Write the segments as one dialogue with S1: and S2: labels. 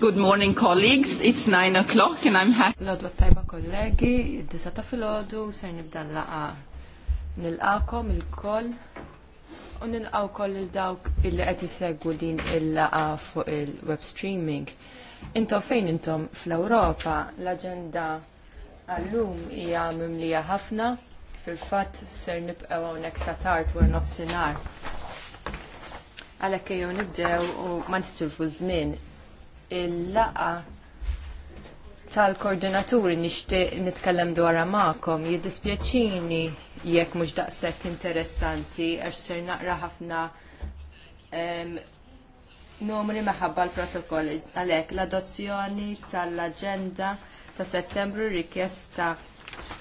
S1: Good morning, colleagues. It's 9 o'clock and I'm happy.
S2: L-odwa tajba kollegi, id-disa fil-ħodu, ser nibda l-laqa nil-qakom il-koll u nil-qaw koll il-dawk illi qed jisegwu din il-laqa fuq il-web streaming. Intom fejn intom fl-Ewropa l-agenda għallum hija mimlija ħafna fil-fatt ser nibqgħu hawnhekk sa tard wara nofsinhar Għalhekk jew nibdew u ma nitilfu żmien il-laqa tal-koordinaturi nixtieq nitkellem dwarha magħkom jiddispjaċini jekk mhux daqshekk interessanti għax ser naqra ħafna numri maħabba l-protokoll għalhekk l-adozzjoni tal-aġenda ta' settembru rikjesta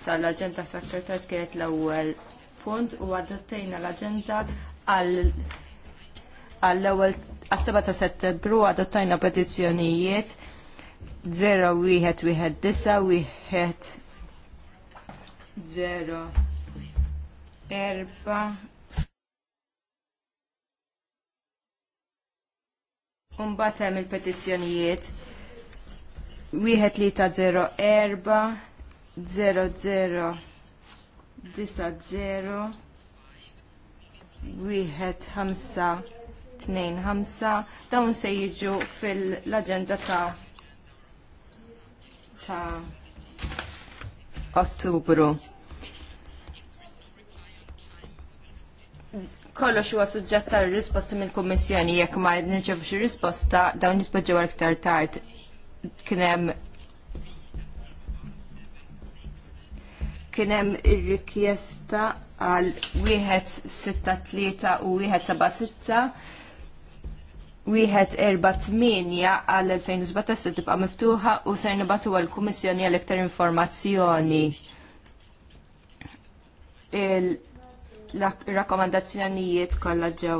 S2: tal-aġenda ta' kienet l-ewwel punt u għadattajna l-aġenda għal għall-ewwel għas-7 ta' Settembru adottajna petizzjonijiet 0119 0 erba Umbat hemm il-petizzjonijiet wieħed li ta' 04 0 0, 1 ħamsa 2-5 dawn se jiġu fil-agenda ta' ta' ottubru. Kollox huwa suġġett għal risposta mill kummissjoni jekk ma nirċevu ir risposta dawn jitpoġġew aktar tard kien hemm kien hemm ir-rikjesta għal wieħed sitta tlieta u wieħed seba' sitta wieħed erba' tminja għal 2017 se tibqa' miftuħa u ser nibatu għal kummissjoni għal iktar informazzjoni. Il-rakkomandazzjonijiet kollha ġew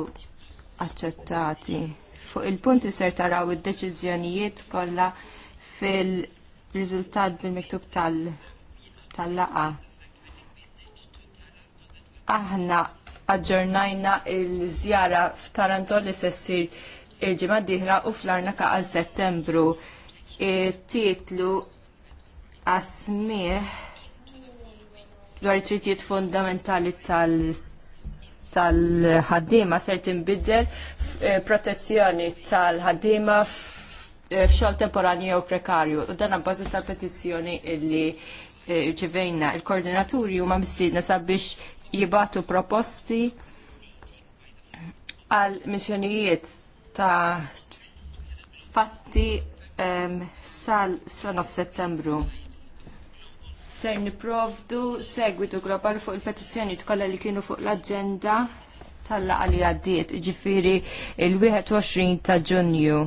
S2: aċċettati. Fuq il-punti ser taraw id-deċiżjonijiet kollha fil-riżultat bil-miktub tal-laqa. Aħna aġġornajna il-żjara f'Taranto li se ssir il-ġimgħa d-dieħla u fl-arnaka għal Settembru. Titlu għasmih dwar it-trittijiet fundamentali tal- tal-ħaddima ser tinbidel eh, protezzjoni tal-ħaddima eh, f'xogħol temporanju jew prekarju. U dan abbażi tal-petizzjoni illi ġivejna eh, il-koordinaturi huma mistiedna sabiex jibatu proposti għal missjonijiet ta' fatti um, sal of settembru. Ser niprovdu segwitu global fuq il-petizzjoni tkolla li kienu fuq l-agenda tal la li għaddiet, ġifiri il-21 ta' ġunju.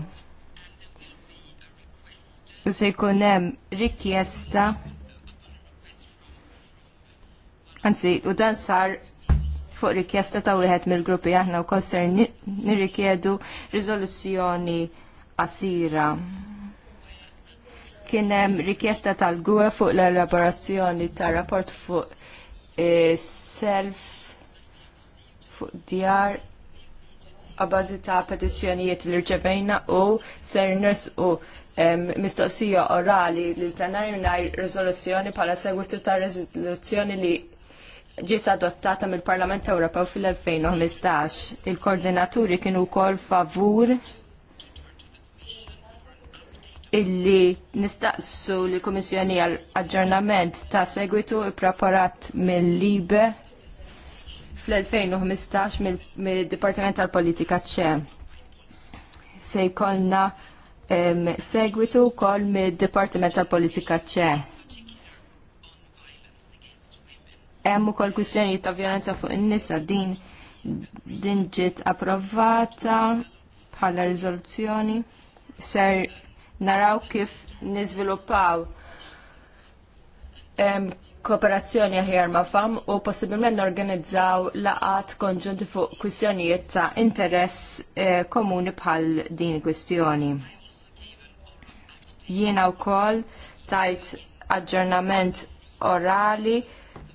S2: U se jkun hemm rikjesta Anzi, u dan sar fuq rikjesta ta' wieħed mill-gruppi aħna u kosser nirrikjedu riżoluzzjoni qasira. Kien hemm rikjesta tal-gwe fuq l-elaborazzjoni ta' rapport fuq e, self fuq djar għabazi ta' petizzjonijiet li rċevejna u sernes u mistoqsija orali li l-plenarju najr rizoluzzjoni pala segwitu ta' rizoluzzjoni li ġiet adottata mill-Parlament Ewropew fil-2015. Il-koordinaturi kienu wkoll favur illi nistaqsu l komissjoni għal aġġornament ta' segwitu ippreparat mill-Libe fl-2015 mill-Dipartiment tal-Politika ċe. Se jkollna segwitu kol mill-Dipartiment tal-Politika ċe. Hemm ukoll kwistjonijiet ta' violenza fuq in-nisa din din ġiet approvata bħala riżoluzzjoni ser naraw kif niżviluppaw kooperazzjoni aħjar ma' fam u possibilment norganizzaw laqat konġunti fuq kwistjonijiet ta' interess eh, komuni bħal din kwistjoni. Jiena wkoll tajt aġġornament orali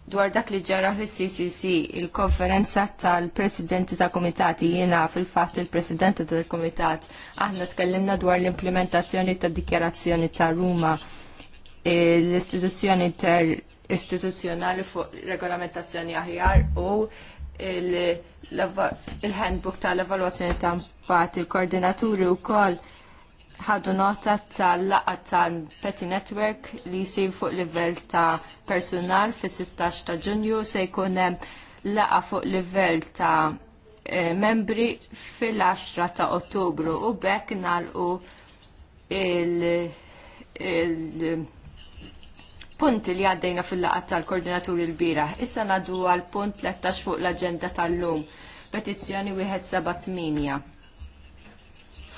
S2: dwar dak li ġara fis ccc il-konferenza tal-presidenti ta' komitati jiena fil-fatt il-presidenti tal komitat aħna tkellimna dwar l-implementazzjoni ta' dikjarazzjoni ta' Ruma e, l-istituzzjoni ter istituzzjonali fuq regolamentazzjoni aħjar u il-handbook tal-evaluazzjoni ta' impatt il-koordinaturi u koll ħadu nota tal laqgħa tal-Petty Network li jsir fuq livell ta' personal fis-16 ta' Ġunju se jkun hemm laqa fuq livell ta' eh, membri fil-10 ta' Ottubru u bekk nalqu il-punti li għaddejna fil laqgħa tal-koordinaturi l-bira. Issa nadu għal-punt 13 fuq l-agenda tal-lum, petizzjoni 178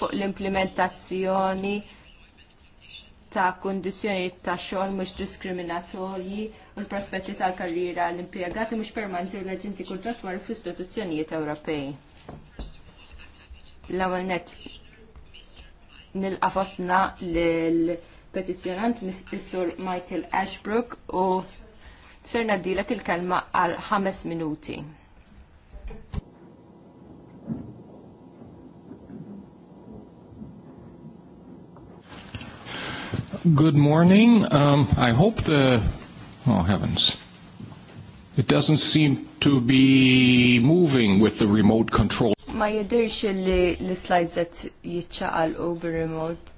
S2: fuq l-implementazzjoni ta' kondizjoni ta' xogħol mhux diskriminatorji u l-prospetti tal-karriera l-impjegati mhux permanenti u l-aġenti kontratwar fl-istituzzjonijiet Ewropej. L-ewwel net nilqafosna l-petizzjonant is-sur Michael Ashbrook u ser dilek il-kelma għal ħames minuti.
S3: Good
S1: morning. Um, I hope the... Oh, heavens. It doesn't seem to be moving with the remote control.
S2: Ma jidirx li l-slides għet jitxaqal u remote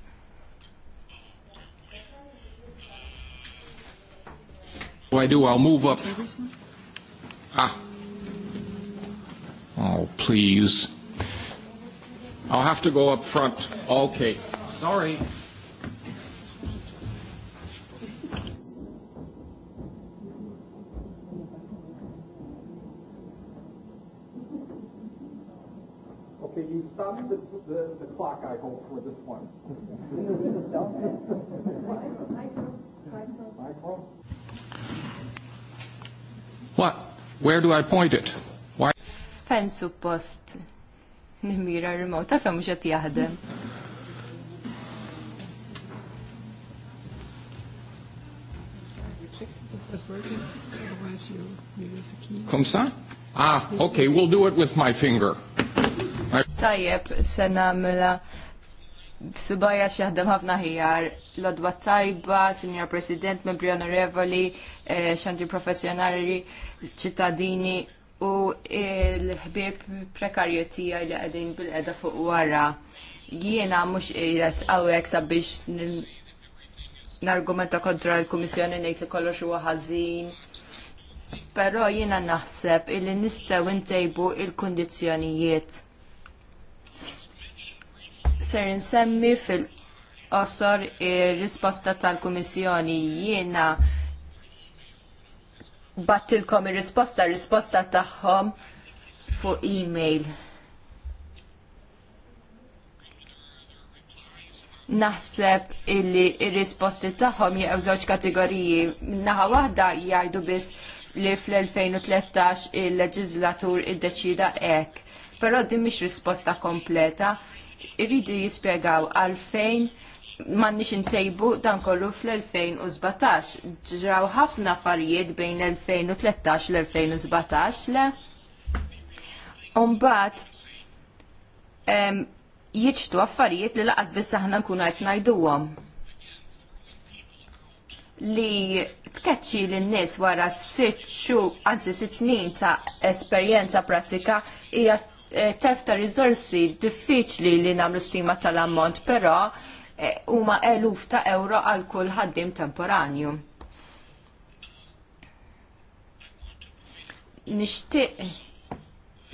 S1: What do I do? I'll move up. Ah. Oh, please. I'll have to go up front. Okay.
S3: Sorry. you
S1: thumbed the, the, the clock, I hope, for this one. What? Where do I point it? Why?
S2: Fen suppost nimira remote, ta' fem għat jahdem.
S1: Come ça? Ah, okay, we'll do it with my finger
S2: tajjeb se nagħmilha b'subajja x'jaħdem ħafna ħjar. Lodwa tajba, Sinjor President, membri onorevoli, eh, xandri professjonali, ċittadini u l-ħbib prekarju tiegħi li qegħdin bil edha fuq wara. Jiena mhux qiegħed għawek sabiex nargumenta kontra l-Kummissjoni ngħid li kollox huwa ħażin. Però jiena naħseb li nistgħu ntejbu il-kundizzjonijiet ser insemmi fil-qosor ir-risposta tal-Kummissjoni jiena battilkom ir-risposta, risposta tagħhom fuq email. Naħseb illi ir-risposti tagħhom jew żewġ kategoriji. Naħa waħda jgħidu biss li fl-2013 il-leġislatur iddeċida hekk. Però din mhix risposta kompleta irridu jispjegaw għalfejn mannix intejbu dan kollu fl-2017. Ġraw ħafna affarijiet bejn l-2013 l-2017 le. Umbat, um, jiċtu affarijiet li laqas biss aħna nkunu qed ngħiduhom. Li tkeċċi lin nies wara sitt xhu anzi sitt snin ta' esperjenza pratika hija Eh, tef ta' rizorsi diffiċli li namlu stima tal-ammont, però eh, huma eluf ta' euro għal kull ħaddim temporanju. Nixtieq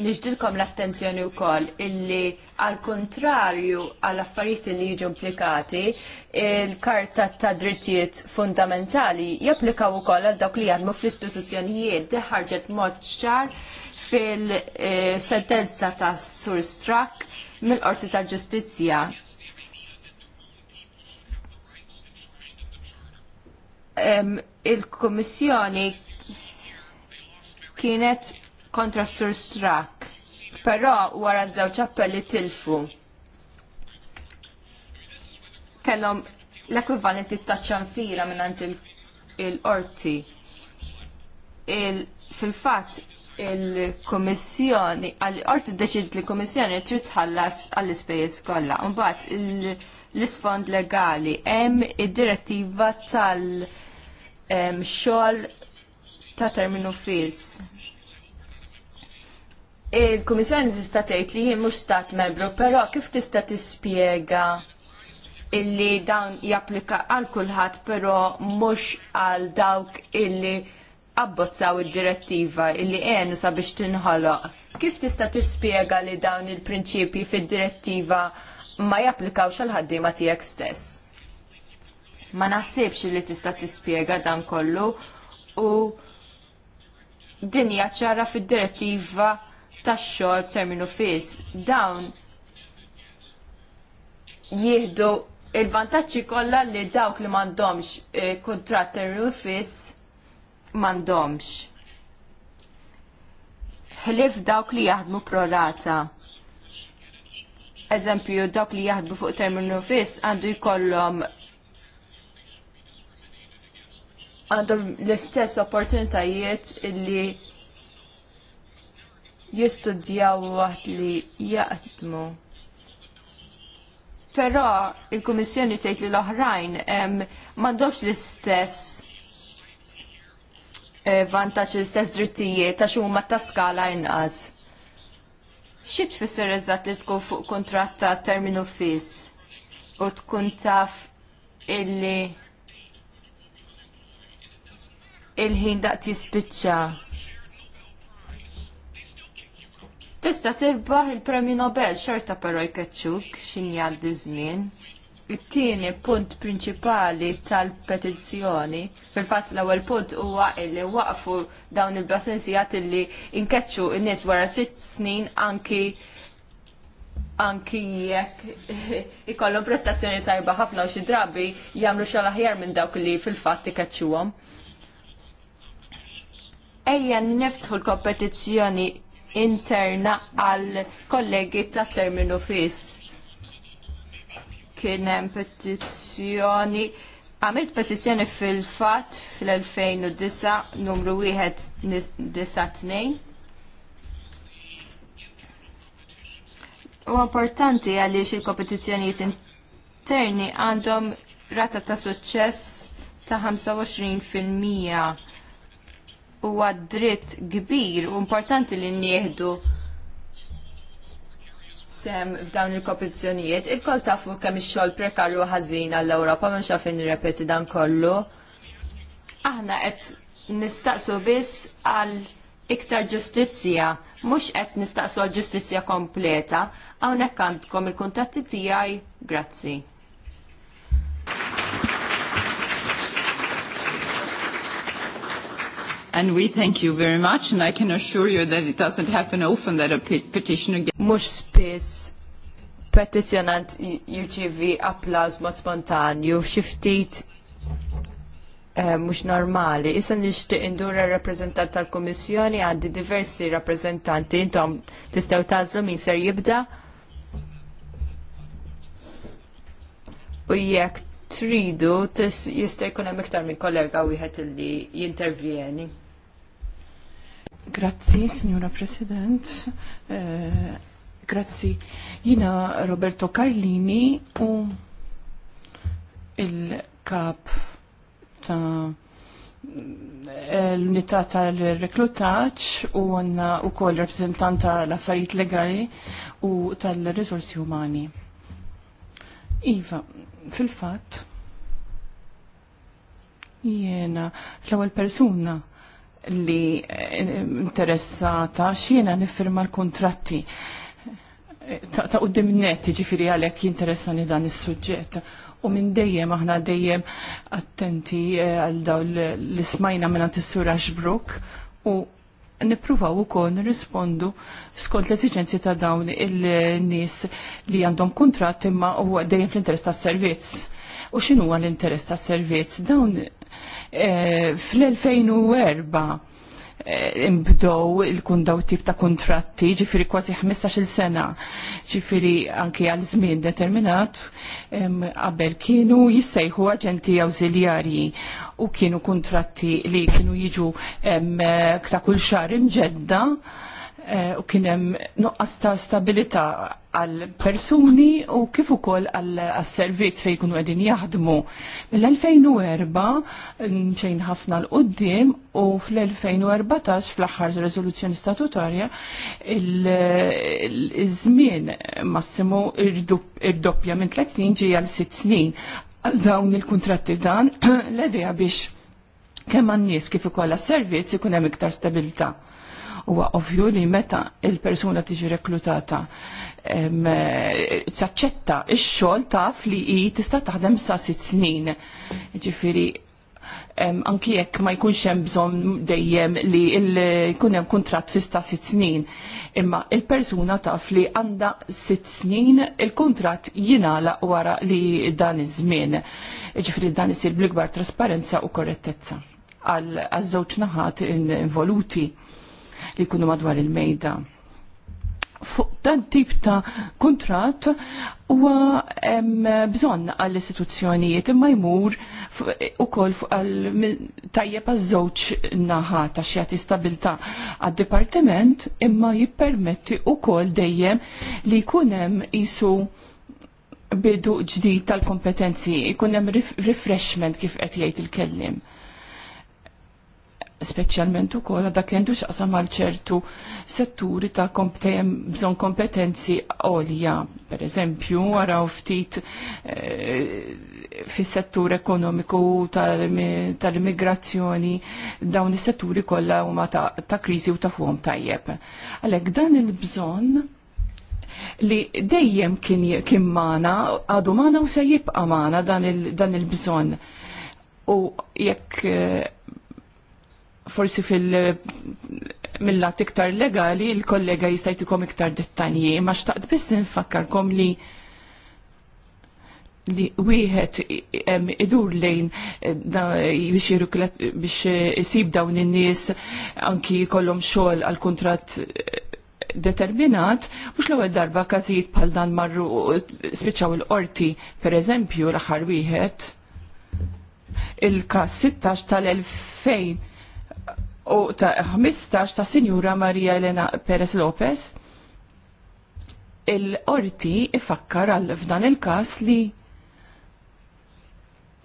S2: nixdilkom l-attenzjoni u koll illi għal kontrarju għal affarijiet li jiġu implikati il-karta ta' drittijiet fundamentali japplikaw u koll għal dawk li jadmu fl-istituzzjonijiet ħarġet mod ċar fil-sentenza ta' Sur Strack mill-Qorti ta' Ġustizzja. Il-Kummissjoni kienet kontra Sur Strack, però wara żewġ appelli tilfu. Kellhom l-ekwivalenti ta' ċanfira minn il-qorti. Il fil fatt il-Komissjoni, għal-qorti deċid li l-Komissjoni trid tħallas għall-ispejjeż kollha. Mbagħad l-isfond legali hemm id-direttiva tal-xogħol ta' terminu fis. Il-Komissjoni tista' tgħid li jien mhux stat membru, però kif tista' tispjega illi dawn japplika għal kulħadd però mhux għal dawk illi abbozzaw id-direttiva illi għenu sabiex tinħoloq. Kif tista' tispjega li dawn il-prinċipji fid-direttiva ma japplikawx għal ħaddiema tiegħek stess? Ma naħsibx li tista' tispjega dan kollu u dinja ċara fid-direttiva tax-xogħol terminu fis. Dawn jieħdu il-vantaġġi kollha li dawk li m'għandhomx eh, kuntratt terminu fis mandomx. Ħlif dawk li jaħdmu prorata. Eżempju, dawk li jaħdmu fuq terminu fiss għandu jkollhom għandhom l-istess opportunitajiet li jistudjaw waħt li jaqdmu. Però il-Kummissjoni tgħid li l-oħrajn m'għandhomx l-istess Eh, vantaġġ l-istess drittijiet ta' xuma ta' skala inqas. Xi tfisser eżatt li tkun fuq kuntratt ta' terminu fis u tkun taf illi il-ħin daqt jispiċċa. Tista' tirbaħ il-Premju Nobel xorta però jkeċċuk x'injal żmien it-tieni punt prinċipali tal-petizzjoni, fil-fatt l-ewwel punt huwa li waqfu dawn il basenzijat li inkeċċu n-nies wara sitt snin anki anki jekk ikollhom prestazzjoni tajba ħafna u xi drabi jagħmlu xogħol aħjar minn dawk li fil-fatt ikeċċuhom. Ejja niftħu l-kompetizzjoni interna għal kollegi ta' terminu fis kien hemm petizzjoni għamilt petizzjoni fil fat fil-2009 numru 192 U importanti għaliex il-kompetizzjonijiet interni għandhom rata ta' suċċess ta' 25% u għad-dritt kbir u importanti li njieħdu sem f'dawn il koppizzjonijiet il-kol tafu kemm ix-xogħol prekarju ħażin għall-Ewropa ma xafin nirrepeti dan kollu. Aħna qed nistaqsu biss għal iktar ġustizzja, mhux qed nistaqsu għal ġustizzja kompleta, hawnhekk għandkom il-kuntatti tiegħi, grazzi.
S1: And we thank you very much, and I can assure you that it doesn't happen often that a petitioner gets... Mux spis
S2: petizjonant jirċivi applaż mod spontanju, xiftit eh, mux normali. Issa nixtieq indura rappreżentant tal-Kummissjoni għandi diversi rappreżentanti intom tistgħu tażlu min ser jibda. U jekk tridu jista' jkun hemm iktar minn kollega wieħed illi jintervjeni.
S4: Grazzi, Signora President. Eh, grazzi. Jina Roberto Carlini u il-kap ta' eh, l-unità tal-reklutaċ u għanna u koll rappresentant tal-affarijiet legali u tal rizorsi umani. Iva, fil-fatt jiena l-ewwel persuna li eh, interessata xiena nifirma l-kontratti ta' qoddim net ġifiri għalek jinteressani dan is-suġġett. U minn dejjem aħna dejjem attenti eh, għal daw l-ismajna minn għant Xbruk u nippruvaw ukoll rispondu skont l-esiġenzi ta' dawn il-nies li għandhom kuntratt imma huwa dejjem fl-interess tas-servizz. U xinu l-interess tas-servizz? Dawn eh, fl-2004 Eh, imbdow il-kun daw tip ta' kontratti, ġifiri kważi 15 sena, ġifiri anki għal żmien determinat, qabel kienu jissejħu aġenti awżiljarji u kienu kontratti li kienu jiġu eh, ta' kull xar imġedda Eh, u kienem nuqqas ta' stabilita għal persuni u kif ukoll għal servizz fejn kunu qegħdin jaħdmu. Mill-2004 nċejn ħafna l qoddim u fl-2014 fl-aħħar riżoluzzjoni statutarja iż-żmien massimu id-doppja minn 30 ġie għal 6 snin għal dawn il-kuntratti dan l edija biex kemm għan-nies kif ukoll għas-servizz ikun hemm iktar stabilità huwa ovvju li meta il-persuna tiġi reklutata taċċetta ix-xogħol taf li hi tista' taħdem sa sitt snin. Ġifieri anki jekk ma jkunx hemm bżonn dejjem li jkun hemm kuntratt fi sta' sitt snin. Imma il-persuna taf li għandha sitt snin il-kuntratt jingħalaq wara li dan iż-żmien. Ġifieri dan isir bl-ikbar trasparenza u korrettezza għal żewġ naħat involuti. In li jkunu madwar il-mejda fuq dan tip ta' kontrat huwa bżonn għall istituzzjonijiet imma jmur ukoll fuq tajjeb għaż-żewġ naħa ta' xjati stabilta għad-dipartiment imma jippermetti ukoll dejjem li jkun hemm isu bidu ġdid tal-kompetenzi, jkun hemm refreshment kif qed jgħid il-kellim speċjalment ukoll dak li għandu x'qasam għal ċertu setturi ta' fejn bżonn kompetenzi għolja. Per eżempju, għaraw ftit fi eh, fis-settur ekonomiku tal-immigrazzjoni dawn is-setturi kollha huma ta', ta kriżi u ta' fuqhom tajjeb. Għalhekk dan il-bżonn li dejjem kien kien mana, għadu mana u se jibqa' mana dan il-bżonn. u jekk eh, forsi fil mill iktar legali il-kollega jistajtikom iktar dettalji, ma xtaqt biss nfakkarkom li li wieħed idur lejn eh, biex jiruklet biex eh, isib dawn in-nies anki jkollhom xogħol għal kuntratt eh, determinat, mhux l-ewwel darba każijiet bħal dan marru spiċċaw il-qorti, pereżempju l-aħħar wieħed il-każ 16 tal-2000 u ta' 15 ta' Sinjura Maria Elena Perez Lopez il-qorti ifakkar għal f'dan il-kas li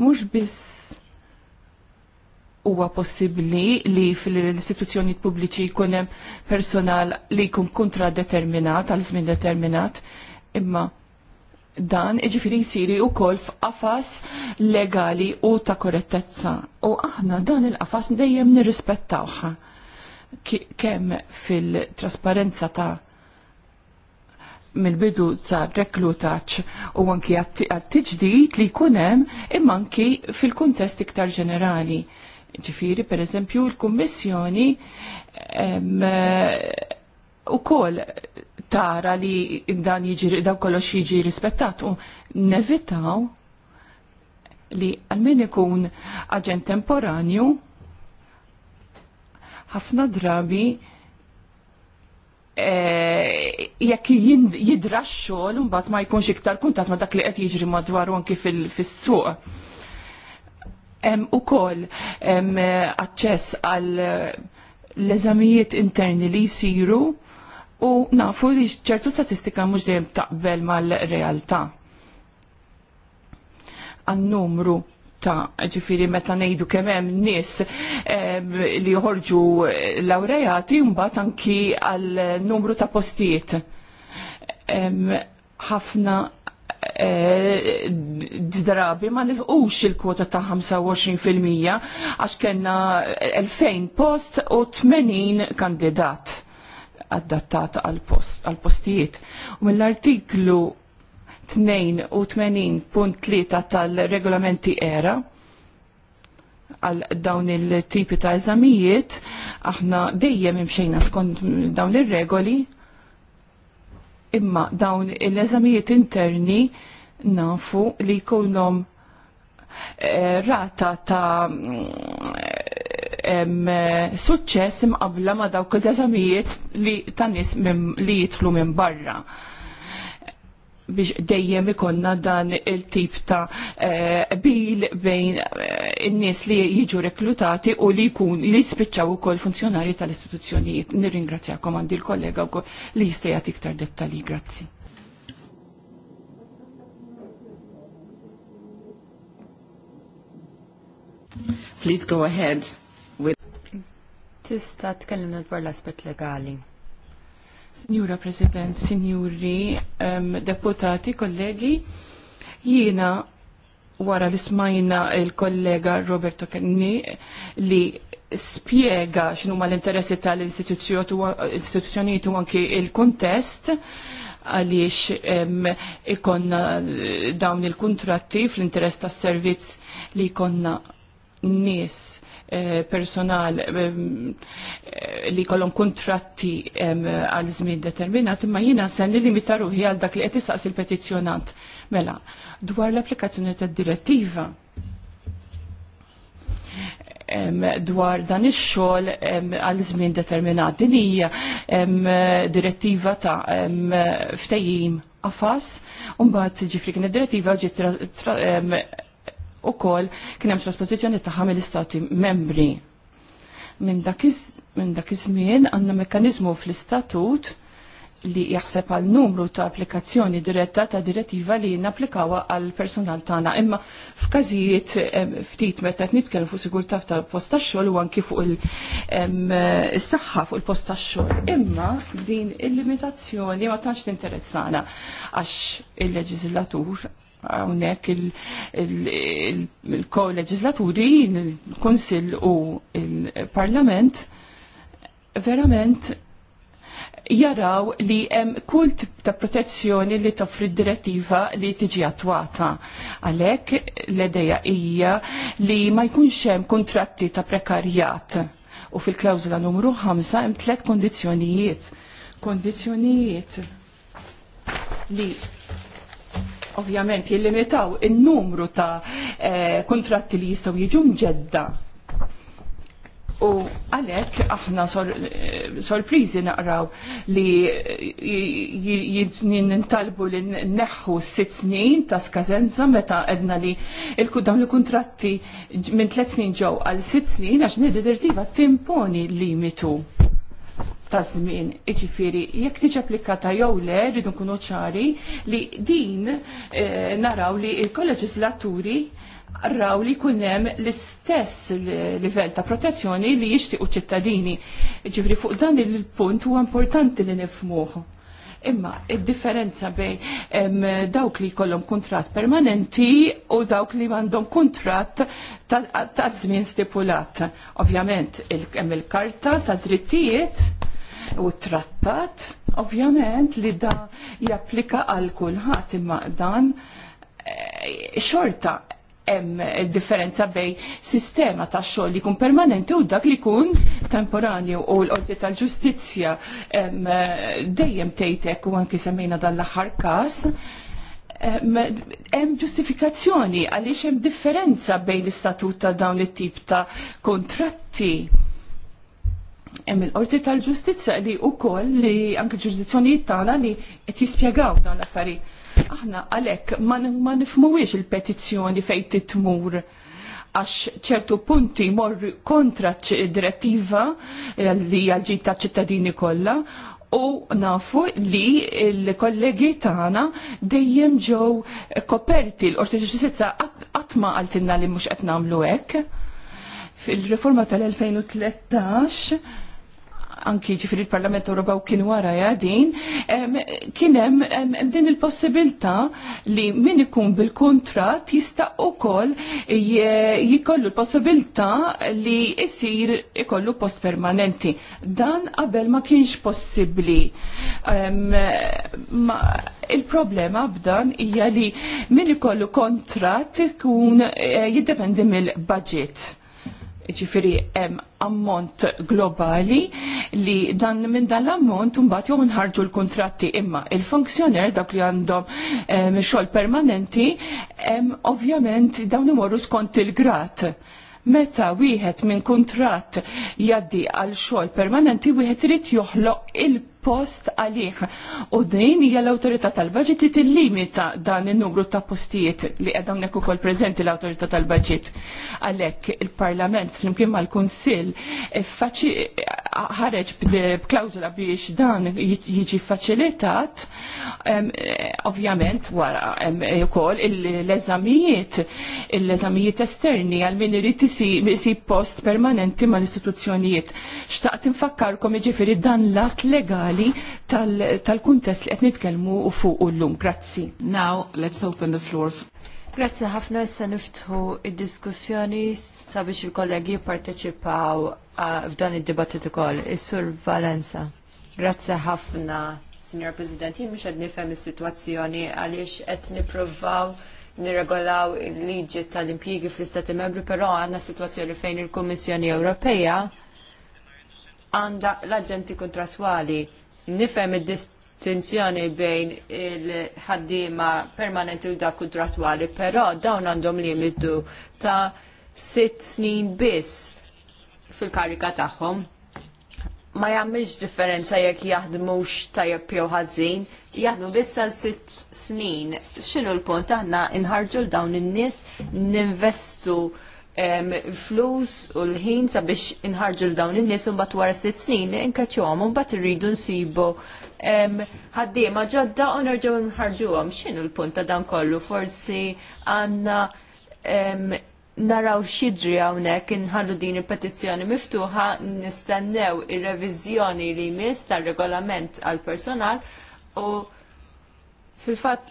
S4: mhux biss huwa possibbli li fil-istituzzjoni pubbliċi jkun hemm personal li jkun kontra determinat għal żmien determinat imma dan iġifiri jisiri u kol f'qafas legali u ta' korrettezza. U aħna dan il-qafas dejjem nirrispettawħa kemm fil-trasparenza ta' mill-bidu ta' reklutaċ u anki għat-tiġdijt li kunem imma anki fil-kuntest iktar ġenerali. Ġifiri, per eżempju, l-Kummissjoni u kol tara li dan jiġi dan kollox jiġi rispettatu, nevitaw li għalmin ikun aġent temporanju ħafna drabi eh, jekk jidra xogħol mbagħad ma jkunx iktar kuntat ma dak li qed jiġri madwar anki fis-suq. Hemm ukoll eh, aċċess għal l-eżamijiet interni li jisiru u nafu li ċertu statistika mhux dejjem taqbel mal-realtà. Għan-numru ta' ġifiri meta ngħidu kemm hemm nies li joħorġu lawrejati mbagħad anki għal numru ta' postijiet. Ħafna Eh, drabi ma nilħux il-kwota ta' 25% għax kena 2000 post u 80 kandidat adattat għal-postijiet. U mill-artiklu 82.3 tal-regolamenti era għal dawn il-tipi ta' eżamijiet, aħna dejjem imxejna skont dawn ir regoli imma dawn l-eżamijiet interni nafu li jkunhom eh, rata ta' mm, eh, suċċess imqabla ma' dawk l-eżamijiet li ta' nies li jidħlu minn barra biex dejjem ikonna dan il-tip ta' eh, bil bejn eh, in-nies li jiġu reklutati u li jkun li jispiċċaw ukoll funzjonarji tal-istituzzjonijiet. Nirringrazzjakom għandi l-kollega wkoll li jista' jagħti iktar dettali. Grazzi. Please go ahead with
S2: Tista' tkellimna dwar l-aspett
S4: legali. Signora President, signori um, deputati, kollegi, jiena wara li smajna il-kollega Roberto Kenni li spiega xinu ma l-interessi tal-istituzzjonijiet u anki il-kontest għaliex ehm, ikonna dawn il-kontratti fl-interess tas servizz li konna nis Eh, personal eh, li kolom kontratti għal żmien determinat, imma jina sen li limita ruħi għal dak li qed isaqs il petizjonant Mela, dwar l-applikazzjoni tad-direttiva dwar dan ix-xogħol għal żmien determinat. Din hija direttiva ta' ftejjim qafas, u mbagħad ġifri kien id-direttiva ġiet ukoll kien hemm trasposizjoni ta' mill-istati membri. Minn dak iż-żmien għandna mekkaniżmu fl-istatut li jaħseb għal numru ta' applikazzjoni diretta ta' direttiva li napplikawa għal personal tagħna. Imma f'każijiet ftit meta qed nitkellmu fuq sigurtà tal-post tax-xogħol u anki fuq is-saħħa fuq il-post tax-xogħol. Imma din il-limitazzjoni ma tantx tinteressana għax il-leġiżlatur hawnhekk il-koleġislaturi, il-Kunsill u il-Parlament verament jaraw li hemm kull tip ta' protezzjoni li toffri direttiva li tiġi attwata. Għalhekk l-idea hija li ma jkunx hemm kuntratti ta' prekarjat. U fil klawzula numru 5 hemm tliet kondizzjonijiet. Kondizzjonijiet li ovvjament jillimitaw in-numru ta' eh, kontratti li jistgħu jiġu mġedda. U għalek aħna eh, sorprizi naqraw li eh, nintalbu li s sitt snin ta' skazenza meta edna li il-kuddam li kontratti minn tlet snin ġew għal sitt snin għax nid-dirtiva timponi limitu ta' żmien. Iġifieri jekk tiġi applikata jew le rridu nkunu ċari li din e, naraw li l-kolleġislaturi raw li kunem l-istess livell ta' protezzjoni li u ċittadini. Ġifri fuq dan il-punt huwa importanti li nifmuħ. Imma id-differenza bej dawk li kollhom kontrat permanenti u dawk li għandhom kontrat ta' żmien stipulat. Ovvjament, hemm il-karta ta' drittijiet u trattat, ovvjament li da japplika għal kulħadd imma dan eh, xorta hemm differenza bej sistema ta' xogħol li jkun permanenti u dak li jkun temporanju u l-qorti tal-ġustizzja eh, dejjem tgħidek u anki semmejna dan l-aħħar każ hemm ġustifikazzjoni għaliex hemm differenza bejn l-istatut ta' dawn it-tip ta' kontratti Hemm il-qorti tal-ġustizza li wkoll li anke ġurisdizzjonijiet tagħna li qed jispjegaw dawn l-affarijiet. Aħna għalhekk ma nifmuwiex il-petizzjoni fejn titmur għax ċertu punti mor kontra direttiva li għal-ġid ta' ċittadini kollha u nafu li l-kollegi tagħna dejjem ġew koperti l-qorti ġustizza għatma għaltinna li mhux qed nagħmlu hekk. Fil-riforma tal-2013 anki ġifiri il-Parlament Ewropew kien wara jadin, kien hemm din il-possibilità li min ikun bil-kontrat jista' koll jikollu l-possibilità li jsir ikollu post permanenti. Dan qabel ma kienx possibbli. Il-problema b'dan hija li min ikollu kontrat ikun eh, jiddependi mill-budget ġifiri hemm ammont globali li dan minn dan l-ammont mbagħad jew nħarġu l-kuntratti imma il-funzjoner dak li għandhom eh, xogħol permanenti hemm ovvjament dawn imorru skont il-grat. Meta wieħed minn kuntratt jaddi għal xogħol permanenti wieħed irid joħloq il post għalih. U din hija l-awtorità tal-budget li tillimita dan in-numru ta' postijiet li qed hawnhekk ukoll preżenti l-awtorità tal-budget. Għalhekk il-Parlament flimkien mal-Kunsill ħareġ b'klawżula biex dan jiġi faċilitat, ovvjament wara ukoll l-eżamijiet, l-eżamijiet esterni għal min irid isib post permanenti mal-istituzzjonijiet. Xtaqt infakkarkom iġifieri dan l-att legali attwali tal-kuntest li qed nitkellmu fuq llum. Grazzi. Now, let's open the floor.
S2: Grazzi ħafna issa niftħu id-diskussjoni sabiex il-kollegi parteċipaw f'dan id-dibattitu ukoll. Is-Sur Valenza. Grazzi ħafna, Signor President, jien mhux qed nifhem is-sitwazzjoni għaliex qed nippruvaw nirregolaw il-liġi tal-impjiegi fl-Istati Membri, però għanna situazzjoni fejn il kummissjoni Ewropea għanda l-agenti kontratwali nifhem id-distinzjoni bejn il-ħaddiema permanenti u dak kontratwali, però dawn għandhom limitu ta' sitt snin biss fil-karika tagħhom. Ma jagħmilx differenza jekk jaħdmux tajjeb jew ħażin, jaħdmu biss sitt snin. X'inhu l-punt aħna nħarġu l dawn in-nies ninvestu in flus u l-ħin sabiex inħarġu l-dawn in-nies un bat wara sitt snin għom un mbagħad irridu nsibu ħaddiema ġodda u nerġgħu nħarġuhom. X'inhu l-punt ta' dan kollu? Forsi għandna naraw xidri għawnek inħallu din il-petizzjoni miftuħa nistennew il-revizjoni li mis tal-regolament għal-personal u fil-fat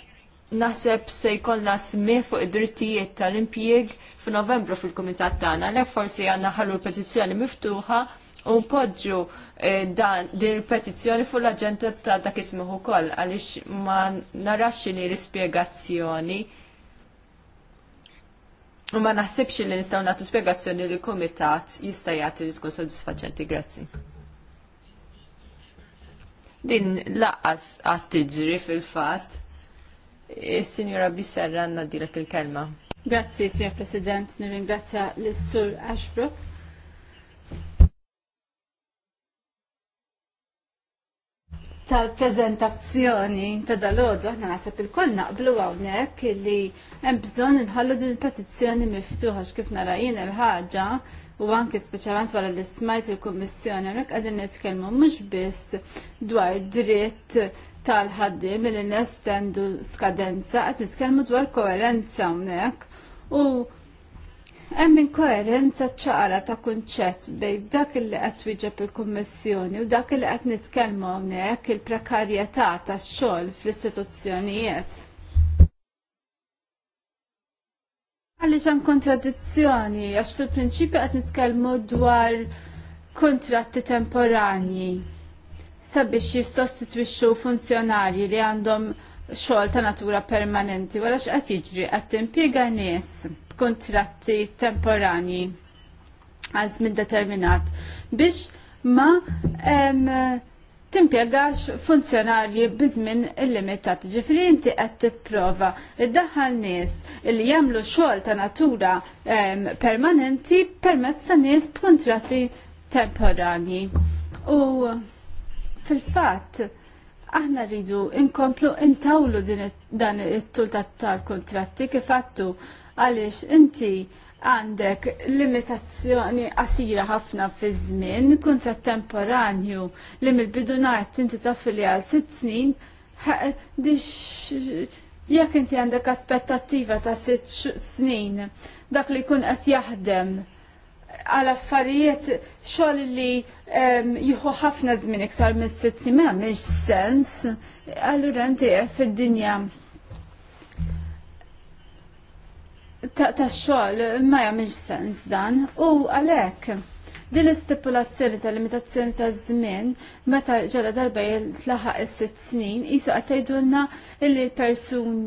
S2: naħseb se jkollna smih fuq id-drittijiet tal-impjieg f'Novembru fil-Kumitat tagħna, għalhekk forsi għandna ħallu l-petizzjoni miftuħa u npoġġu eh, dan din il-petizzjoni fuq l-aġenda ta' dak ismiħu ukoll għaliex ma narax l-ispjegazzjoni. u ma naħsibx li nistgħu nagħtu spjegazzjoni li l-Kumitat jista' jagħti li tkun sodisfaċenti. Grazzi. Din laqas għat tiġri fil-fatt Signora sinjura Bisserra nadilek il-kelma.
S3: Grazzi, Signor President, nirringrazzja l-Sur Ashbrook. tal-prezentazzjoni ta' dal-ħodu, ħna nasib il kull naqblu għawnek li hemm bżonn inħallu din il-petizzjoni miftuħa x'kif narajin il-ħaġa u anke speċjalment wara li smajt il-Kummissjoni għalhekk qegħdin nitkellmu mhux biss dwar dritt tal-ħaddim li nestendu skadenza, qed nitkellmu dwar koerenza hawnhekk u hemm koerenza ċara ta' kunċett bejn dak li qed wieġeb il-Kummissjoni u dak li qed nitkellmu hawnhekk il-prekarjetà tax-xogħol fl-istituzzjonijiet. Għaliex hemm kontradizzjoni għax fil-prinċipju qed nitkellmu dwar kontratti temporanji sabiex jissostitwixxu funzjonarji li għandhom xogħol ta' natura permanenti wara x'qed jiġri qed timpiega nies b'kuntratti temporanji għal żmien determinat biex ma em, timpjegax funzjonarji bizmin illimitat. Ġifri inti qed tipprova iddaħħal nies li jagħmlu xogħol ta' natura em, permanenti permezz ta' nies b'kuntratti temporanji. U fil-fatt aħna rridu inkomplu intawlu din dan it-tul tal-kontratti kif għattu għaliex inti għandek limitazzjoni qasira ħafna fi żmien, kontrat temporanju li mill ngħid inti taf li għal sitt snin, dix jekk inti għandek aspettattiva ta' sitt snin, dak li jkun qed jaħdem għal affarijiet xogħol li jieħu ħafna żmien iktar mis sitt sima mhix sens. Allura inti fid-dinja ta' xogħol ma jagħmilx sens dan u għalhekk din l-istipulazzjoni ta' limitazzjoni ta' żmien meta ġala darba jiltlaħaq is-sitt snin qisu qed tgħidulna li l-persun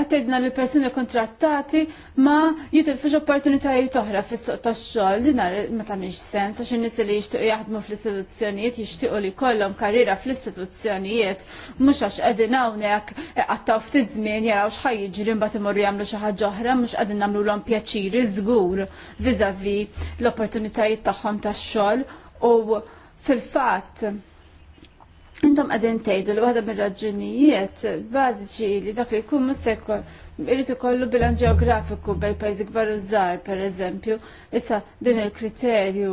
S3: għattedna li persuni kontrattati ma jitilfux opportunitajiet oħra fis-suq tax-xogħol li nar ma miex sens għax in li jixtiequ jaħdmu fl-istituzzjonijiet jixtiequ li jkollhom karriera fl-istituzzjonijiet mhux għax qegħdin hawnhekk għattaw ftit żmien jaraw x'ħaj jiġri mbagħad imorru jagħmlu xi ħaġa oħra mhux qegħdin nagħmluhom pjaċiri żgur vizavi l-opportunitajiet tagħhom tax-xogħol u fil-fatt Intom għadin tgħidu li waħda minn raġunijiet bażiċi li dak li jkun sekol irid ikollu bilan ġeografiku bej pajzi gbar u per pereżempju, issa din il-kriterju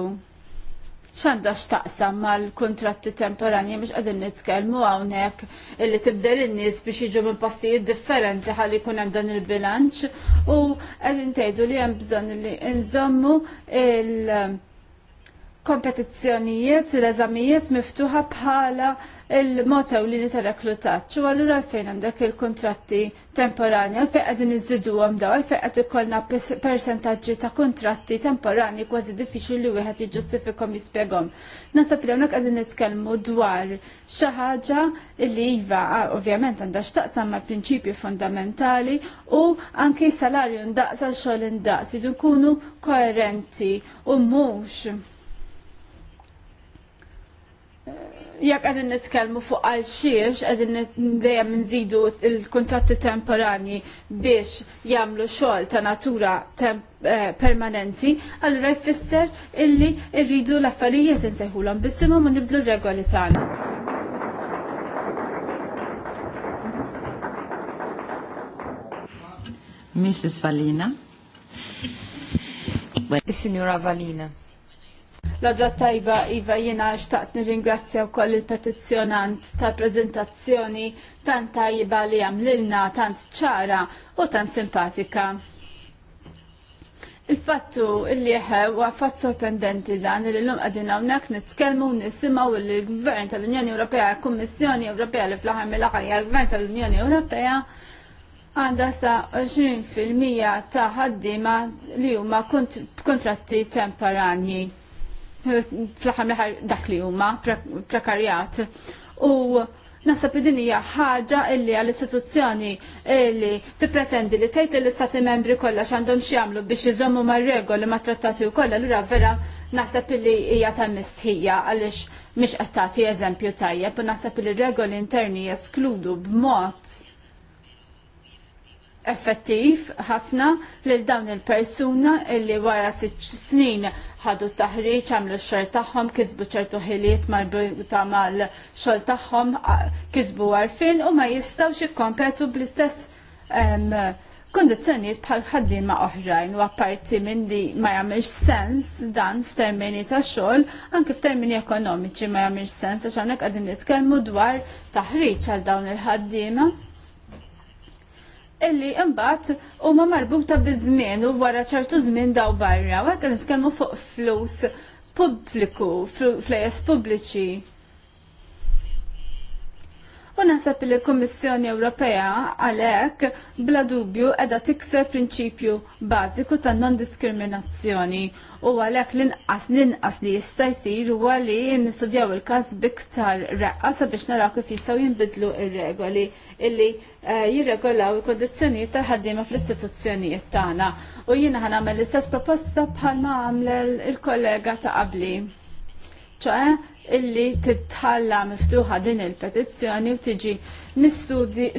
S3: x'għandha x'taqsam mal-kuntratti temporanji biex qegħdin nitkellmu hawnhekk illi tibdel in-nies biex jiġu minn postijiet differenti ħalli jkun hemm dan il-bilanċ u għadin tejdu li hemm bżonn li nżommu il- kompetizzjonijiet, l-eżamijiet miftuħa bħala il-motew li nisa reklutat ċu għallura fejn għandek il-kontratti temporani, għalfej għad iżidu għam daw, għalfej għad ikollna percentagġi ta' kontratti temporani kważi diffiċli li wieħed jiġġustifikom jispjegom. Nasab li hawnhekk qegħdin nitkellmu dwar xi ħaġa li iva ovvjament għandha x'taqsam ma' prinċipji fundamentali u anke salarju ndaqsa xogħol indaqs, idu nkunu koerenti u mhux jekk qegħdin nitkellmu fuq għal xiex għedin dejjem nżidu il-kontratti temporani biex jagħmlu xogħol ta' natura eh, permanenti, allura jfisser illi rridu l-affarijiet insejħulhom bisimhom ma nibdlu regoli tagħna.
S2: Mrs. Valina. Signora Valina
S3: l tajba, Iva, jena xtaqt nir-ingrazzja u koll il-petizjonant ta' prezentazzjoni tant tajba li għamlilna, tant ċara u tant simpatika. Il-fattu il-lieħe u għaffat sorprendenti dan li l-lum għadina unnek nitkelmu nisimaw il-Gvern tal-Unjoni Ewropea, Kommissjoni Ewropea li fl-ħar mill-ħar gvern tal-Unjoni Ewropea għanda sa 20% ta' ħaddima li huma kontratti temporanji fl-aħħar l dak li huma prekarjat. U Nasab din hija ħaġa illi għall-istituzzjoni illi tippretendi li tgħid l istati membri kollha x'għandhom x'jagħmlu biex iżommu mar-regoli ma' trattati wkoll allura vera naħseb illi hija tal-mistħija għaliex mhix qed tagħti eżempju tajjeb u naħseb li regoli interni jeskludu b'mod effettiv ħafna lil dawn il-persuna illi wara sitt snin ħadu taħriġ għamlu x-xogħol tagħhom, kisbu ċertu ħiliet marbuta mal-xogħol tagħhom, kisbu għarfien u ma jistgħux jikkompetu bl-istess kondizzjonijiet bħal ħaddiema oħrajn u apparti minn li ma jagħmilx sens dan f'termini ta' xogħol, anke f'termini ekonomiċi ma jagħmilx sens għax hawnhekk qegħdin nitkellmu dwar taħriġ għal dawn il-ħaddiema illi imbagħad huma marbuta biż-żmien u wara ċertu żmien daw barra, u hekk fuq flus pubbliku, flejes pubbliċi. U naħseb li l-Kommissjoni Ewropea għalhekk bla dubju qiegħda tikse prinċipju bażiku ta' non-diskriminazzjoni u għalhekk l-inqas l-inqas li jista' jsir huwa li nistudjaw il-każ biktar reqqa sabiex naraw kif jistgħu jinbidlu ir-regoli illi eh, jirregolaw il-kondizzjonijiet tal-ħaddiema fl-istituzzjonijiet tagħna. U jiena nagħmel l-istess proposta bħalma għamel il-kollega ta' qabli ċoħe eh? illi titħalla miftuħa din il-petizzjoni u tiġi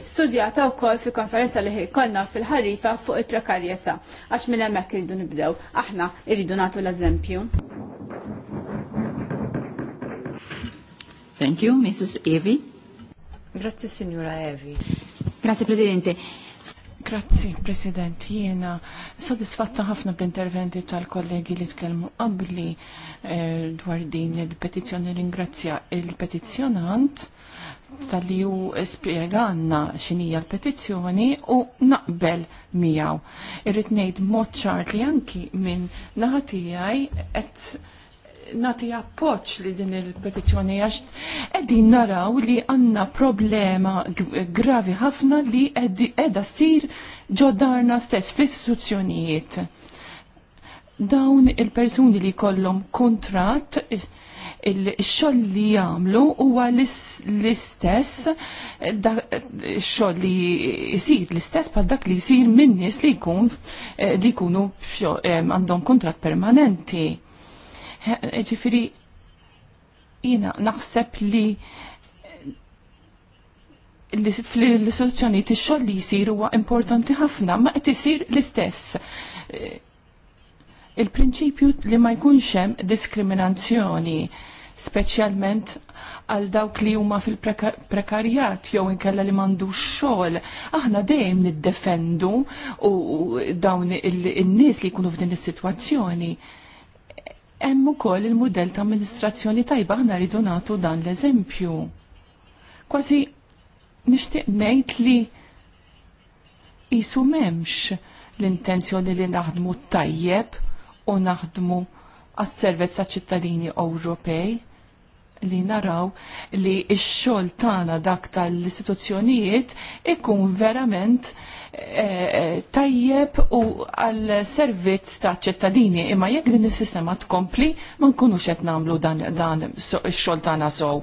S3: studjata wkoll fi konferenza li konna fil-ħarifa fuq il-prekarjetà għax minn hemmhekk iridu nibdew aħna iridu nagħtu l-eżempju.
S4: Thank you, Mrs. Evi. Grazie, signora Evi. Grazie, Presidente. Grazzi, President. Jiena sodisfatta ħafna bl-interventi tal-kollegi li tkellmu qabli eh, dwar din il-petizzjoni ringrazzja il-petizzjonant tal-li ju spiegħanna xinija l-petizjoni u naqbel mijaw. Irritnejt ngħid mod ċar li anki minn naħatijaj et nati appoċ li din il-petizjoni għax edin naraw li għanna problema gravi ħafna li edha sir ġoddarna stess fl-istituzzjonijiet. Dawn il-persuni li kollom kontrat il-xoll li jamlu huwa l-istess xoll li jisir l-istess pa dak li jisir minnis li jkun eh, li jkunu eh, għandhom kontrat permanenti Ġifiri, jina naħseb li l-soluzzjoni t-xogħol li jsir huwa importanti ħafna, ma qed isir l-istess. Il-prinċipju li ma jkunx hemm diskriminazzjoni, speċjalment għal dawk li huma fil-prekarjat jew inkella li m'għandux xogħol. Aħna dejjem niddefendu u dawn in-nies li jkunu f'din is-sitwazzjoni Hemm ukoll il-mudell ta' amministrazzjoni tajba aħna rridu nagħtu dan l-eżempju. Kważi nixtieq ngħid li qisu m'hemmx l-intenzjoni li naħdmu tajjeb u naħdmu għas-servezz ċittadini Ewropej li naraw li x-xol tana dak tal-istituzzjonijiet ikun verament eh, eh, tajjeb u għal servizz ta' ċittadini imma jekk din is-sistema tkompli ma nkunux qed nagħmlu dan, dan x-xol tagħna sow.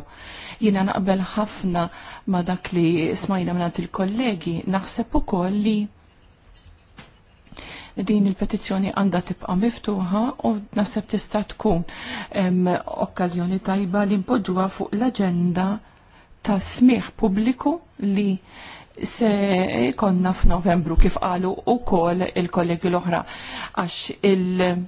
S4: Jiena naqbel ħafna ma dak li smajna minn il-kollegi naħseb ukoll li din il-petizzjoni għandha tibqa' miftuħa u naħseb tista' tkun okkażjoni tajba li npoġġuha fuq l-aġenda ta' smieħ pubbliku li se jkollna f'Novembru kif qalu wkoll il-kollegi l-oħra għax il-, -kollegi l oħra għax il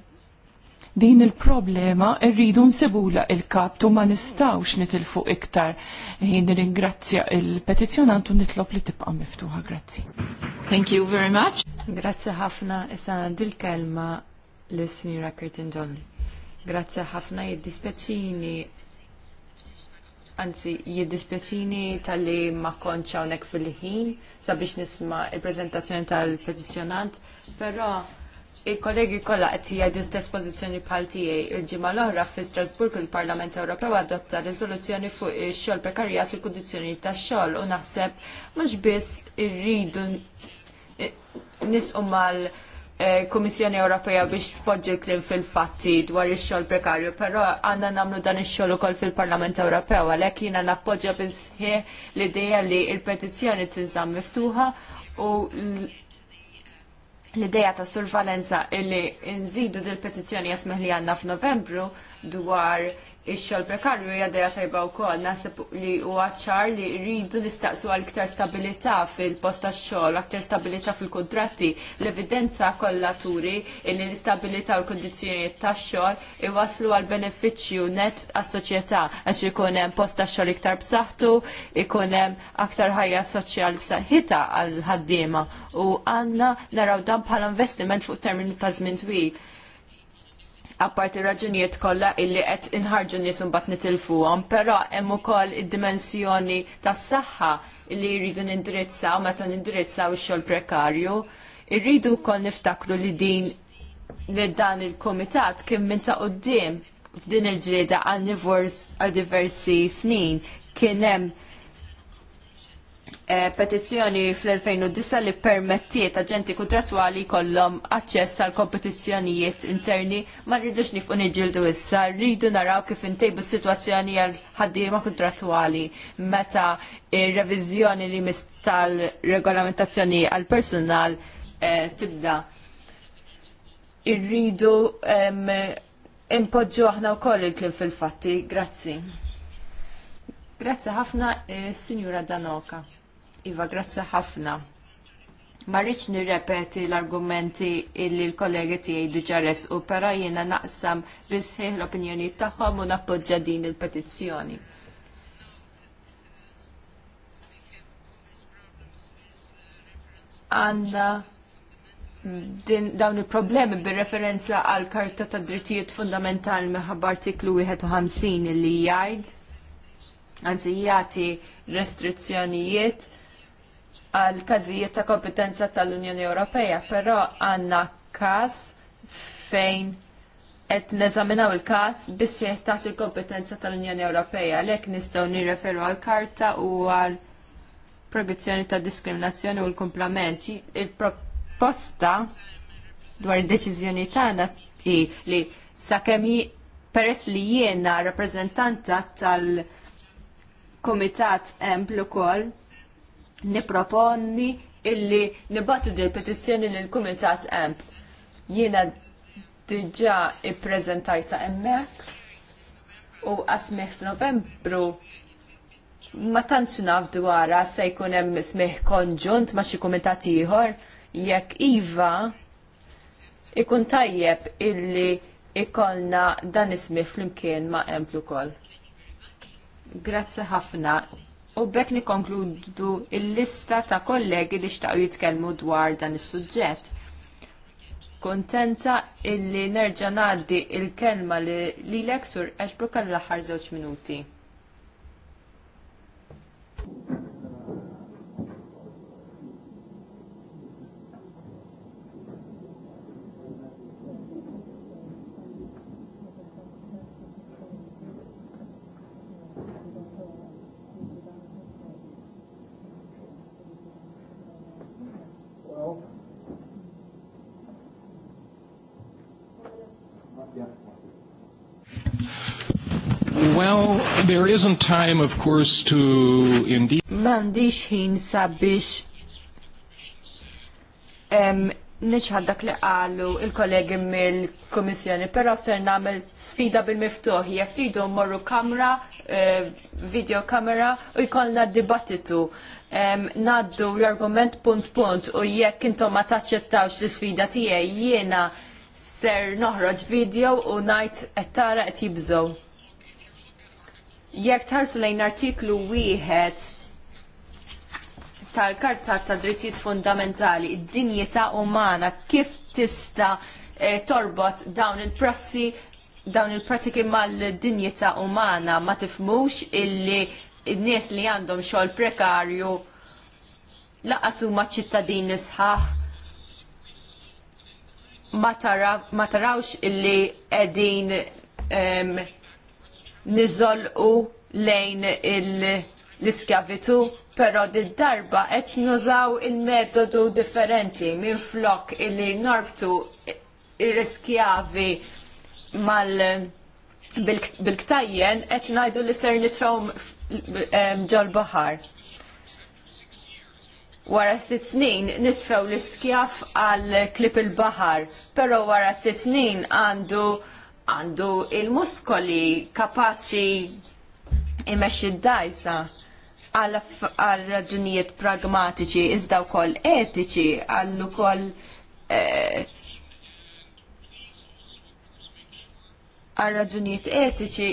S4: Din il-problema rridu nsibula il-kaptu ma nistawx nitilfu iktar. Jien ringrazzja il-petizjonant u nitlob li tibqa' miftuħa. Grazzi.
S2: Thank you very much. Grazzi ħafna issa dil-kelma l-Sinjura Curtin Jolly. Grazzi ħafna jiddispjaċini Anzi, jiddispjaċini tal-li ma konċ hawnhekk fil-ħin sabiex nisma' il-preżentazzjoni tal-petizzjonant, però il-kollegi kollha qed jgħidu stess pożizzjoni bħal tiegħi il-ġimgħa l-oħra fi Strasburg il-Parlament Ewropew adotta riżoluzzjoni fuq ix-xogħol prekarjat u kundizzjonijiet tax-xogħol u naħseb mhux biss irridu nisqu mal Komissjoni Ewropea biex tpoġġi l-klim fil-fatti dwar ix-xogħol prekarju, però għandna nagħmlu dan ix-xogħol ukoll fil-Parlament Ewropew għalhekk jiena nappoġġja biss l-idea li l-petizzjoni tinżamm miftuħa u l-ideja ta' surveillance illi nżidu dil petizzjoni jasmeħ li għanna f'Novembru dwar ix-xogħol prekarju hija dejja tajba wkoll naħseb li huwa ċar li rridu nistaqsu għal iktar stabilità fil-post tax-xogħol, aktar stabilità fil-kuntratti. L-evidenza kollha turi li l-istabilità u l-kundizzjonijiet tax-xogħol iwaslu għal benefiċċju net għas-soċjetà għax ikun hemm post tax-xogħol iktar b'saħħtu, ikun hemm aktar ħajja soċjali b'saħħitha għall ħaddiema u għandna naraw dan bħala investiment fuq termini ta' żmien twil apparti raġunijiet kollha illi qed inħarġu nies bat nitilfuhom, però hemm ukoll id-dimensjoni tas-saħħa illi jridu nindirizzaw meta nindirizzaw ix-xogħol prekarju. Irridu wkoll niftakru li din li dan il-kumitat kien minn ta' qudiem f'din il-ġlieda għal diversi snin kien hemm Eh, petizzjoni fl-2009 li permettiet aġenti kontrattuali kollom aċċess għal kompetizzjonijiet interni ma rridux nifqu niġildu issa, rridu naraw kif intejbu situazzjoni għal ħaddiema kontrattuali meta ir-reviżjoni li mistal regolamentazzjoni għal personal eh, tibda. Irridu impoġġu aħna wkoll il-klim fil-fatti. Grazzi. Grazzi ħafna, eh, Signora Danoka. Iva, grazzi ħafna. Ma rridx nirrepeti l-argumenti illi l-kollegi tiegħi diġà resqu, però jiena naqsam bisħieħ l-opinjoni tagħhom u nappoġġa din il-petizzjoni. Għandna dawn il-problemi bir-referenza għal Karta ta' Drittijiet Fundamentali minħabba artiklu 51 illi jgħid, anzi jagħti restrizzjonijiet għal każijiet ta' kompetenza tal-Unjoni Ewropea, però għandna każ fejn qed neżaminaw il-każ biss taħt il-kompetenza tal-Unjoni Ewropea, għalhekk nistgħu nirreferu għall karta u għal proibizzjoni ta' diskriminazzjoni u l kumplament Il-proposta dwar id-deċiżjoni tagħna hi li sakemm peress li jiena rappreżentanta tal-Kumitat Empl ukoll niproponni illi nibattu dil petizzjoni l kumitat hemm. Jiena i ippreżentajta hemmhekk u f f'Novembru ma tantx naf dwarha se jkun hemm smih konġunt ma' xi kumitat ieħor jekk iva ikun tajjeb illi ikolna dan ismih flimkien ma' emplu kol. Grazzi ħafna U bekk nikonkludu il-lista ta' kollegi li xtaqu jitkellmu dwar dan is-suġġett. Kontenta illi nerġa' ngħaddi il-kelma li lilek sur Ashbrook l aħħar żewġ minuti. Well, there isn't time, of course, to indeed. Mandiċ ħin sabiex Um, dak li qalu il-kollegi mill-Komissjoni, però ser nagħmel sfida bil-miftuħ, jekk tridu mmorru kamra, eh, video kamera u jkollna dibattitu. Naddu l-argument punt punt u jekk intom ma taċċettawx l-sfida tiegħi jiena ser noħroġ video u ngħid qed tara qed jibżgħu. Jekk tħarsu lejn artiklu wieħed tal-Karta ta' Drittijiet Fundamentali, id-dinjità umana, kif tista' eh, torbot dawn il-prassi dawn il-pratiki mal-dinjità umana ma tifmux illi n-nies li għandhom xogħol prekarju laqasu ma ċittadin sħaħ ma tarawx illi qegħdin niżolqu lejn l-iskjavitu, però din darba qed nużaw il-metodu differenti minn flok illi norbtu l-iskjavi mal bil-ktajjen qed ngħidu li ser nitfhom ġol-baħar wara sitt snin nitfew l-iskjaf għal klip il baħar pero wara sitt snin għandu għandu il-muskoli kapaċi imexxi d-dajsa għal raġunijiet pragmatiċi iżda wkoll etiċi għal ukoll eh, għal raġunijiet etiċi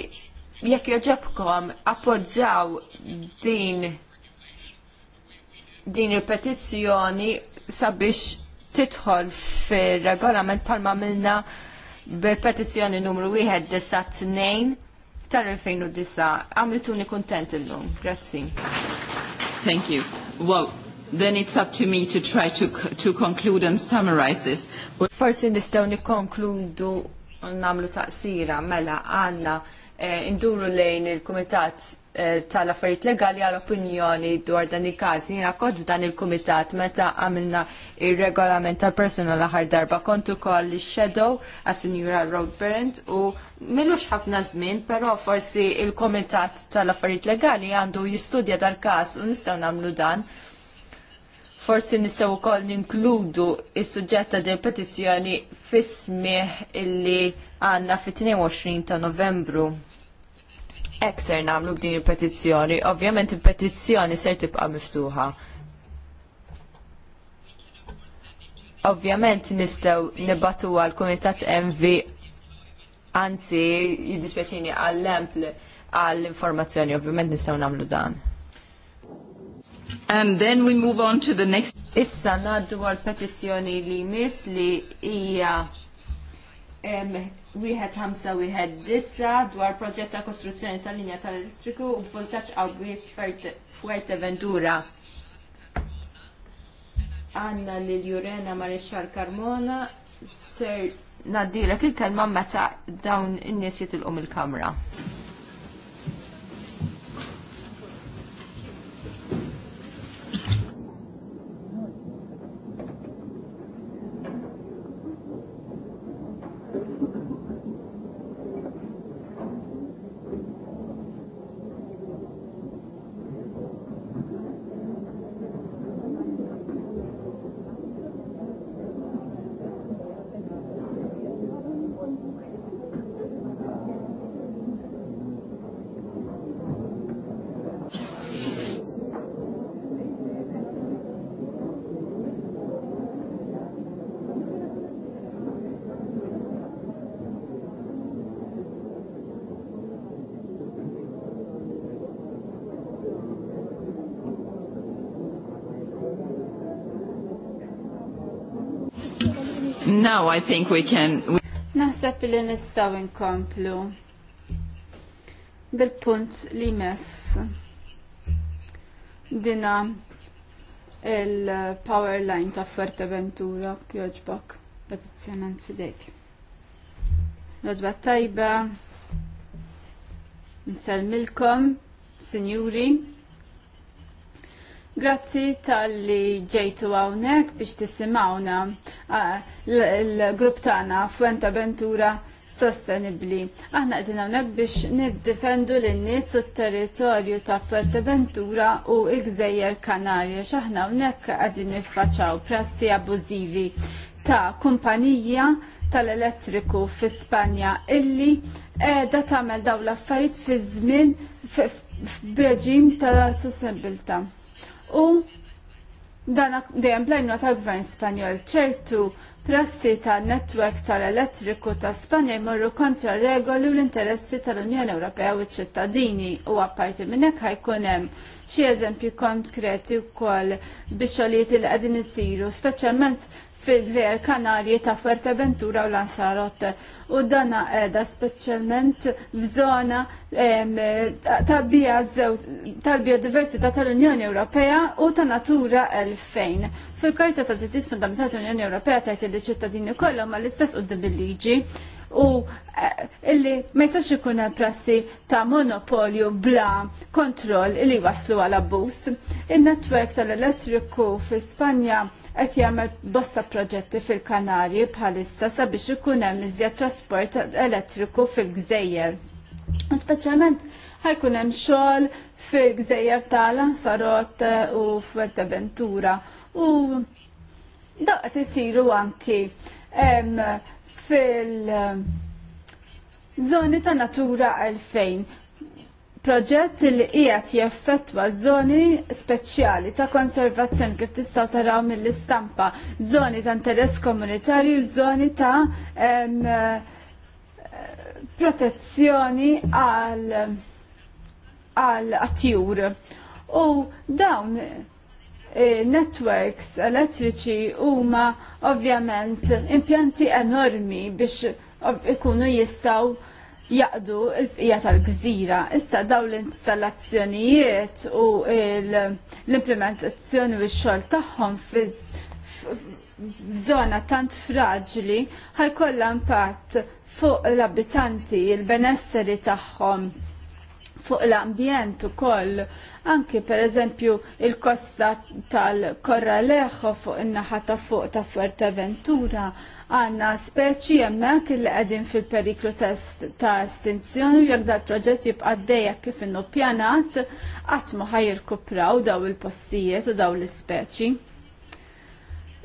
S2: jekk joġobkom appoġġaw din din il-petizzjoni sabiex titħol fir-regolament palma minna bil-petizzjoni numru 1 desat 2 tal-2009. Għamiltuni kontent il-lum. Grazzi.
S1: Thank you. Well, then it's up to me to try to, to conclude and summarize this. But... Forsi nistaw nikonkludu
S2: namlu taqsira mela għanna eh, induru lejn il komitat Eh, tal-affarijiet legali għal opinjoni dwar dan il-każ. Jiena kontu dan il-kumitat meta għamilna ir-regolament tal-persona l-aħħar darba kontu koll shadow għas-Sinjura Robert u milux ħafna żmien, però forsi il-kumitat tal-affarijiet legali għandu jistudja dal-każ u nistgħu nagħmlu dan. Forsi nistgħu wkoll ninkludu is suġġetta ta' din petizzjoni fis illi għandna fit-22 ta' Novembru ekser namlu b'din il-petizzjoni, ovvjament il-petizzjoni ser tibqa miftuħa. Ovvjament nistaw nibatu għal kunitat MV, anzi jiddispjaċini għall-empl e għall-informazzjoni, ovvjament nistaw namlu dan. And then we move on to the next. Issa naddu għal petizzjoni li mis li hija wieħed ħamsa wieħed dissa dwar proġett ta' kostruzzjoni tal-linja tal-elettriku u voltaġġ qawwi Fuerteventura. Għanna lil Jurena Marixxal Carmona ser nadilek il-kelma meta dawn in-nies jitilqu mill-kamra.
S1: now I think we can...
S3: Naħseb li nistaw inkomplu bil-punt li mess dina il-power line ta' Fuerteventura kjoġbok petizzjonant fidejk. Lodba tajba, nsalmilkom, signori, Grazzi tal-li ġejtu għawnek biex tisimawna l-grupp tana Fuenta Ventura Sostenibli. Aħna għedin għawnek biex niddifendu l-nis u territorju ta' Ventura u il-Gżejjer Kanarja. aħna għawnek għedin niffaċċaw prassi abużivi ta' kumpanija tal-elettriku fi Spanja illi da tagħmel dawn l-affarijiet fi żmien f'reġim ta' sostenibilità u dan dejjem blajnu tal-Gvern Spanjol ċertu prassi ta' netwerk tal-elettriku ta' Spanja jmorru kontra regoli u l-interessi tal-Unjoni Ewropea u ċittadini u apparti minn hekk ħajkun hemm xi eżempji konkreti wkoll biex xogħlijiet li qegħdin isiru, speċjalment fil-gżejjer Kanarji ta' Fuerteventura u Lanzarote. U dana edha speċjalment f'żona tal-biodiversità tal-Unjoni Ewropea u ta' Natura l-fejn. Fil-Karta ta' Drittijiet Fundamentali tal-Unjoni Ewropea ta' li ċittadini kollha ma l-istess u liġi u eh, illi ma jistax ikun hemm prassi ta' monopolju bla kontroll li waslu għal abbuż. In-netwerk tal-elettriku fi Spanja qed jagħmel bosta proġetti fil-Kanarji bħalissa sabiex ikun hemm iżjed trasport elettriku fil-Gżejjer. Speċjalment ħajkun hemm xogħol fil-gżejjer ta' Lanzarote eh, u Fuerteventura u daqt isiru anki fil-żoni ta' natura għalfejn. Proġett li qiegħed jeffettwa żoni speċjali ta' konservazzjoni kif tistgħu taraw mill-istampa, żoni ta' interess komunitarju, żoni ta' em, protezzjoni għal għal attjur. U dawn Eh, networks elettriċi huma ovvjament impjanti enormi biex ikunu jistaw jaqdu l-bqija tal-gżira. Issa daw l-installazzjonijiet u l-implementazzjoni u xol xogħol tagħhom f'żona tant fraġli ħajkollha impatt fuq l-abitanti, il-benesseri tagħhom fuq l-ambjent u koll, anki per eżempju il-kosta tal-Korralejo fuq in-naħa ta' fuq ta' Fuerteventura, għanna speċi jemmek li għedin fil-periklu ta' estinzjoni u jek dal proġett jibqaddeja kif innu pjanat, għatmu ħajir daw il-postijiet u daw l-speċi.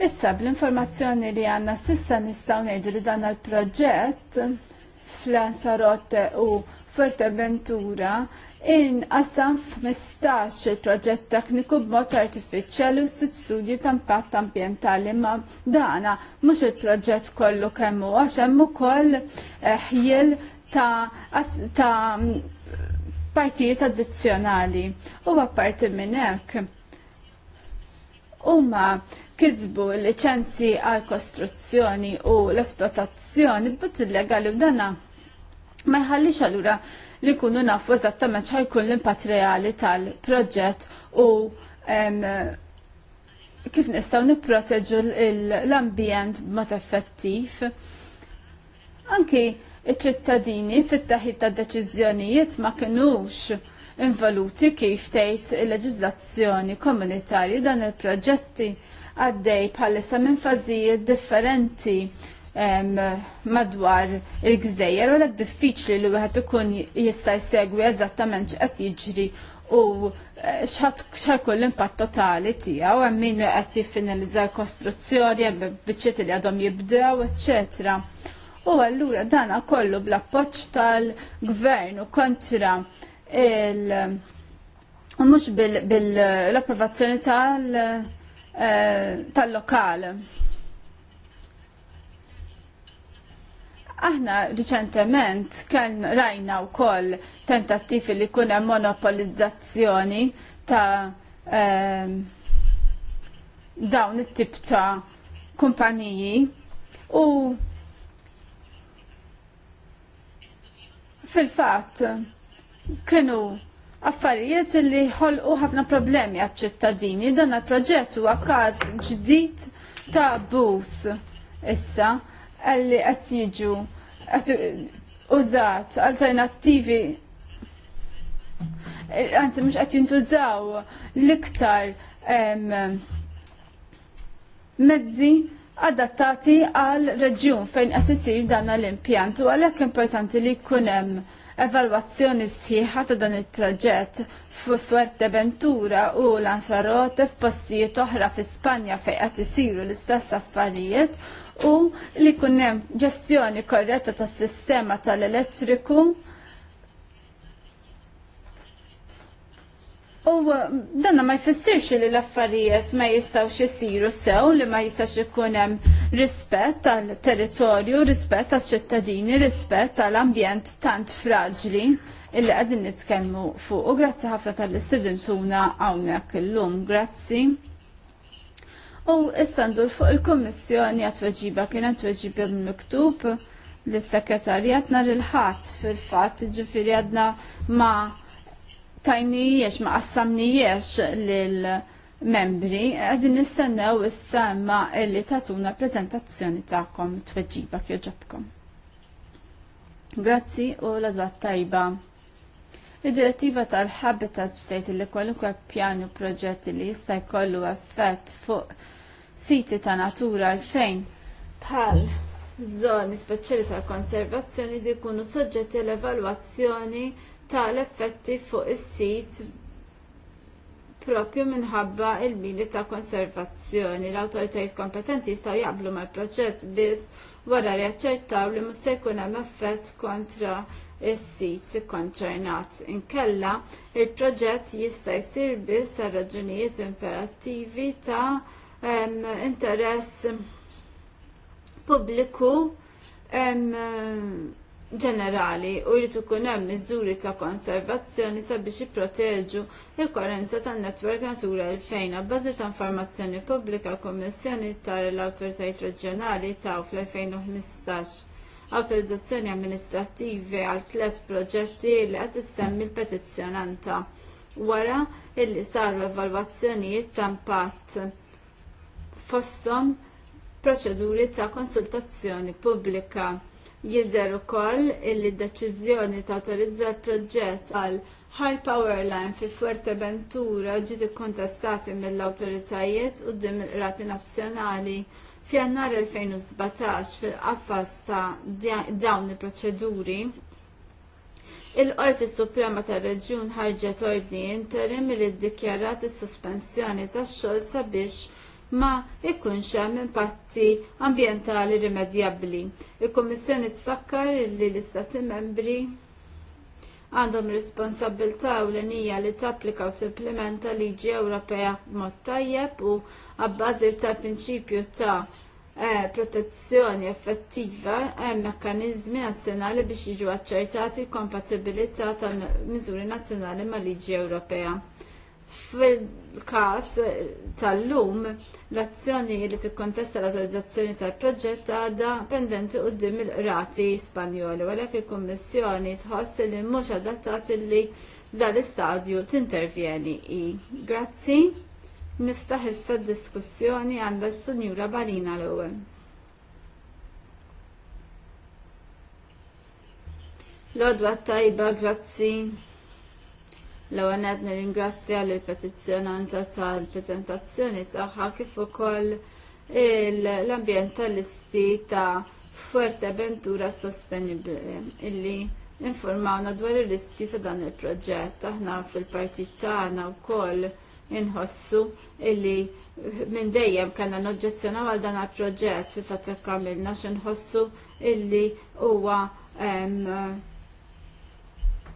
S3: Issa bl-informazzjoni li għanna sissa nistaw nejdu li dan il-proġett fl ansarote u Fuerteventura inqasam f'15 il-proġett tekniku b'mod artificial u sitt studji ta' impatt ambjentali ma' dana mhux il-proġett kollu kemm hu għax hemm ukoll eh, ħjiel ta' ta' partijiet addizzjonali u apparti minn hekk huma kizbu licenzi għal kostruzzjoni u l-esplotazzjoni b'mod illegali u dana Ma jħallix allura li kunu nafu eżattament ħajkun l-impatt reali tal-proġett u kif nistaw nipproteġu l-ambjent b'mod effettiv. Anki iċ-ċittadini fit-taħid ta' deċiżjonijiet ma kinux involuti kif tgħid il-leġiżlazzjoni komunitarji dan il-proġetti għaddej bħalissa minn fażijiet differenti madwar il-gżejjer u l diffiċli li wieħed ikun jista' jsegwi eżattament x'qed jiġri u eh, xħakun l-impatt totali tijaw, li qed jiffinalizza l-kostruzzjoni, bieċiet li għadhom jibdew, etc. U għallura dana kollu bl-appoċ tal-gvern u kontra il- U mux bil-approvazzjoni eh, tal-lokal. Bil, Aħna riċentement kan rajna u koll tentattivi li kuna monopolizzazzjoni ta' ehm, dawn it-tip ta' kumpaniji u fil-fat kienu affarijiet li ħolqu ħafna problemi għat ċittadini dan il-proġett huwa każ ġdid ta' bus issa għalli qed jiġu użat alternattivi Anzi, mux għat jintużaw l-iktar mezzi adattati għal reġjun fejn qed isir dan l-impjant u għalhekk importanti li jkun hemm evalwazzjoni sħiħa ta' dan il-proġett f'Fuerteventura u l-Anfarote f'postijiet oħra fi Spanja fejn qed isiru l-istess affarijiet u li kun hemm ġestjoni korretta tas-sistema tal-elettriku U eh, danna ma jfissirx li l-affarijiet ma jistawx jisiru sew li ma jistax ikun hemm rispett għal territorju, rispett għal ċittadini, rispett għal ambjent tant fraġli illi għadin nitkellmu fuq. U grazzi ħafna tal-istudentuna għawnek l-lum, grazzi. U issandur fuq il-Kommissjoni għat-tweġiba kien għat-tweġiba miktub l-Sekretarjat nar il-ħat fil-fat ġifiri għadna ma' tajnijiex, ma qassamnijiex lil-membri, għadin nistennew s imma li tatuna prezentazzjoni ta'kom tweġiba kjoġobkom. Grazzi u l tajba. Id-direttiva tal-Habitat State li kwalunkwe pjan u proġetti li jista' jkollu effett fuq siti ta' natura fejn bħal żoni speċjali tal-konservazzjoni di jkunu soġġetti l-evalwazzjoni tal-effetti fuq is-sit propju minħabba l mili ta' konservazzjoni. L-autoritajiet kompetenti jistgħu jaqblu mal-proġett biss wara li jaċċertaw li mhux se jkun hemm effett kontra is-sit konċernat. Inkella il-proġett jista' jsir biss għal raġunijiet imperattivi ta' interess pubbliku ġenerali u jrid ikun hemm miżuri ta' konservazzjoni sabiex jipproteġu l kwarenza tan-netwerk Natura 2000 bbażi ta' informazzjoni pubblika l-Kummissjoni tar l-awtoritajiet reġjonali taw fl-2015 awtorizzazzjoni amministrattivi għal tliet proġetti li qed issemmi l-petizzjonanta wara illi saru evalwazzjonijiet ta' impatt fosthom proċeduri ta' konsultazzjoni pubblika Jidher ukoll illi d-deċiżjoni ta' autorizza proġett għal High Power Line fi Fuerteventura ġiet ikkontestati mill-awtoritajiet u dim il-Rati Nazzjonali f'Jannar 2017 fil qafas ta' dawn il-proċeduri Il-Qorti Suprema tar-Reġjun ħarġet ordni interim li ddikjarat is-sospensjoni tax-xogħol sabiex ma jkunx hemm impatti ambjentali rimedjabbli. Il-Kummissjoni tfakkar li l-Istati membri għandhom responsabilità u l-nija li tapplika u timplementa liġi Ewropea mod tajjeb u għabbażi ta' prinċipju ta' eh, protezzjoni effettiva hemm mekkaniżmi nazzjonali biex jiġu aċċertati l-kompatibilità tal-miżuri nazzjonali mal-liġi Ewropea. Fil-każ tal-lum, l-azzjoni li tikkontesta l-autorizzazzjoni tal-proġett għadha pendenti quddiem il rati Spanjoli, għalhekk il-Kummissjoni tħoss li mhux adattat li dal-istadju tintervjeni i. Grazzi. Niftaħ issa d diskussjoni għandha s sunjura Barina l-ewwel. Lodwa tajba, grazzi. L-għanet nir-ingrazzja l-petizjonanta tal-prezentazzjoni tagħha kif ukoll l-ambientalisti ta' Ventura Sostenibile illi informawna dwar ir-riski ta' dan il-proġett. Aħna fil-partit tagħna wkoll inħossu illi minn dejjem kellna noġġezzjonaw għal dan il-proġett fil ta kamilna għamilna x'inħossu illi huwa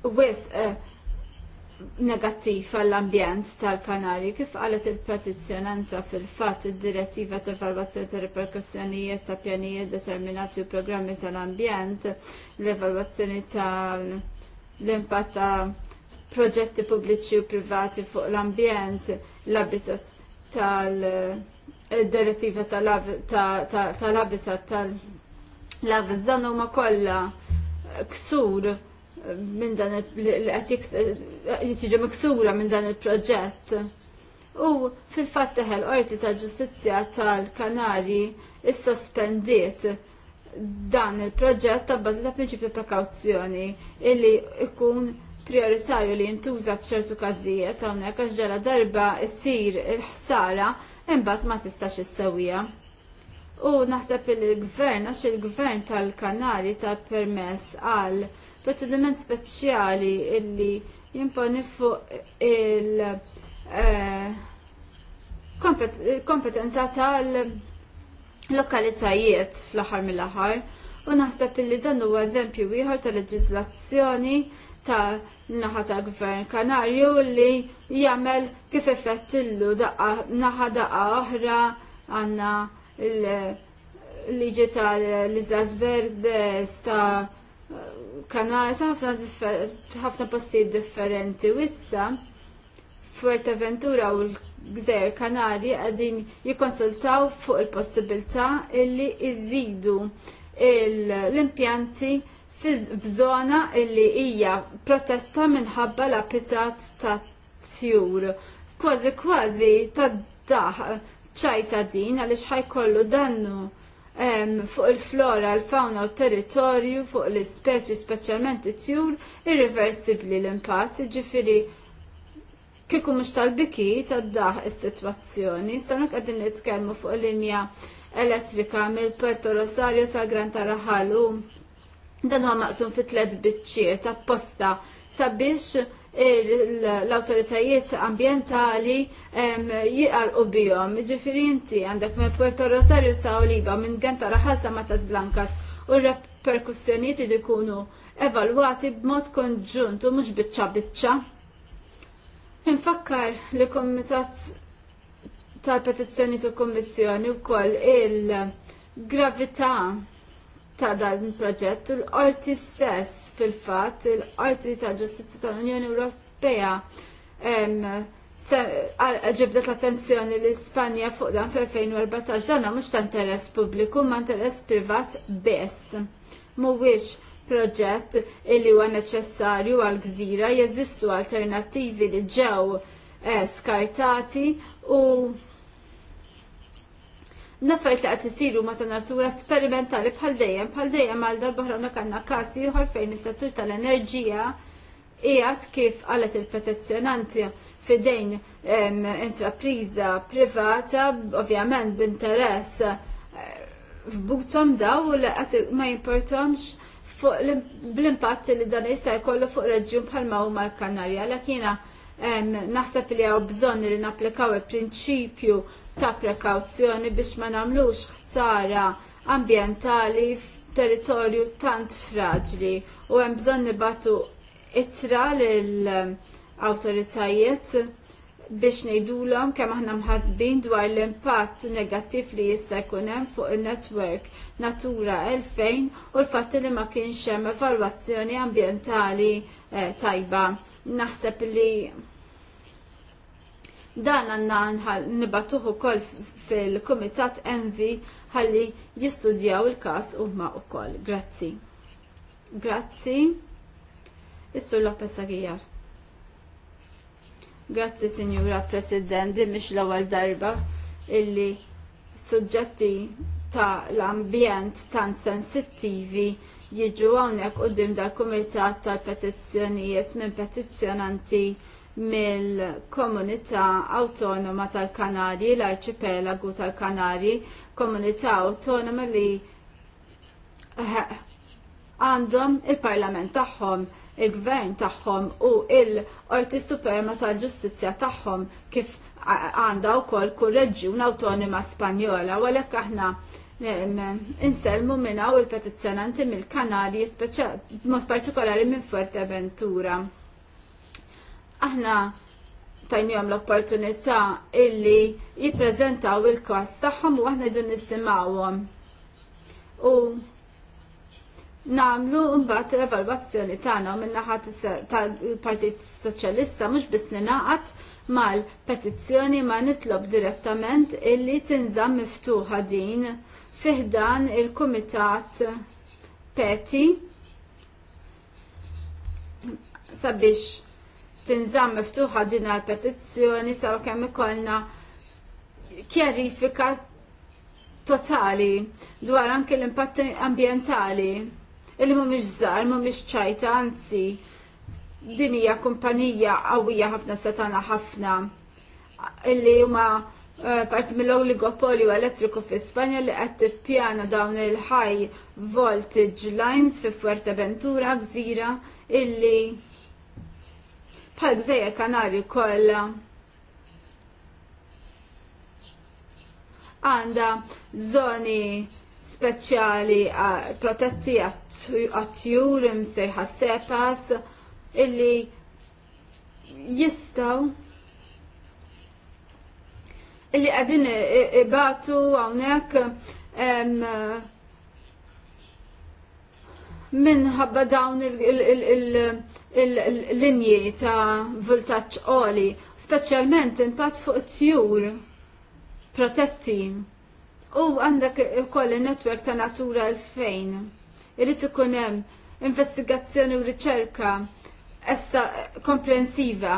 S3: wisq. Eh, negattiv għall-ambjent tal kanali kif qalet il-petizzjonanta fil-fatt id-direttiva ta' evalwazzjoni ta' riperkussjonijiet ta' pjanijiet determinati u programmi tal-ambjent, l-evalwazzjoni tal-impatt ta' proġetti pubbliċi u privati fuq l-ambjent, l-abitat tal-direttiva tal-abitat tal-abitat tal-abitat tal-abitat dan huma kollha ksur minn dan li tiġi miksura minn dan il-proġett. U fil-fatt teħel qorti ta' ġustizzja tal-Kanari is-sospendiet dan il-proġett ta' bażi ta' prinċipju prekawzjoni illi ikun prioritarju li jintuża f'ċertu każijiet hawnhekk għax ġara darba ssir il-ħsara imbagħad ma tistax issewwiha. U naħseb il-gvern għax il-gvern tal-Kanari ta' permess għal proċediment speċjali illi jimponi fuq il eh, kompetenza tal lokalitajiet fl-aħħar mill-aħħar u naħseb illi dan huwa eżempju ieħor ta' leġiżlazzjoni ta' naħa ta' gvern kanarju li jagħmel kif effettillu daqqa naħa daqqa oħra għandna l-liġi tal-Lizas Verdes ta' Kanali ħafna ħafna postijiet differenti wissa Fuerteventura u l-Gżer Kanali għadin jikonsultaw fuq il-possibilità illi iżidu l-impjanti f'żona illi hija protetta minħabba l-appitat ta' tjur. Kważi kważi ta' daħ ċajta din għaliex ħajkollu dannu fuq il-flora, l-fauna u territorju, fuq l-ispeċi, specialment it-tjur, irreversibli l-impatt, ġifiri kiku mux tal-biki tad-daħ il-situazzjoni, sanak għadin nitkelmu fuq linja elettrika mill Puerto Rosario sa' Gran Tarahalu, dan huwa maqsum fit tlet biċċiet apposta sabiex l-autoritajiet ambientali jiqarqu bihom. Ġifiri inti għandek me Puerto Rosario sa Oliva minn Ganta Raħasa Matas Zblankas u reperkussjoniet li jkunu evalwati b'mod konġunt u mhux biċċa biċċa. Infakkar li komitat tal-petizzjoni tal-Kommissjoni wkoll il-gravità ta' dan il-proġett u l-qorti stess fil-fatt, il-qorti tal-ġustizja tal-Unjoni Ewropea ġibdet l-attenzjoni l ispanja fuq dan fl-2014 dan mhux ta' interess pubbliku ma' interess privat biss. Mhuwiex proġett li huwa neċessarju għal gżira jeżistu alternattivi li ġew eh, skartati u Naffajt li qed isiru ma' ta' natura sperimentali bħal dejjem bħal dejjem għal darba kanna kasi ieħor fejn is-settur tal-enerġija ijat kif qalet il-petizzjonanti fidejn intrapriża privata, ovvjament b'interess eh, f'butom daw li ma jimportomx bl l-impatt li dan jista' jkollu fuq reġjun bħalma huma l-Kanarja. Għalhekk naħseb li hawn bżonn li napplikaw il-prinċipju ta' prekawzjoni biex ma nagħmlux ħsara ambjentali f'territorju tant fraġli u hemm bżonn nibatu ittra lill awtoritajiet biex ngħidulhom kemm aħna mħassbin dwar l-impatt negattiv li jista' jkun hemm fuq in-netwerk Natura 2000 u l-fatt li ma kienx hemm evalwazzjoni ambjentali eh, tajba. Naħseb li Dan għanna nibatuħu kol fil-Komitat Envi ħalli jistudjaw il-kas u ma u kol. Grazzi. Grazzi. Issu Lopez Aguilar. Grazzi, Signora President, di mish l-ewwel darba illi suġġetti ta' l-ambjent tant sensittivi jiġu għawnek u dim dal-Kumitat tal-Petizzjonijiet minn petizzjonanti mill-komunità autonoma tal-Kanari, l-arċipelagu tal-Kanari, komunità autonoma li għandhom il-parlament tagħhom, il-gvern tagħhom u il-Qorti Suprema tal-Ġustizzja tagħhom kif għandha wkoll kull reġjun autonoma Spanjola, u għalhekk aħna inselmu minna u il-petizzjonanti mill-Kanari, mod partikolari minn Fuerteventura aħna tajnijom l-opportunità illi jiprezentaw il-kas tagħhom u aħna ġun nisimawom. U namlu mbagħad evalwazzjoni tagħna min-naħa tal-Partit Soċjalista mhux biss ninaqat mal-petizzjoni ma nitlob direttament illi tinżam miftuħa din fiħdan il-Kumitat Peti sabiex tinżamm miftuħa din l-petizzjoni sakemm ikollna kjarifika totali dwar anke l-impatt ambjentali illi mhumiex żgħar, mhumiex ċajta, anzi din hija kumpanija qawwija ħafna setana ħafna illi huma eh, parti mill-oligopolju elettriku fi Spanja li qed tippjana dawn il-high voltage lines fi Fuerteventura gżira illi bħal gżeja Kanari kollha għandha żoni speċjali protetti għat-tjur imsejħa sepas illi jistaw illi għadin ibatu għawnek minħabba dawn il-linji ta' voltaċ oli, specialment impatt fuq tjur protetti. U għandek ukoll il-netwerk ta' natura l-fejn. Irrid ikun hemm investigazzjoni u riċerka esta komprensiva.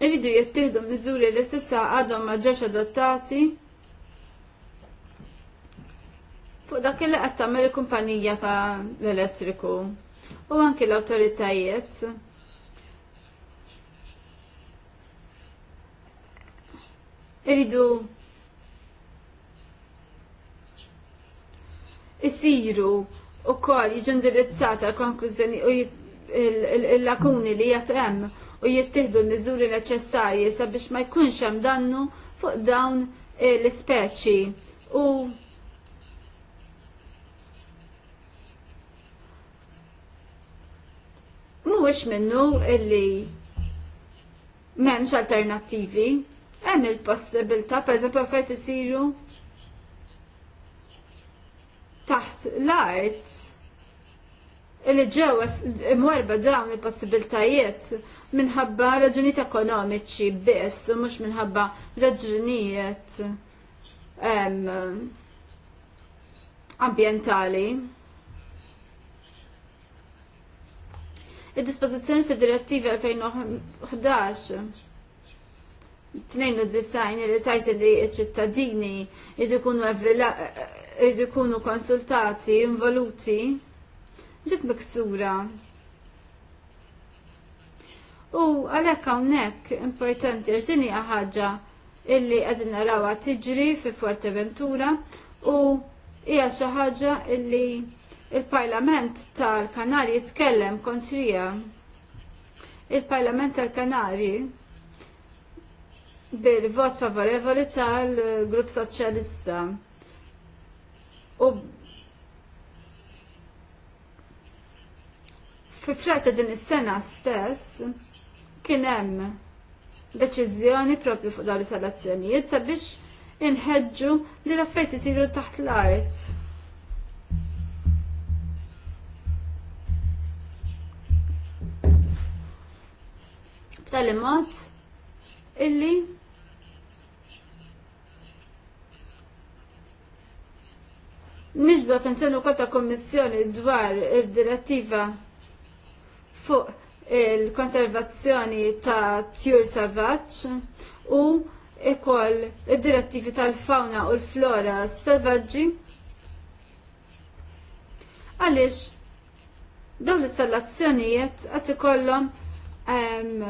S3: Irridu jittieħdu miżuri li s'issa għadhom ma ġewx adottati fuq dak il qed tagħmel il-kumpanija ta' l-elettriku u anke l-awtoritajiet. Iridu isiru u kol jiġu indirizzata konklużjoni u il-lakuni li hemm u jittihdu l-miżuri neċessarji sabiex ma jkunx hemm dannu fuq dawn l-ispeċi u mhuwiex minnu illi m'hemmx alternattivi, hemm il-possibilità pereżempju fejn isiru taħt l-art illi ġewa imwerba dawn il-possibiltajiet minħabba raġunijiet ekonomiċi biss u mhux minħabba raġunijiet ambjentali. il dispożizzjoni fid-direttiva 2011 tnejn u design li tajt li ċittadini id ikunu konsultati, involuti, ġiet miksura. U għalhekk hawnhekk importanti għax din hija ħaġa illi qegħdin narawha tiġri fi Fuerteventura u hija xi ħaġa illi Il-Parlament tal-Kanari jitkellem kontrija. Il-Parlament tal-Kanari bil-vot favorevoli tal-Grupp Soċjalista. U fi frata din is-sena stess kien hemm deċiżjoni propju fuq dawn is-salazzjonijiet sabiex inħeġġu li l-affetti isiru taħt l-art. tal illi Nġbu attenzjoni kota ta' kommissjoni dwar il-direttiva fuq il-konservazzjoni ta' tjur savaċ u ikoll id-direttivi tal-fauna u l-flora selvaġġi għaliex dawn l-installazzjonijiet għat ikollhom ehm,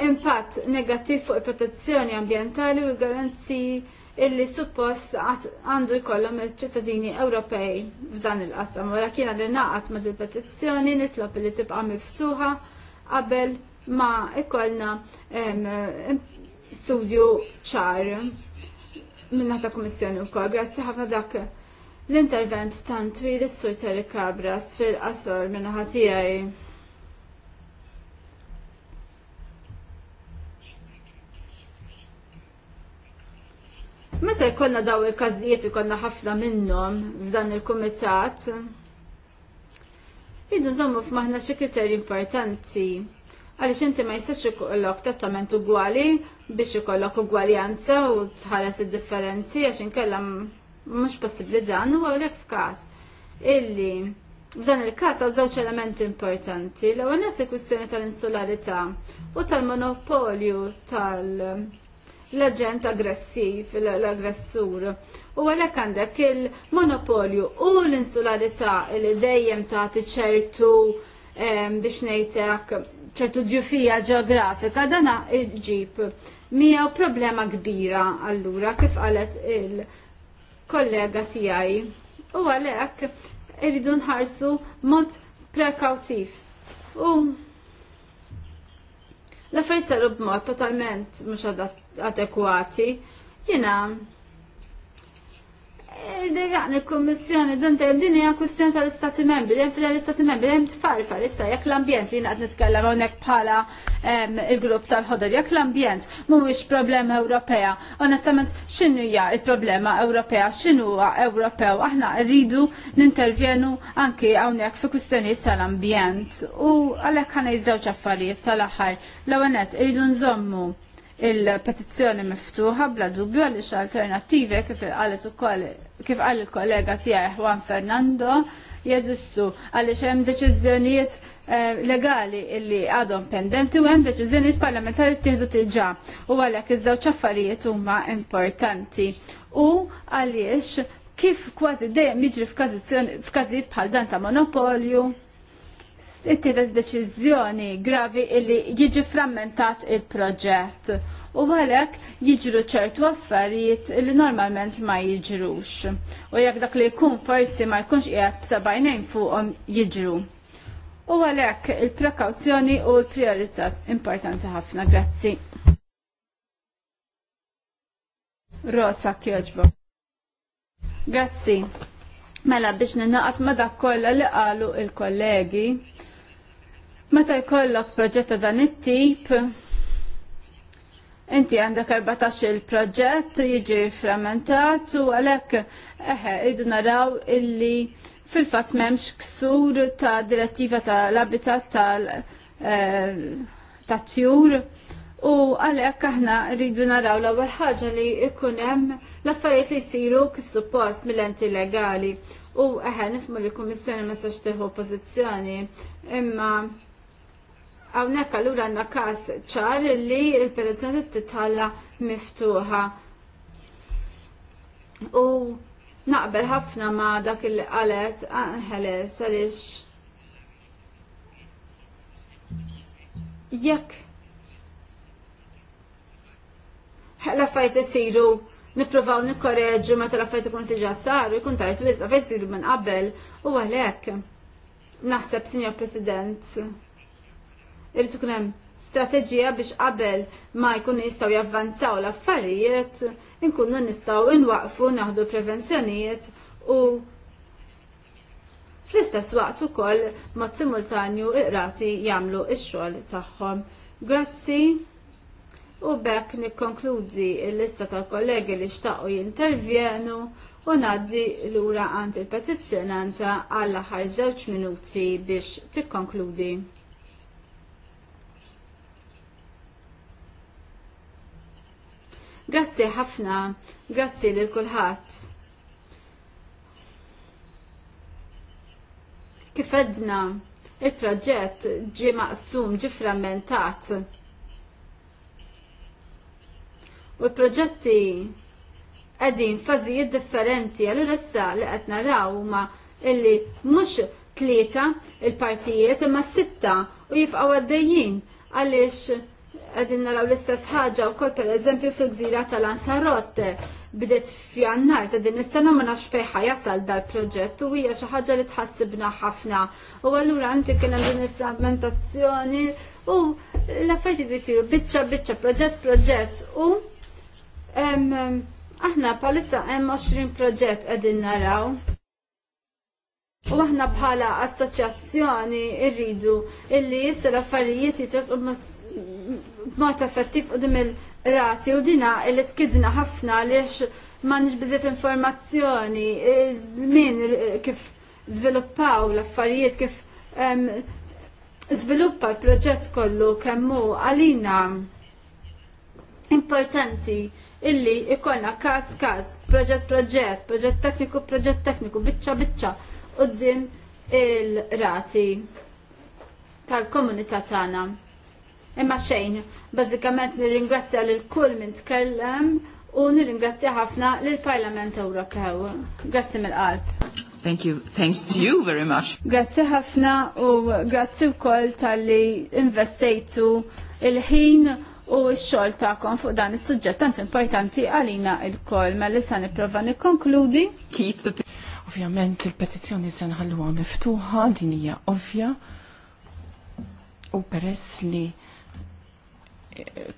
S3: impatt negattiv fuq il-protezzjoni ambjentali u l-garanziji illi suppost għandu jkollhom il-ċittadini Ewropej f'dan il-qasam. Wara kien li naqgħat ma' il-petizzjoni nitlob li tibqa' miftuħa qabel ma ikollna studju ċar minna ta' kummissjoni wkoll. Grazzi ħafna dak l-intervent tant twil is-sur Terry Cabras fil-qasor minna ħasijaj. Meta jkollna daw il-każijiet ikollna ħafna minnhom f'dan il-kumitat, jidu nżommu f'maħna xi kriterji importanti għaliex inti ma jistax ikollok trattament ugwali biex ikollok ugwaljanza u tħares id-differenzi għax inkella mhux possibbli dan u għalhekk f'każ illi F'dan il-każ għaw żewġ elementi importanti. L-ewwel il-kwistjoni tal-insularità u tal-monopolju tal-, -monopolju, tal l-agent aggressiv, l-aggressur. U għalek għandek il-monopolju u l-insularità li dejjem tagħti ċertu biex ngħidlek ċertu ġufija ġeografika dana ġib mija problema kbira allura kif qalet il-kollega tiegħi. U għalhekk irridu nħarsu mod prekawtiv. U l-affarijiet saru b'mod totalment mhux adatt adekwati. Jena, Degħan il-Kommissjoni, dan terem din hija kwistjoni tal-Istati Membri, hemm fil-Istati Membri hemm tfarfar issa jekk l-ambjent li qed nitkellem hawnhekk bħala ehm, il-grupp tal-ħodor, jekk l-ambjent mhuwiex problema Ewropea, onestament x'inhu hija il-problema Ewropea, xinu huwa Ewropew, aħna rridu nintervjenu anki hawnhekk fi kwistjonijiet tal-ambjent u għalhekk ħanejt żewġ affarijiet tal-aħħar. L-ewwel rridu nżommu il-petizzjoni miftuħa bla dubju għaliex alternattivi kif qalet kif qal il-kollega tiegħi Juan Fernando jeżistu għaliex hemm deċiżjonijiet eh, legali illi għadhom pendenti u hemm deċiżjonijiet parlamentari ttieħdu tiġà u għalhekk iż-żewġ affarijiet huma importanti u għaliex kif kważi dejjem jiġri f'każijiet bħal dan ta' monopolju it tidet deċiżjoni gravi illi jiġi frammentat il-proġett u għalek jiġru ċertu affarijiet li normalment ma jiġrux. U jekk dak li jkun forsi ma jkunx qiegħed b'sabajnejn fuqhom jiġru. U għalek il-prekawzjoni u l-priorizzat importanti ħafna, grazzi. Rosa kjoġbo. Grazzi. Mela biex ninaqat ma dak kollha li qalu il-kollegi Meta jkollok proġett ta' dan it-tip, inti għandek 14 il-proġett jiġi frammentat u għalhekk eħe idu naraw illi fil-fatt m'hemmx ksur ta' direttiva tal-abitat tal-tjur. Eh, u għalhekk aħna rridu naraw l-ewwel ħaġa li jkun hemm l-affarijiet li jsiru kif suppost mill-enti legali. U eħe nifmu li l-Kummissjoni ma stax tieħu pożizzjoni imma Hawnhekk allura għandna każ ċar li l t-tħalla miftuħa. U naqbel ħafna ma dak il qalet Angeles ah, għaliex jekk la fajt isiru niprofaw nikkoreġu meta tala fajt ikun tiġa saru jkun tajt iżda fajt minn qabel u għalhekk naħseb Sinjor President Irrid ikun hemm strateġija biex qabel ma jkun jistgħu javvanzaw l-affarijiet, inkunu nistgħu inwaqfu naħdu prevenzjonijiet u fl-istess waqt ukoll mod simultanju iqrati jagħmlu x-xogħol tagħhom. Grazzi. U bekk nikkonkludi l-lista tal kollegi li xtaqgħu jintervjenu u naddi l-ura għand il-petizzjonanta għall aħħar żewġ minuti biex tikkonkludi. Grazzi ħafna, grazzi lil kulħadd. Kif edna, il-proġett ġie maqsum ġi frammentat. U l-proġetti għedin fażijiet differenti għal issa li qed naraw ma illi mhux tlieta il-partijiet imma sitta u jibqgħu għaddejjin għaliex Għedin naraw l-istess ħaġa u koll, per eżempju fil-gżira tal-Ansarotte bidet fjannar ta' din is-sena ma nafx fejħa jasal dal-proġett u hija xi ħaġa li tħassibna ħafna. U allura inti kien hemm din il-frammentazzjoni u l-affarijiet isiru biċċa biċċa proġett proġett u aħna bħalissa hemm 20 proġett qegħdin naraw. U aħna bħala assoċjazzjoni rridu illi jissa l-affarijiet jitresqu b'mod effettiv u dim il-rati u dina li tkidna ħafna lix nix bizet informazzjoni, żmien kif żviluppaw l-affarijiet kif zviluppa l-proġett kollu kemm hu għalina importanti illi ikollna każ każ, proġett proġett, proġett tekniku, proġett tekniku, biċċa biċċa qudiem il-rati tal-komunità tagħna. Imma xejn, bażikament nirringrazzja l kull min tkellem u nirringrazzja ħafna l Parlament Ewropew. Grazzi mill-qalb.
S1: Thank you. Thanks to you very much.
S3: Grazzi ħafna u grazzi wkoll tal-li investejtu il-ħin u x-xogħol tagħkom fuq dan is-suġġett tant importanti għalina il koll mela sa nipprova nikkonkludi. Keep the
S4: Ovvjament il-petizzjoni se nħalluha miftuħa din hija ovvja u peress li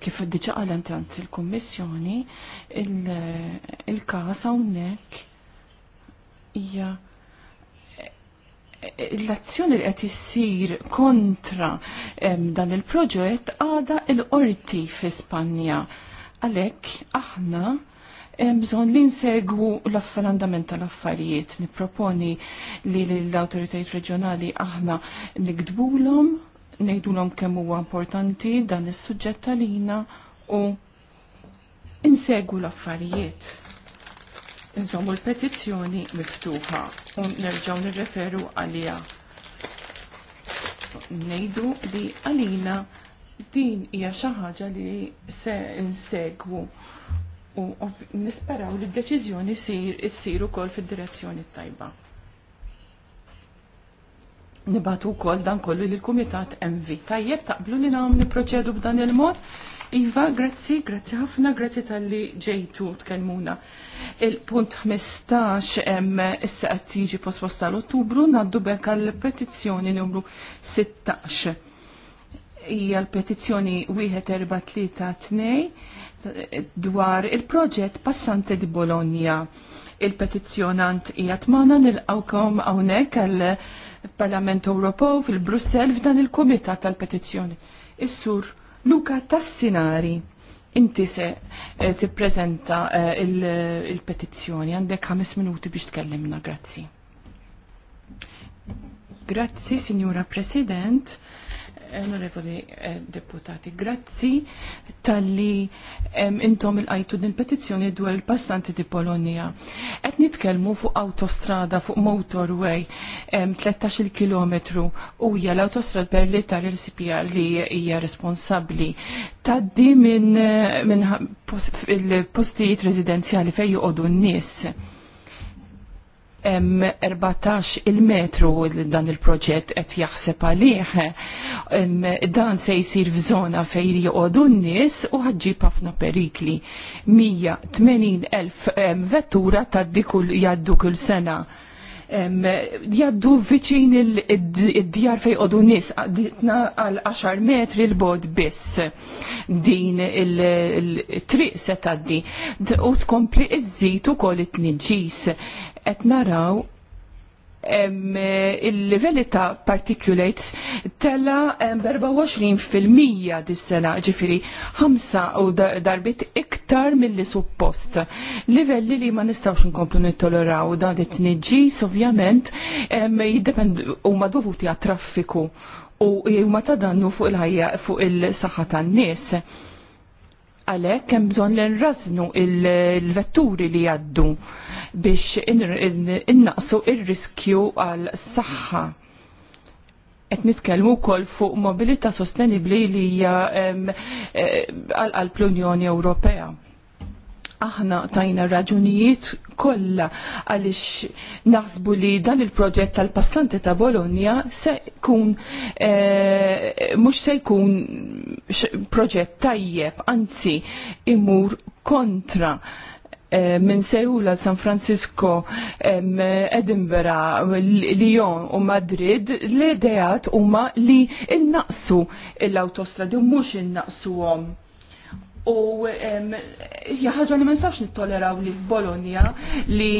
S4: kif diċa għal-antant il-Kommissjoni, il-kas hawnhekk hija l-azzjoni li qed issir kontra dan il-proġett għada il-qorti fi Spanja. Għalhekk aħna bżon li nsegwu l-affarandament tal-affarijiet. Niproponi li l-autoritajiet reġjonali aħna nikdbulhom ngħidulhom kemm huwa importanti dan is-suġġett talina u insegu l-affarijiet. Inżommu l-petizzjoni miftuħa u nerġgħu nirreferu għalija. Ngħidu li għalina din hija xi ħaġa li se insegwu u nisperaw li d-deċiżjoni sir issir ukoll fid-direzzjoni tajba nibatu kol dan kollu l-Kumitat MV. Tajjeb, taqblu li nam proċedu b'dan il-mod. Iva, grazzi, grazzi ħafna, grazzi tal-li ġejtu tkelmuna. Il-punt 15 em issa qed tiġi posposta l-Ottubru ngħaddu bekk għall-petizzjoni numru 16. Hija l-petizzjoni 1432 dwar il-proġett Passante di Bologna il-petizzjonant qiegħed nil-awkom hawnhekk għall-Parlament Ewropew fil-Brussell f'dan il-Kumitat tal-Petizzjoni. Is-sur Luka Tassinari inti se eh, tippreżenta eh, il-petizzjoni għandek ħames minuti biex tkellimna, grazzi. Grazzi, Signora President onorevoli eh, deputati, grazzi tal-li intom il-għajtu din petizzjoni dwar il-passanti di Polonia. Et nitkelmu fuq autostrada, fuq motorway, 13 km u hija l-autostrada tar il rcpr li hija responsabli. Taddi minn postijiet rezidenziali fej joqogħdu n-nies 14 il-metru dan il-proġett qed jaħseb għalih. Dan se jsir f'żona fejn joqogħdu n-nies u ħaġġib ħafna perikli. 180 elf vettura tad kull jgħaddu kull sena jaddu viċin id-djar fej qodu nis għal 10 metri l-bod biss din il-triq setaddi u tkompli iż-żitu kol it-nġis et naraw il-livelli ta' particulates tella 24% dis-sena ġifiri 5 u darbit iktar mill-li suppost. Livelli li ma nistawx nkomplu nittoleraw da' dit-tniġis ovvjament jiddepend u madovuti dovuti għat traffiku u ma ta' dannu fuq il-ħajja fuq il-saħħa tan-nies. Għalhekk hemm bżonn l nrażnu il-vetturi li jgħaddu biex innaqsu il riskju għal saħħa qed nitkellmu wkoll fuq mobilità sostenibbli li hija għal l-Unjoni Ewropea. Aħna tajna raġunijiet kollha għaliex naħsbu li dan il-proġett tal-passanti ta' Bologna se jkun e, mhux se jkun proġett tajjeb, anzi imur kontra Eh, minn Sejula, San Francisco, Edinburgh, Lyon u Madrid, l-idejat huma li innaqsu l-autostradi mhux innaqsuhom. U ħaġa li ma nittoleraw li f'Bologna li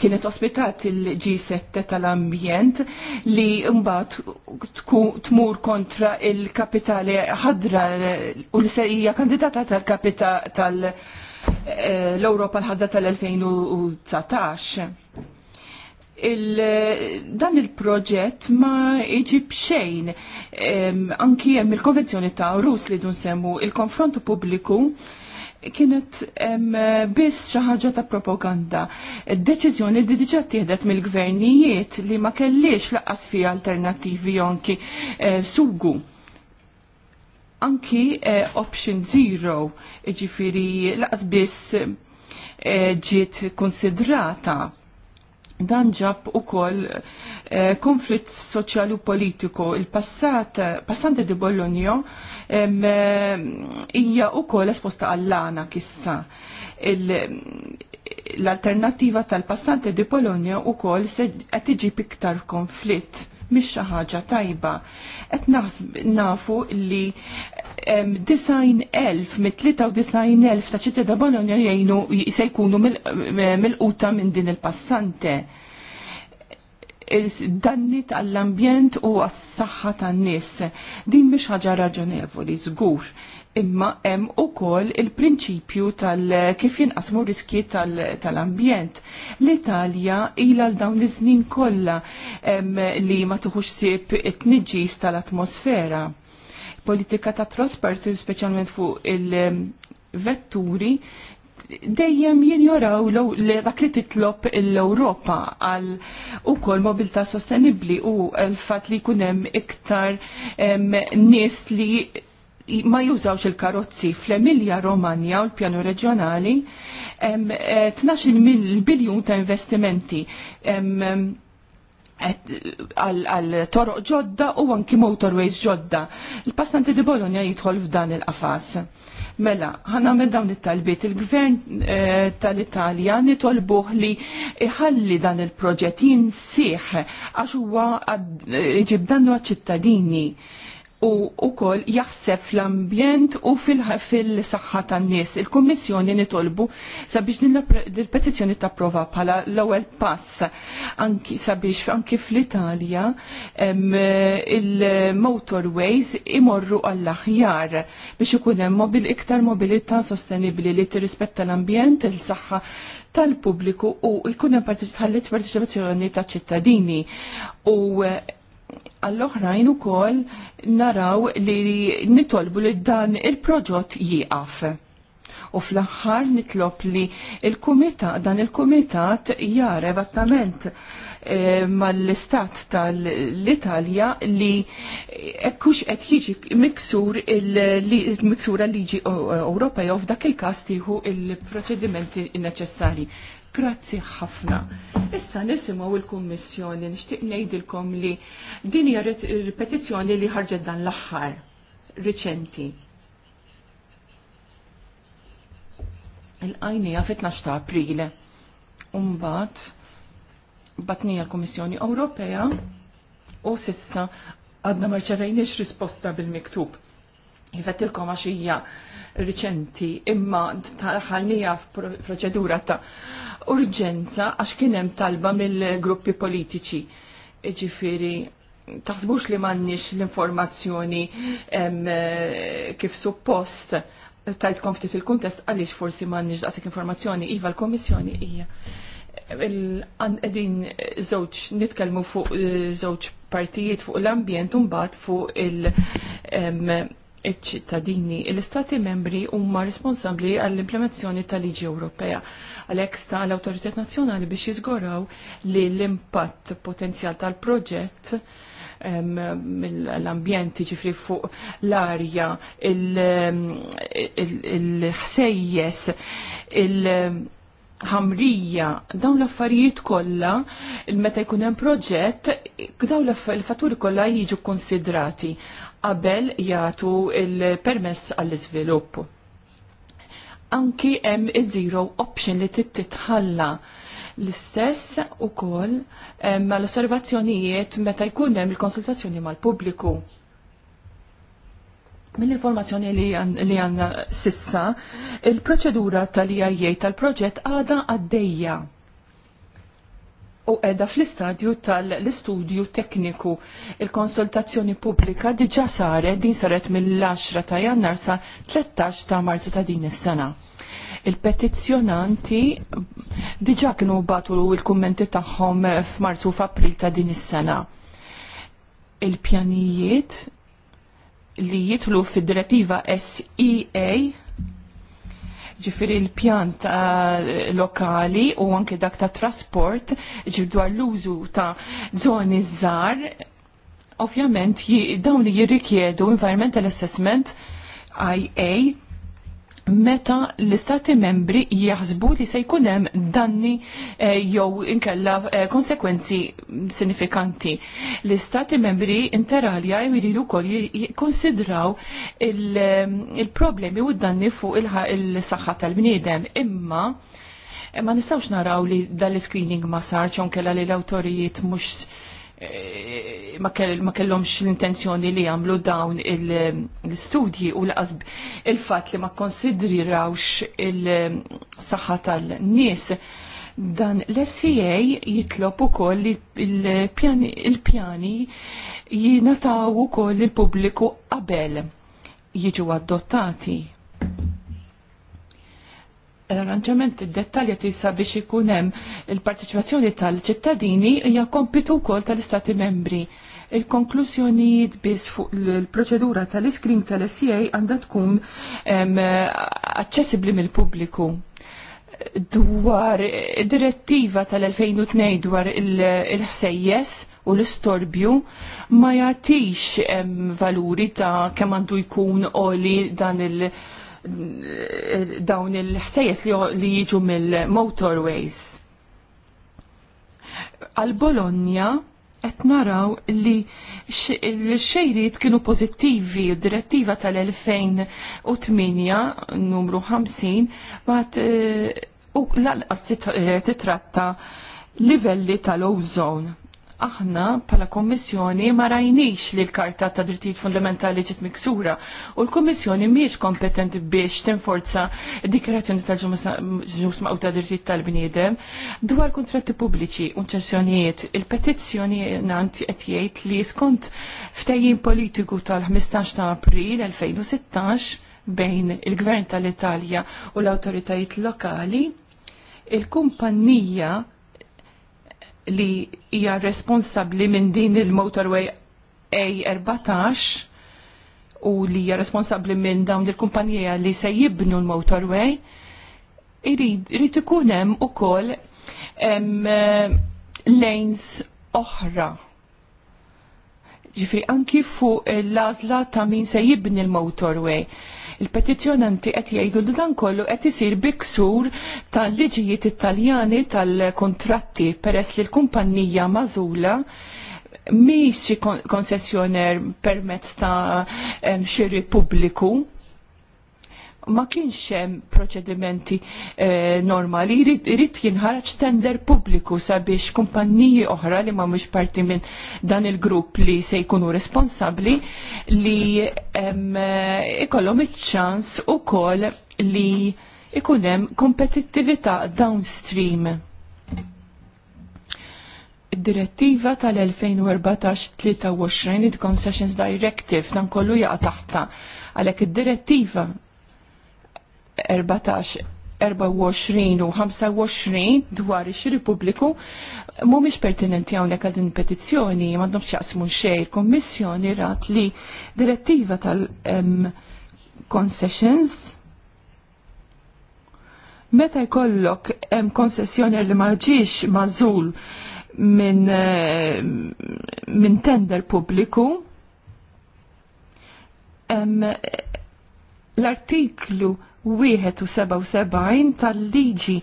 S4: kienet ospitat il-G7 tal-ambjent li mbagħad tmur kontra il-kapitali ħadra u li se hija kandidata tal-kapitali tal-, -kapita tal Eh, l-Europa l-ħadda tal-2019 il, dan il-proġett ma iġib xejn anki hemm il-konvenzjoni ta' Rus li dun semmu il-konfront pubbliku kienet biss xaħġa ħaġa ta' propaganda. Deċiżjoni li diġà tiħdet mill-gvernijiet li ma kellix laqqas fija alternattivi anki eh, sugu anki eh, option zero, ġifiri laqas biss eh, ġiet konsidrata dan ġab u koll eh, konflitt soċjali u politiku. Il-passat, passante di Bologna, hija u koll esposta għallana kissa. L-alternativa tal-passante di Bologna u koll se għatiġi piktar konflitt mhix xi ħaġa tajba. Qed nafu li design elf mit elf ta' ċittà Bologna jgħinu se jkunu mill-quta minn din il-passante danni tal-ambjent u għas-saħħa tan-nies. Din mhix ħaġa raġonevoli, żgur imma hemm ukoll il-prinċipju tal eh, kif jinqasmu riski tal-ambjent. Tal L-Italja ilha l dawn iż-żmien kollha li ma tuħux sib it-tniġġis tal-atmosfera. Politika ta' trasport speċjalment fuq il-vetturi dejjem jinjoraw li dak li titlob l-Ewropa għal ukoll mobilità sostenibbli u l-fatt li jkun hemm iktar nies li ma jużawx il-karozzi fl-Emilia Romagna u l-pjanu reġjonali 12 eh, biljun ta' investimenti għal toroq ġodda u anki motorways ġodda. Il-passanti di Bologna jidħol f'dan il-qafas. Mela, ħana me dawn it-talbiet, il-gvern eh, tal-Italja nitolbuh li iħalli dan il-proġett jinsiħ għax huwa eh, ġib dannu għad ċittadini u ukoll jaħseb fl-ambjent u fil-saħħa tan-nies. Il-Kummissjoni nitolbu sabiex din il-petizzjoni tapprova bħala l-ewwel pass anki sabiex anki fl-Italja il-motorways imorru għall-aħjar biex ikun hemm mobil iktar mobilità sostenibbli li tirrispetta l-ambjent, il-saħħa tal-pubbliku u jkun hemm ħallit partiċipazzjoni ta' ċittadini u għall-oħrajn ukoll naraw li nitolbu li dan il proġott jieqaf. U fl-aħħar nitlob li il-kumitat dan il-kumitat jara evattament eh, mal-istat tal-Italja li ekkux qed jiġi miksur il-miksura liġi eh, Ewropea u f'dak il-każ tieħu il-proċedimenti neċessarji. Grazzi ħafna. Issa nisimgħu il-Kummissjoni nixtieq ngħidilkom li din hija ripetizzjoni li ħarġet dan l-aħħar riċenti. Il-qajnija fit-12 ta' April. Umbat batnija l-Kummissjoni Ewropea u sissa għadna marċevejniex risposta bil-miktub jifettilkom għaxija riċenti imma f f'proċedura ta' urġenza għax kienem talba mill-gruppi politiċi. Ġifiri, taħsbux li mannix l-informazzjoni kif suppost tajtkom ftit il-kuntest għaliex forsi mannix daqsik informazzjoni iva l-Komissjoni hija. għandin żewġ nitkellmu fuq żewġ partijiet fuq l-ambjent u mbagħad fuq il- iċ-ċittadini, l-Istati membri huma responsabbli għall-implementazzjoni tal-Liġi Ewropea. Għalhekk sta l-Awtoritet Nazzjonali biex jiżgoraw li l-impatt potenzjal tal-proġett l-ambjent ġifri fuq l-arja, il-ħsejjes, il ħamrija, dawn l-affarijiet kollha, meta jkun hemm proġett, dawn l-fatturi kollha jiġu konsidrati qabel jagħtu il-permess għall-iżvilupp. Anki hemm iż-zero option li titħalla l-istess ukoll eh, mal-osservazzjonijiet meta jkun hemm il-konsultazzjoni mal-pubbliku. Mill-informazzjoni li għandna sissa, il-proċedura tal iaj tal-proġett għadha għaddejja u edha fl-istadju tal-istudju tekniku. Il-konsultazzjoni pubblika diġa saret din saret mill-10 ta' jannar sa 13 ta' marzu ta' din is-sena. Il-petizzjonanti diġa kienu batu il-kummenti tagħhom f'Marzu f'April ta' din is-sena. Il-pjanijiet li jitlu fid-direttiva SEA ġifiri l-pjant lokali u anke dak ta' trasport ġifiri dwar l-użu ta' zoni żgħar, ovvjament dawn jirrikjedu environmental assessment IA meta l-istati membri jaħsbu li se jkun hemm danni eh, jew inkella eh, konsekwenzi sinifikanti. L-istati membri interalja jridu wkoll jikkonsidraw eh, il-problemi il u danni fuq il-saħħa il tal-bniedem. Imma eh, ma nistgħux naraw li dan l iscreening ma sarċon kella li l-awtorijiet mhux Eh, ma kellhomx l-intenzjoni li jagħmlu dawn l-studji u l-qasb il-fatt li ma rawx il-saħħa tal-nies dan l-SCA jitlob ukoll il-pjani jingħataw ukoll il-pubbliku qabel jiġu adottati arranġament id-dettalja tisa biex ikun hemm il parteċipazzjoni tal-ċittadini hija kompitu wkoll tal-Istati membri. Il-konklużjonijiet biss fuq il-proċedura tal-iskrim tal-SCA għandha tkun aċċessibbli mill-pubbliku dwar direttiva tal-2002 dwar il-ħsejjes u l-istorbju ma jatix valuri ta' kemm għandu jkun oli dan il- dawn il-ħsejjes li jiġu mill-motorways. Għal-Bologna qed naraw li l-xejriet kienu pożittivi, direttiva tal-2008 numru 50 bat eh, u qas eh, titratta livelli tal-ozone aħna pala kommissjoni ma rajnix li l-karta ta' drittijiet fundamentali ġiet miksura u l-kommissjoni miex kompetenti biex tinforza dikjerazzjoni tal-ġus ma' ta' drittijiet tal-bniedem dwar kontratti pubbliċi u ċessjonijiet il-petizzjoni nant qed jgħid li skont ftejjin politiku tal-15 ta' April 2016 bejn il-Gvern tal-Italja u l-awtoritajiet lokali il-kumpanija li hija responsabbli minn din il-motorway A14 u li hija responsabbli minn dawn il-kumpanija li se jibnu l-motorway, irid ikun hemm ukoll eh, lanes oħra. Ġifri anki fuq l-għażla ta' min se jibni l-motorway Il-petizjonanti qed jgħidu li dan kollu qed isir biksur tal-liġijiet Italjani tal-kontratti peress li l-kumpanija mażula mhix konsessjoner permezz ta' xiri pubbliku ma kienx hemm proċedimenti eh, normali, irid jinħarġ tender pubbliku sabiex kumpanniji oħra li mhumiex parti minn dan il-grupp li se jkunu responsabbli li eh, ikollhom iċ-ċans ukoll li ikun hemm kompetittività downstream. Direttiva tal-2014-23 il-Concessions Directive dan kollu jaqa taħta għalhekk id-direttiva 24 u 25 dwar ix-xiri pubbliku mhumiex pertinenti hawnhekk għal din petizzjoni m'għandhom x'jaqsmu xejn. Il-Kummissjoni rat li direttiva tal-concessions meta jkollok hemm konsessjoni li ma ġiex mażul minn min tender pubbliku l-artiklu 177 tal-liġi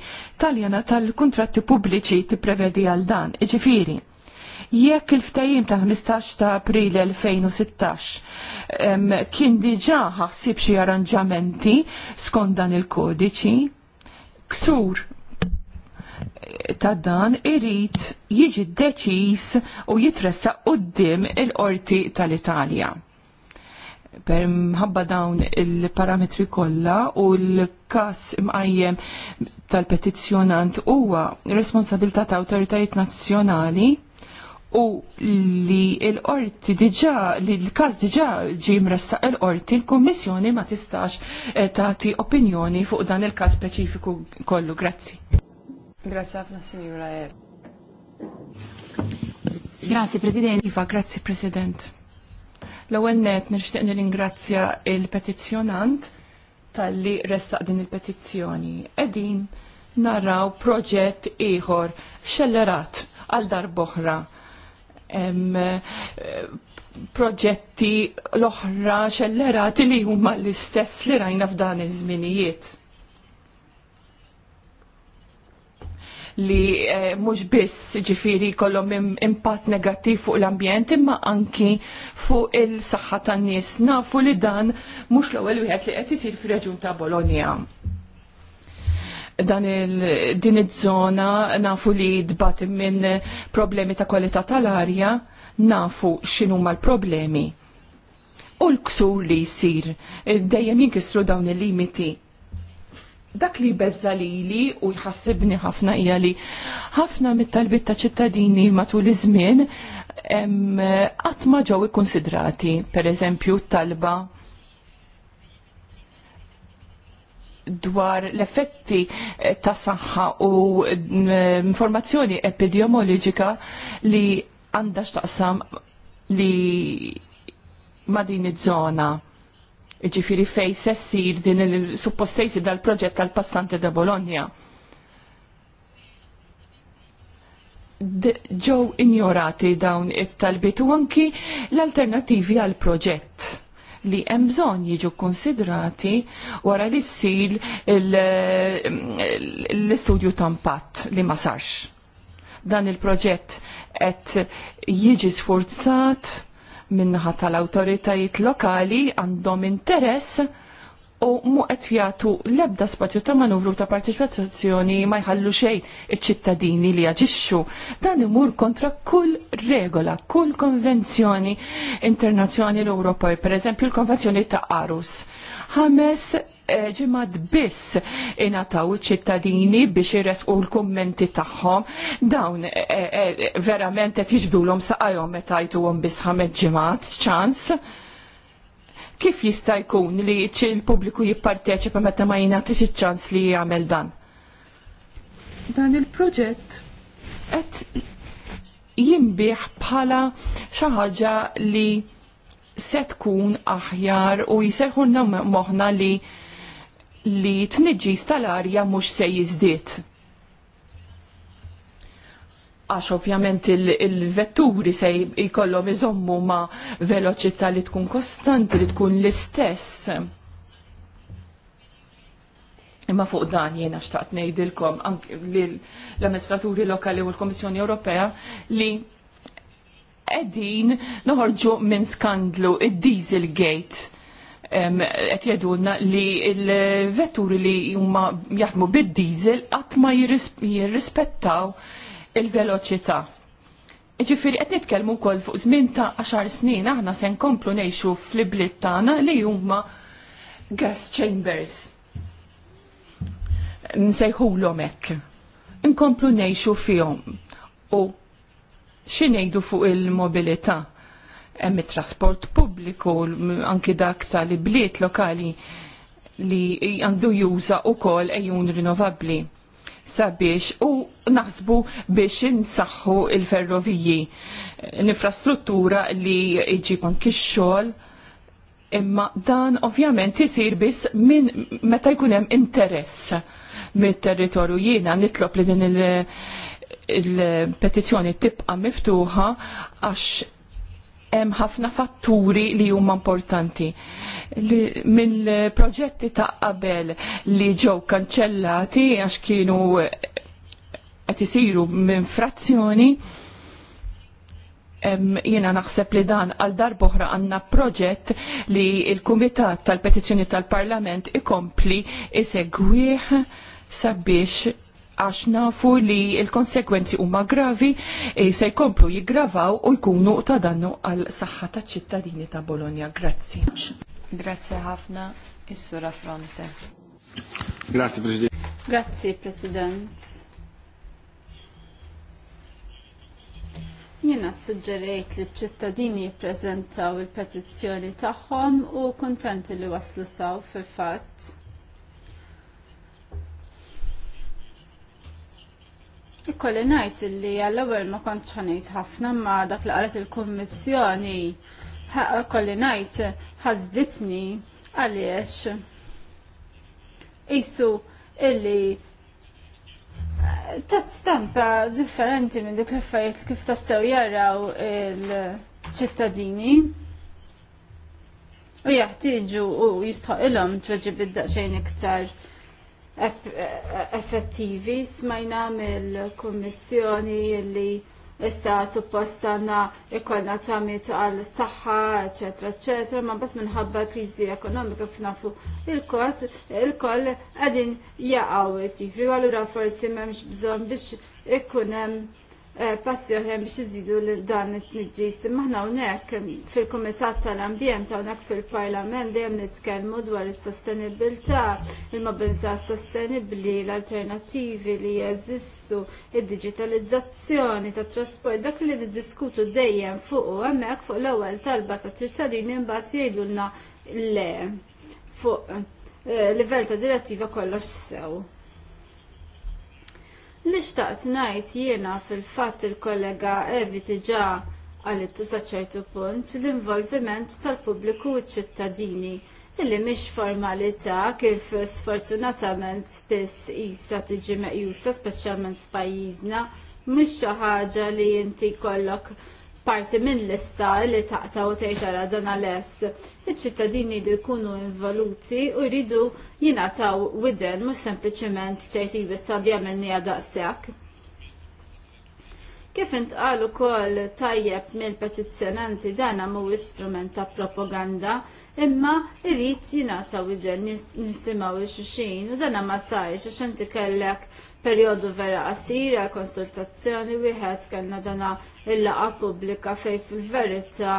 S4: taljana tal-kontratti pubbliċi tipprevedi għal dan. Ġifiri, jekk il-ftajim ta' 15 ta' april 2016 kien diġa ħassib xi arranġamenti skont dan il-kodiċi, ksur ta' dan irid jiġi deċiż u jitressa quddiem il-qorti tal-Italja per mħabba dawn il-parametri kollha u l-każ imqajjem tal-petizzjonant huwa responsabilità ta' awtoritajiet nazzjonali u li l-qorti diġa, li l-każ diġà ġie mressaq il-qorti l-Kummissjoni ma tistax eh, tagħti opinjoni fuq dan il-każ speċifiku kollu. Grazzi.
S2: Grazzi ħafna signora.
S4: Grazie Presidente. Iva, grazie President. L-ewwel net nirixtieq nirringrazzja il-petizzjonant tal-li ressaq din il-petizzjoni. Qegħdin naraw proġett ieħor xellerat għal darboħra. Eh, proġetti l-oħra xellerati li huma l-istess li rajna f'dan iż-żminijiet li eh, mhux biss ġifiri kollhom impatt negattiv fuq l-ambjent imma anki fuq il-saħħa tan-nies nafu li dan mhux l-ewwel wieħed li qed isir fir-reġjun ta' Bologna. Dan il, din iż-żona nafu li dbat minn problemi ta' kwalità tal-arja, nafu x'inhuma l-problemi u l-ksur li jisir dejjem jinkisru dawn il-limiti dak li bezzalili u jħassibni ħafna hija li ħafna mit-talbit ta' ċittadini matul iż-żmien qatt ma ġew ikkunsidrati, pereżempju talba dwar l-effetti eh, ta' saħħa u mm, eh, informazzjoni epidemioloġika li għandha x'taqsam li ma' din iż-żona iġifiri fej sessir din il-suppostejsi dal-proġett tal-passante da Bologna. ġew injorati dawn it-talbit u anki l-alternativi għal-proġett li hemm bżonn jiġu konsidrati wara li ssir l-istudju ta' impatt li ma sarx. Dan il-proġett qed jiġi sforzat minnaħa tal-autoritajiet lokali għandhom interess u muqet jgħatu lebda spazju ta' manuvru ta' partiċipazzjoni ma jħallu xejn iċ-ċittadini li jaġixxu. Dan imur kontra kull regola, kull konvenzjoni internazzjoni l-Ewropej, per eżempju l-konvenzjoni ta' Arus. Ħames ġimad biss inataw ċittadini biex jiresqu l-kommenti tagħhom dawn e, e, e, verament qed jiġbdulhom saqajhom meta jtuhom biss ħamed ġimgħat ċans kif jista' jkun li l-pubbliku jipparteċipa meta ma jingħatix iċ-ċans li jagħmel dan? Dan il-proġett qed jinbih bħala xi ħaġa li se tkun aħjar u jserħu moħħna li li tniġġis tal-arja mhux se jiżdied. Għax ovvjament il-vetturi se jkollhom iżommu ma' veloċità li tkun kostanti li tkun l-istess. Imma fuq dan jiena xtaqt ngħidilkom l-amministraturi lokali u l-Komissjoni Ewropea li qegħdin noħorġu minn skandlu id-Dieselgate qed jedulna li l-vetturi li huma jaħdmu bid-diesel qatt ma jirrispettaw il-veloċità. Ġifiri, qed nitkellmu wkoll fuq żmien ta' 10 snin aħna se nkomplu ngħixu fl-ibliet tagħna li huma gas chambers. Nsejħulhom hekk. Nkomplu ngħixu fihom. U xi ngħidu fuq il-mobilità? hemm trasport pubbliku anki dak tal-bliet lokali li għandu juża wkoll ejjun rinnovabbli sabiex u naħsbu biex insaħħu il-ferroviji. L-infrastruttura li iġib anki xogħol imma dan ovvjament isir biss minn meta jkun hemm interess mit-territorju jiena nitlob li din il-petizzjoni tibqa' miftuħa għax hemm ħafna fatturi li huma importanti. Mill-proġetti ta' qabel li ġew kanċellati għax kienu qed isiru minn frazzjoni, jiena naħseb li dan għal darboħra għanna proġett li il-Kumitat tal-Petizzjoni tal-Parlament ikompli isegwih sabiex għax nafu li il-konsekwenzi huma gravi e se jkomplu jiggravaw u jkunu ta' dannu għal saħħa ta' ċittadini ta' Bologna. Grazzi. Grazzi ħafna, Is-Sura Fronte. Grazzi President. Grazzi
S3: President. Jena suġġerejt li ċittadini jippreżentaw il-petizzjoni tagħhom u kontenti li waslu saw fil-fatt. Ikkolli ngħid illi għall-ewwel ma kontx ħanejt ħafna ma dak li qalet il-kummissjoni kolli ngħid ħażditni għaliex isu illi eh, ta' stampa differenti minn dik l-affarijiet kif tassew jaraw il-ċittadini. U jaħtieġu u jistħaq il-om tweġib id-daqsxejn iktar effettivi smajna mill-Kummissjoni li issa supposta na ikollna tramit għal saħħa eċetera, eċetera, ma bas minħabba kriżi ekonomika f'nafu il-kot, il-koll għadin jaqgħu ġifri, allura forsi m'hemmx bżonn biex ikun hemm Eh, Pazzi oħrajn biex iżidu l dan it-tniġġis. Maħna hawnhekk fil-Kumitat tal-Ambjent hawnhekk fil-Parlament dejjem nitkellmu dwar is-sostenibilità, il-mobilità sostenibbli, l-alternattivi li jeżistu, id-diġitalizzazzjoni tat trasport, dak li niddiskutu dejjem fuq u hemmhekk fuq l-ewwel talba ta' ċittadini mbagħad jgħidulna le fuq eh, livell ta' direttiva kollox sew. Nishtaqt ngħid jiena fil-fatt il-kollega Evi tiġa għalittu saċertu punt l-involviment tal-pubbliku u ċittadini illi mhix formalità kif sfortunatament spiss isa tiġi meqjusa speċjalment f'pajjiżna mhux xi ħaġa li inti jkollok parti minn lista li taqsa u tgħixara dan għal-est. Iċ-ċittadini li jkunu involuti u jridu jingħataw widen mhux sempliċement tgħid jibissa li għamilni daqshekk. Kif intqal ukoll tajjeb mill-petizzjonanti dan mhuwiex strument ta' propaganda, imma jina ta' widen nisimgħu xuxin, u dan ma sajx, xan ti kellek perjodu vera qasira konsultazzjoni wieħed kellna dana il-laqa pubblika fejn fil-verità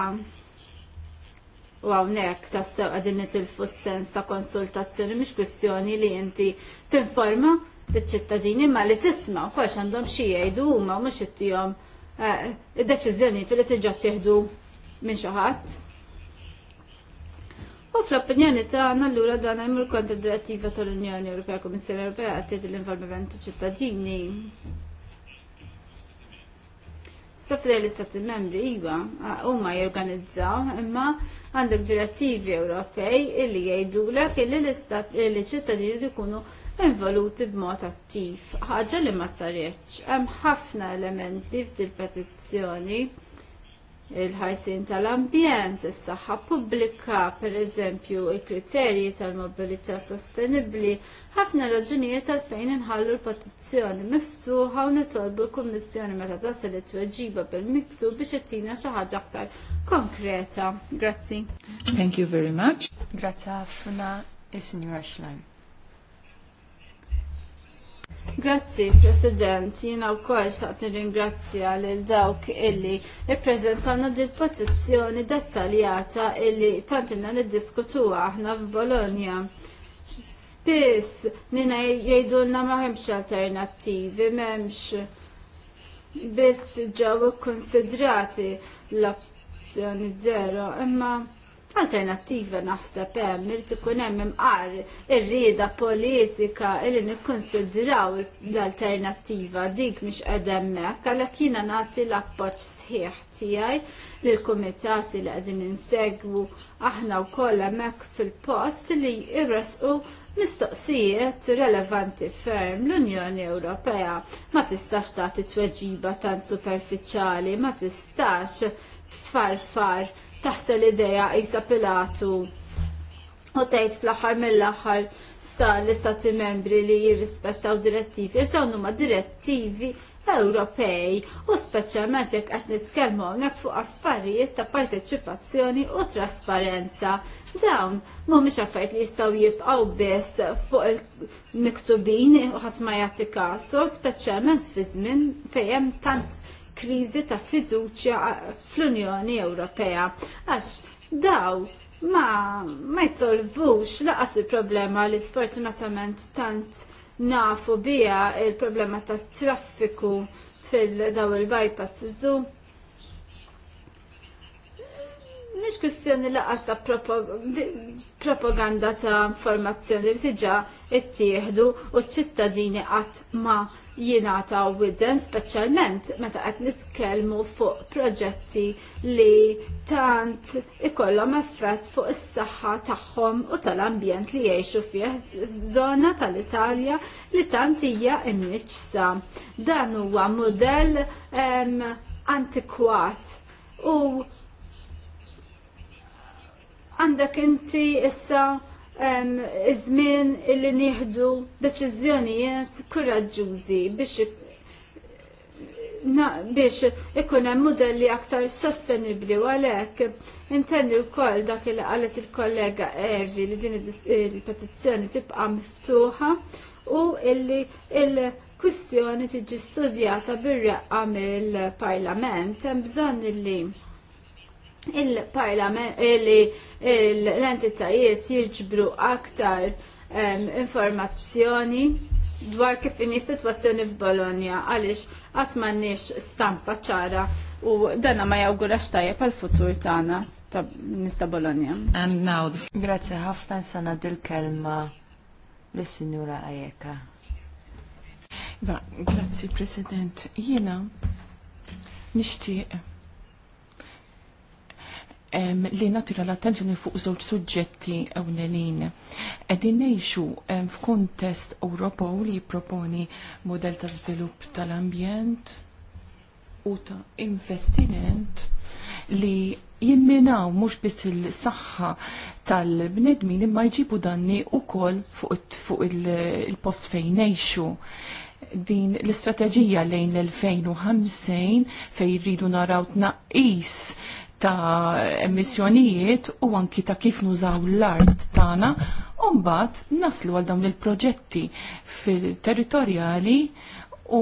S3: u hawnhekk tassew qegħdin nitilfu s-sens ta' konsultazzjoni mhix kwistjoni li inti tinforma liċ-ċittadini ma li tisma' wkoll għandhom xi jgħidu huma mhux tijom eh, id-deċiżjonijiet li t-ġat jgħidu minn xi ħadd. U fl-opinjoni tagħna allura dan hemm il-kontra direttiva tal-Unjoni Ewropea Komissjoni Ewropea qed l-involviment ta' ċittadini. Sta l-istati membri iva, huma jorganizzaw, imma għandek direttivi Ewropej illi jgħidulek illi l-ċittadini jkunu involuti b'mod attiv. Ħaġa li ma sarieċ, hemm ħafna elementi f'dil petizzjoni il-ħarsin tal-ambjent, is-saħħa pubblika, per eżempju, il-kriterji tal-mobilità sostenibbli ħafna raġunijiet għalfejn inħallu l-petizzjoni miftuħa u nitolbu l-Kummissjoni meta tasal it-tweġiba bil-miktub biex ittina xi ħaġa aktar konkreta. Grazzi.
S1: Thank you very much.
S2: Grazzi ħafna is-Sinjura Schlein.
S3: Grazzi, President. Jina u koll xaqt ringrazzja lil dawk illi ippreżentawna dil pozizjoni dettaljata illi tantina niddiskutuha aħna f'Bologna. Spiss nina jgħidulna ma hemmx alternattivi, m'hemmx biss ġew ikkonsidrati l-opzjoni zero, imma Alternattiva naħseb hemm irid ikun hemm imqar ir-rieda politika li nikkonsidraw l-alternattiva dik mhix qed hemmhekk għalhekk jiena nagħti l-appoġġ sħiħ tiegħi lill kumitati li qegħdin insegwu aħna wkoll hemmhekk fil-post li jirresqu mistoqsijiet relevanti ferm l-Unjoni Ewropea ma tistax tagħti tweġiba tant superfiċjali, ma tistax tfarfar taħsel ideja Isa Pilatu u tgħid fl-aħħar mill-aħħar sta l-istati membri li jirrispettaw direttivi, għax dawn huma direttivi Ewropej u speċjalment jekk qed nitkellmu hawnhekk fuq affarijiet ta' parteċipazzjoni u trasparenza. Dawn mhumiex affarijiet li jistgħu jibqgħu biss fuq il-miktubin u ħadd ma jagħti kasu, speċjalment fi żmien fejn hemm tant kriżi ta' fiduċja fl-Unjoni Ewropea. Għax daw ma, ma jsolvux laqas il-problema li sfortunatament tant nafu bija il-problema ta' traffiku fil-daw il-bypass. Nix kustjoni laqas ta' propaganda ta' informazzjoni li tiġa it-tieħdu u ċittadini qatt ma' ta' widden speċjalment meta qed nitkellmu fuq proġetti li tant ikollhom effett fuq is-saħħa tagħhom u tal-ambjent li jgħixu fih żona tal-Italja li tant hija imniċsa. Dan huwa mudell antikwat u għandek inti issa iż-żmien illi nieħdu deċiżjonijiet kuraġġużi biex biex ikun hemm modelli aktar sostenibbli u għalhekk intenni wkoll dak li qalet il-kollega Evi li din il-petizzjoni tibqa' miftuħa u illi il-kwistjoni tiġi studjata bir-reqqa mill-Parlament hemm bżonn illi il-parlament l-entitajiet jiġbru aktar informazzjoni dwar kif inhi situazzjoni f'Bologna għaliex qatt m'għandniex stampa ċara u danna ma jawgurax tajjeb għal futur tagħna ta' nista' Bologna. And now
S2: grazzi ħafna sana dil-kelma lis-Sinjura Ajeka.
S4: Grazzi President, jiena nixtieq um, li natira l-attenzjoni fuq żewġ suġġetti ewlenin. Qegħdin ngħixu um, f'kuntest Ewropew li jipproponi mudell ta' żvilupp tal-ambjent u ta' investiment li jimminaw mhux biss il-saħħa tal-bnedmin imma jġibu danni wkoll fuq, fuq il-post fejn neħxu. din l-istrateġija lejn l 2005 fej rridu naraw tnaqqis ta' emissjonijiet u anki ta' kif nużaw l-art tagħna u mbagħad naslu għal dawn il-proġetti fil-territorjali u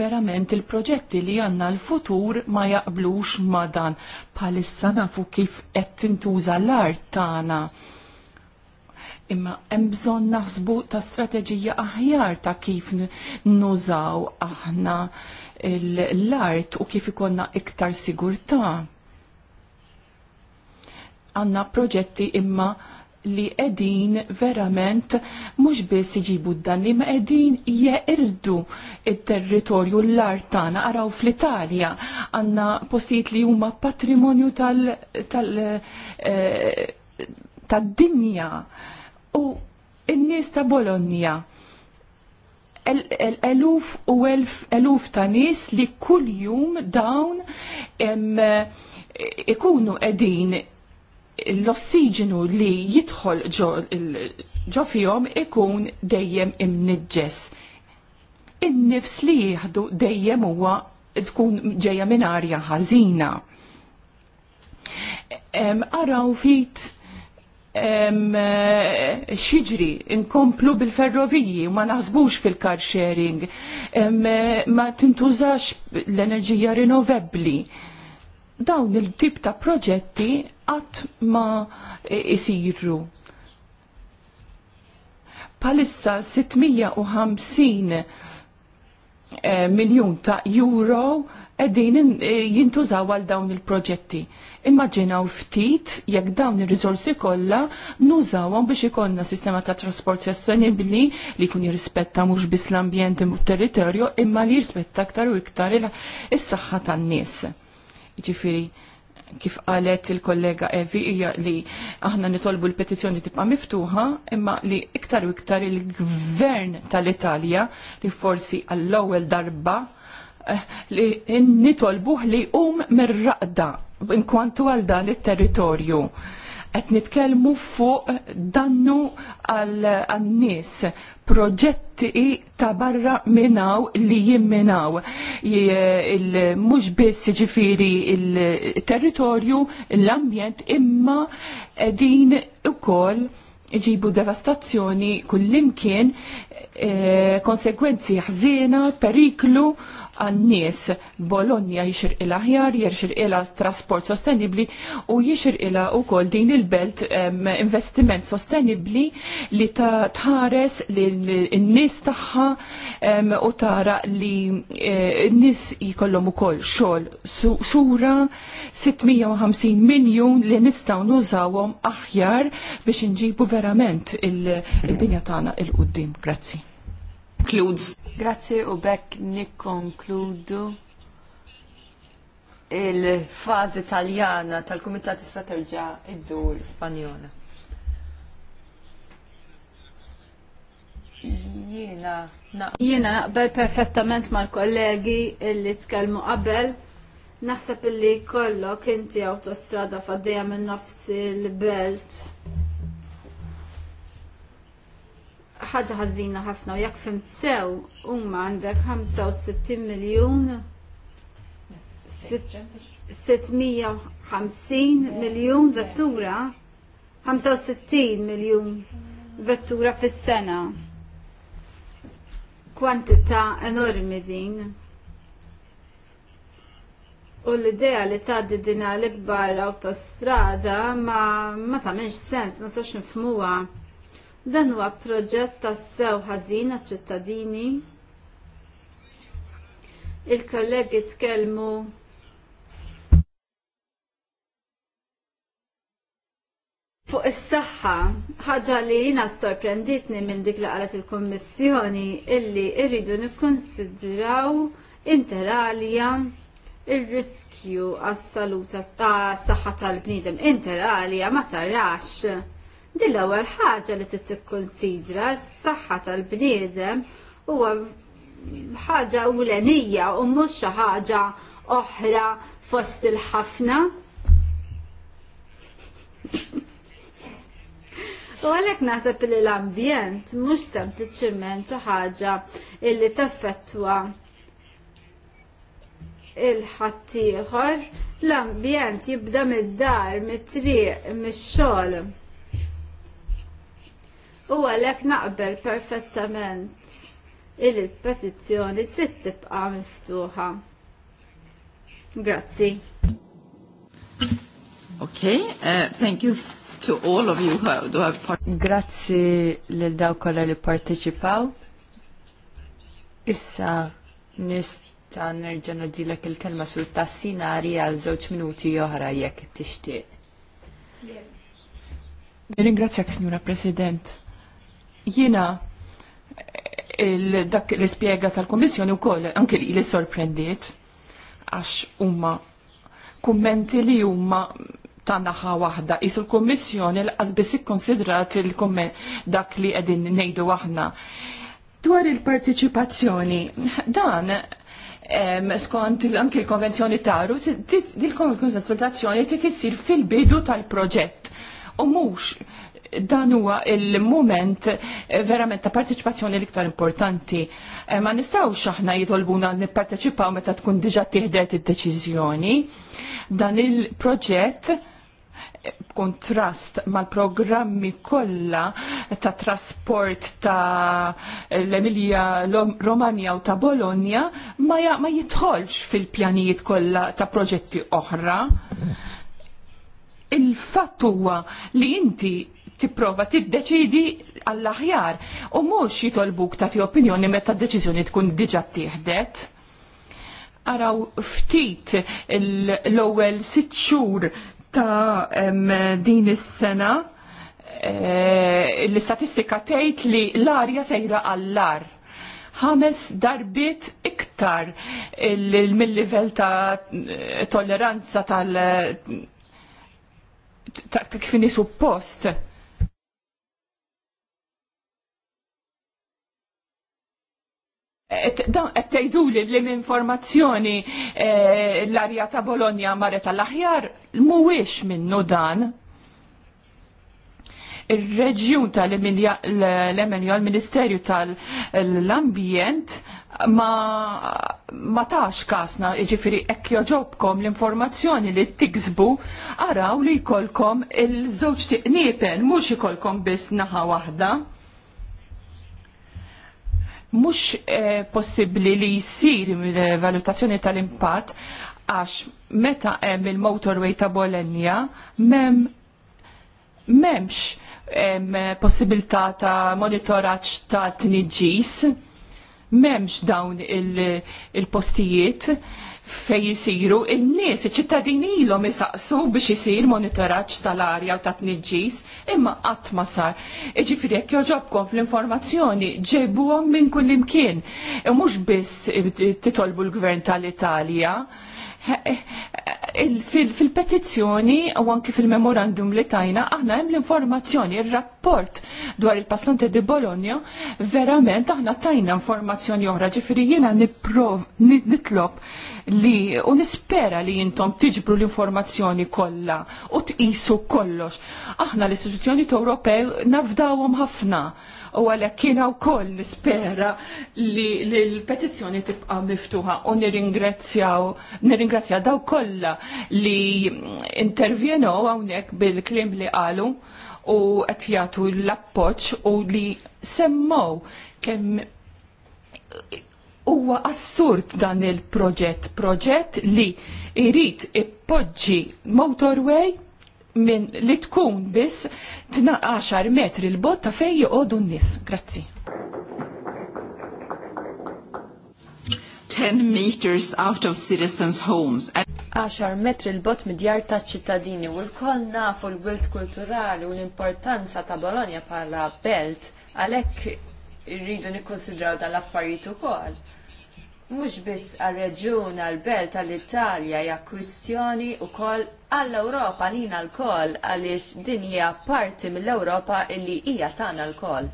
S4: verament il-proġetti li għanna l-futur ma jaqblux ma dan. Palissa nafu kif qed tintuża l-art tagħna. Imma hemm bżonn naħsbu ta' strateġija aħjar ta' kif nużaw aħna l-art u kif ikonna iktar sigurtà għanna proġetti imma li edin verament mux biss iġibu d-danni ma edin jeqirdu il-territorju l-art tana għaraw fl-Italja għanna postijiet li huma patrimonju tal-dinja eh, u n-nies ta' Bologna eluf u eluf ta' nis li kull jum dawn eh, ikunu edin l-ossiġenu li jidħol ġo fihom ikun dejjem imniġġes. In-nifs li jieħdu dejjem huwa tkun ġejja minn arja ħażina. Araw fit xiġri inkomplu bil-ferroviji ma naħsbux fil-car sharing, ma tintużax l-enerġija rinnovabbli. Dawn il-tip ta' proġetti qatt ma isiru. Palissa 650 eh, miljon ta' euro edin eh, jintużaw għal dawn il-proġetti. Immaġinaw ftit jekk dawn ir-riżorsi kollha nużawhom biex ikollna sistema ta' trasport sostenibbli li jkun jirrispetta mhux biss l-ambjent u territorju imma li jirrispetta aktar u iktar is-saħħa tan-nies. Ġifieri kif qalet il-kollega Evi hija li aħna nitolbu l-petizzjoni tibqa' miftuħa imma li iktar u iktar il-gvern tal-Italja li forsi għall-ewwel darba eh, li nitolbuh li hum mir-raqda inkwantu għal dan it-territorju qed nitkellmu fuq dannu għal nies proġetti ta' barra minnaw li jimminaw mhux biss ġifiri il-territorju, l-ambjent imma din ukoll ġibu devastazzjoni kullimkien eh, konsekwenzi ħżiena, periklu għan-nies Bologna jixir ila ħjar, jixir ila trasport sostenibli u jixir ila u kol din il-belt investiment sostenibli li ta' tħares li n-nies taħħa u tara li e, n-nies jikollom u kol xol sura 650 miljon li nistaw nużawom aħjar biex nġibu verament il-dinja tagħna il-qoddim. Grazzi concludes.
S2: Grazzi u bekk nikkonkludu il-fazi taljana tal-Kumitat tista' terġa' id-dur Spanjola.
S3: Jiena Jiena naqbel perfettament mal-kollegi illi tkellmu qabel. Naħseb illi kollok inti awtostrada faddeja minn nofs il-belt ħaġa ħażina ħafna u jekk fimt sew huma għandek 65 miljun 650 miljun vettura 65 miljun vettura fis-sena. Kwantità enormi din. U l-idea li tgħaddi dina l-ikbar awtostrada ma ma tagħmilx sens, ma sax nifhmuha Dan huwa proġett tas-sew ħażin ċittadini Il-kollegi tkellmu fuq is-saħħa, ħaġa li jiena sorprenditni minn dik li qalet il-Kummissjoni illi rridu nikkonsidraw interalja ir-riskju għas-saluta għas-saħħa tal-bniedem interalja ma tarax Din l-ewwel ħaġa li trid tikkunsidra s-saħħa tal-bniedem huwa ħaġa ewlenija u mhux xi ħaġa oħra fost il-ħafna. U għalhekk naħseb li l-ambjent mhux sempliċiment xi ħaġa illi taffettwa il-ħaddieħor l-ambjent jibda mid-dar, mit-triq, mix-xogħol. U għalhekk naqbel perfettament il petizjoni petizzjoni trid tibqa' miftuħa. Grazzi.
S2: Ok, uh, thank you to all of you who have part Grazzi lil daw kollha li parteċipaw. Issa nista' nerġa' nadilek il-kelma sur tassinari għal
S4: żewġ minuti oħra jekk tixtieq. Nirringrazzjak, Signora President. Jina dak l-ispiega tal-Komissjoni u koll anke li sorprendiet għax umma kummenti li umma ta' naħa wahda. Is l komissjoni l-qasbis ikkonsidrat il-komment dak li għedin nejdu aħna. Dwar il-partiċipazzjoni, dan skont anke l-konvenzjoni taru, dil-konsultazzjoni t-tissir fil-bidu tal-proġett u mux dan huwa il-moment eh, verament ta' parteċipazzjoni l-iktar importanti. Eh, ma nistgħux aħna jitolbuna nipparteċipaw meta tkun diġà tieħdet id-deċiżjoni. Dan il-proġett eh, kontrast mal-programmi kollha ta' trasport ta' l-Emilia Romania u ta' Bologna ma, ja, ma jitħolx fil-pjanijiet kollha ta' proġetti oħra. Il-fatt huwa li inti tipprova tiddeċidi għall-aħjar u mhux jitolbuk tagħti opinjoni meta d-deċiżjoni tkun diġà tieħdet. Araw ftit l-ewwel sitt xhur ta' din is-sena eh, l-istatistika tgħid li l-arja sejra għall-ar ħames darbit iktar mill-livell ta' tolleranza tal- ta' kif suppost. post qed tgħiduli li l-informazzjoni eh, l-arja ta' Bologna mareta tal-aħjar mhuwiex minnu dan. Ir-reġjun l emenja l-Ministerju tal-Ambjent ma, ma tax kasna ġifiri ekki joġobkom l-informazzjoni li tiksbu araw li jkolkom il-żewġ tiqnipen mhux ikolkom biss naħa waħda mhux eh, possibbli li jsir valutazzjoni tal-impatt għax meta hemm il-motorway ta' Bolenja mem memx possibilità ta' monitoraġġ ta' tniġġis, memx dawn il-postijiet. il, il postijiet fej jisiru il-nies, iċ-ċittadini ilhom isaqsu biex isir monitoraġġ tal-arja u ta' tniġġis imma qatt ma sar. Iġifieri jekk joġobkom fl-informazzjoni ġejbuhom minn kull imkien. Mhux biss titolbu l-Gvern tal-Italja, fil-petizzjoni u anki fil-memorandum li tajna aħna hemm l-informazzjoni, il rapport dwar il-passanti di Bologna, verament aħna tajna informazzjoni oħra, ġifieri jiena nipprov nitlob li u nispera li jintom tiġbru l-informazzjoni kollha u tqisu kollox. Aħna l-istituzzjoni Ewropej nafdawhom ħafna u għalhekk jiena wkoll nispera li l-petizzjoni tibqa' miftuħa u nirringrazzjaw nirringrazzja daw kollha li intervjeno hawnhekk bil-klim li qalu u qed jagħtu l-appoġġ u li semmow kemm huwa assurd dan il-proġett, proġett li jrid ippoġġi motorway minn li tkun biss 10 metri l botta ta' fej joqogħdu n-nies. Grazzi.
S1: 10 meters out of citizens' homes.
S4: 10
S2: metri l-bot mid-djar ta' ċittadini u l-koll nafu l-wilt kulturali u l-importanza ta' Bologna bħala belt għalhekk irridu nikkonsidraw dal-affarijiet ukoll mhux biss għal reġjun għal belt tal-Italja ja kwistjoni wkoll għall-Ewropa lina għal-kol, għaliex din hija parti mill-Ewropa illi hija tagħna għal-kol.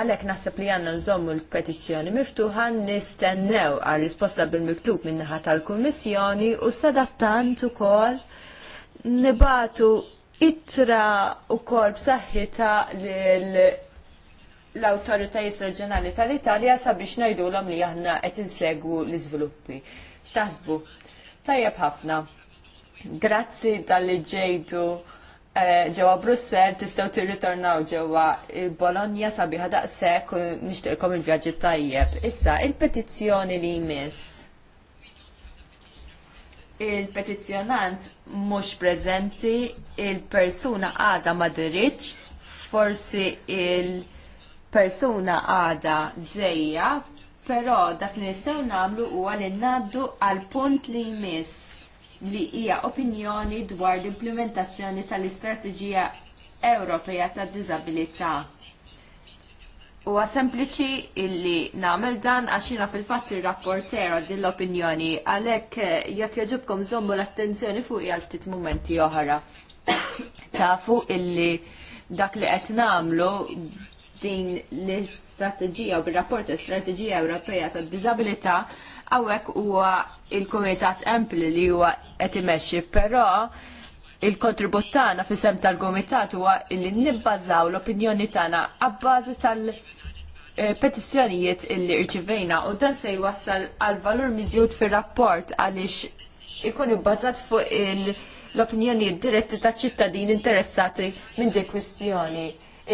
S2: Għalhekk naħseb li għandna nżommu l-petizzjoni miftuħa nistennew għal risposta bil-miktub min-naħa tal-Kummissjoni u sadattant ukoll nibatu itra ukoll b'saħħitha lil l autoritajis reġjonali tal-Italja sabiex ngħidulhom li aħna qed insegwu l-iżviluppi. X'taħsbu? Tajjeb ħafna. Grazzi tal-li ġejdu eh, ġewwa Brussell tistgħu tirritornaw ġewwa Bologna sabiħa daqshekk u nixtieqkom il-vjaġġi tajjeb. Issa, il-petizzjoni li jmiss. Il-petizzjonant mhux preżenti, il-persuna għadha ma diritx, forsi il-, -il persuna għada ġejja, però dak li nistgħu nagħmlu huwa li ngħaddu għal punt li jmiss li hija opinjoni dwar l-implementazzjoni tal-istrateġija Ewropea tad-diżabilità. Huwa sempliċi illi nagħmel dan għax jiena fil-fatt ir-rapporter din l-opinjoni għalhekk eh, jekk jogħġobkom żommu l-attenzjoni fuq għal ftit mumenti oħra. Tafu illi dak li qed nagħmlu din l-istrateġija u bil-rapport l-istrateġija Ewropea ta' disabilità għawek huwa il-Kumitat Empli li huwa qed imexxi, però il-kontribut tagħna fis-sem tal-Kumitat huwa li nibbażaw l-opinjoni tagħna għabbażi tal- petizzjonijiet illi irċivejna u dan se jwassal għal valur miżjud fir-rapport għaliex ikun ibbażat fuq il- l-opinjoni diretti ta' ċittadini interessati minn di kwistjoni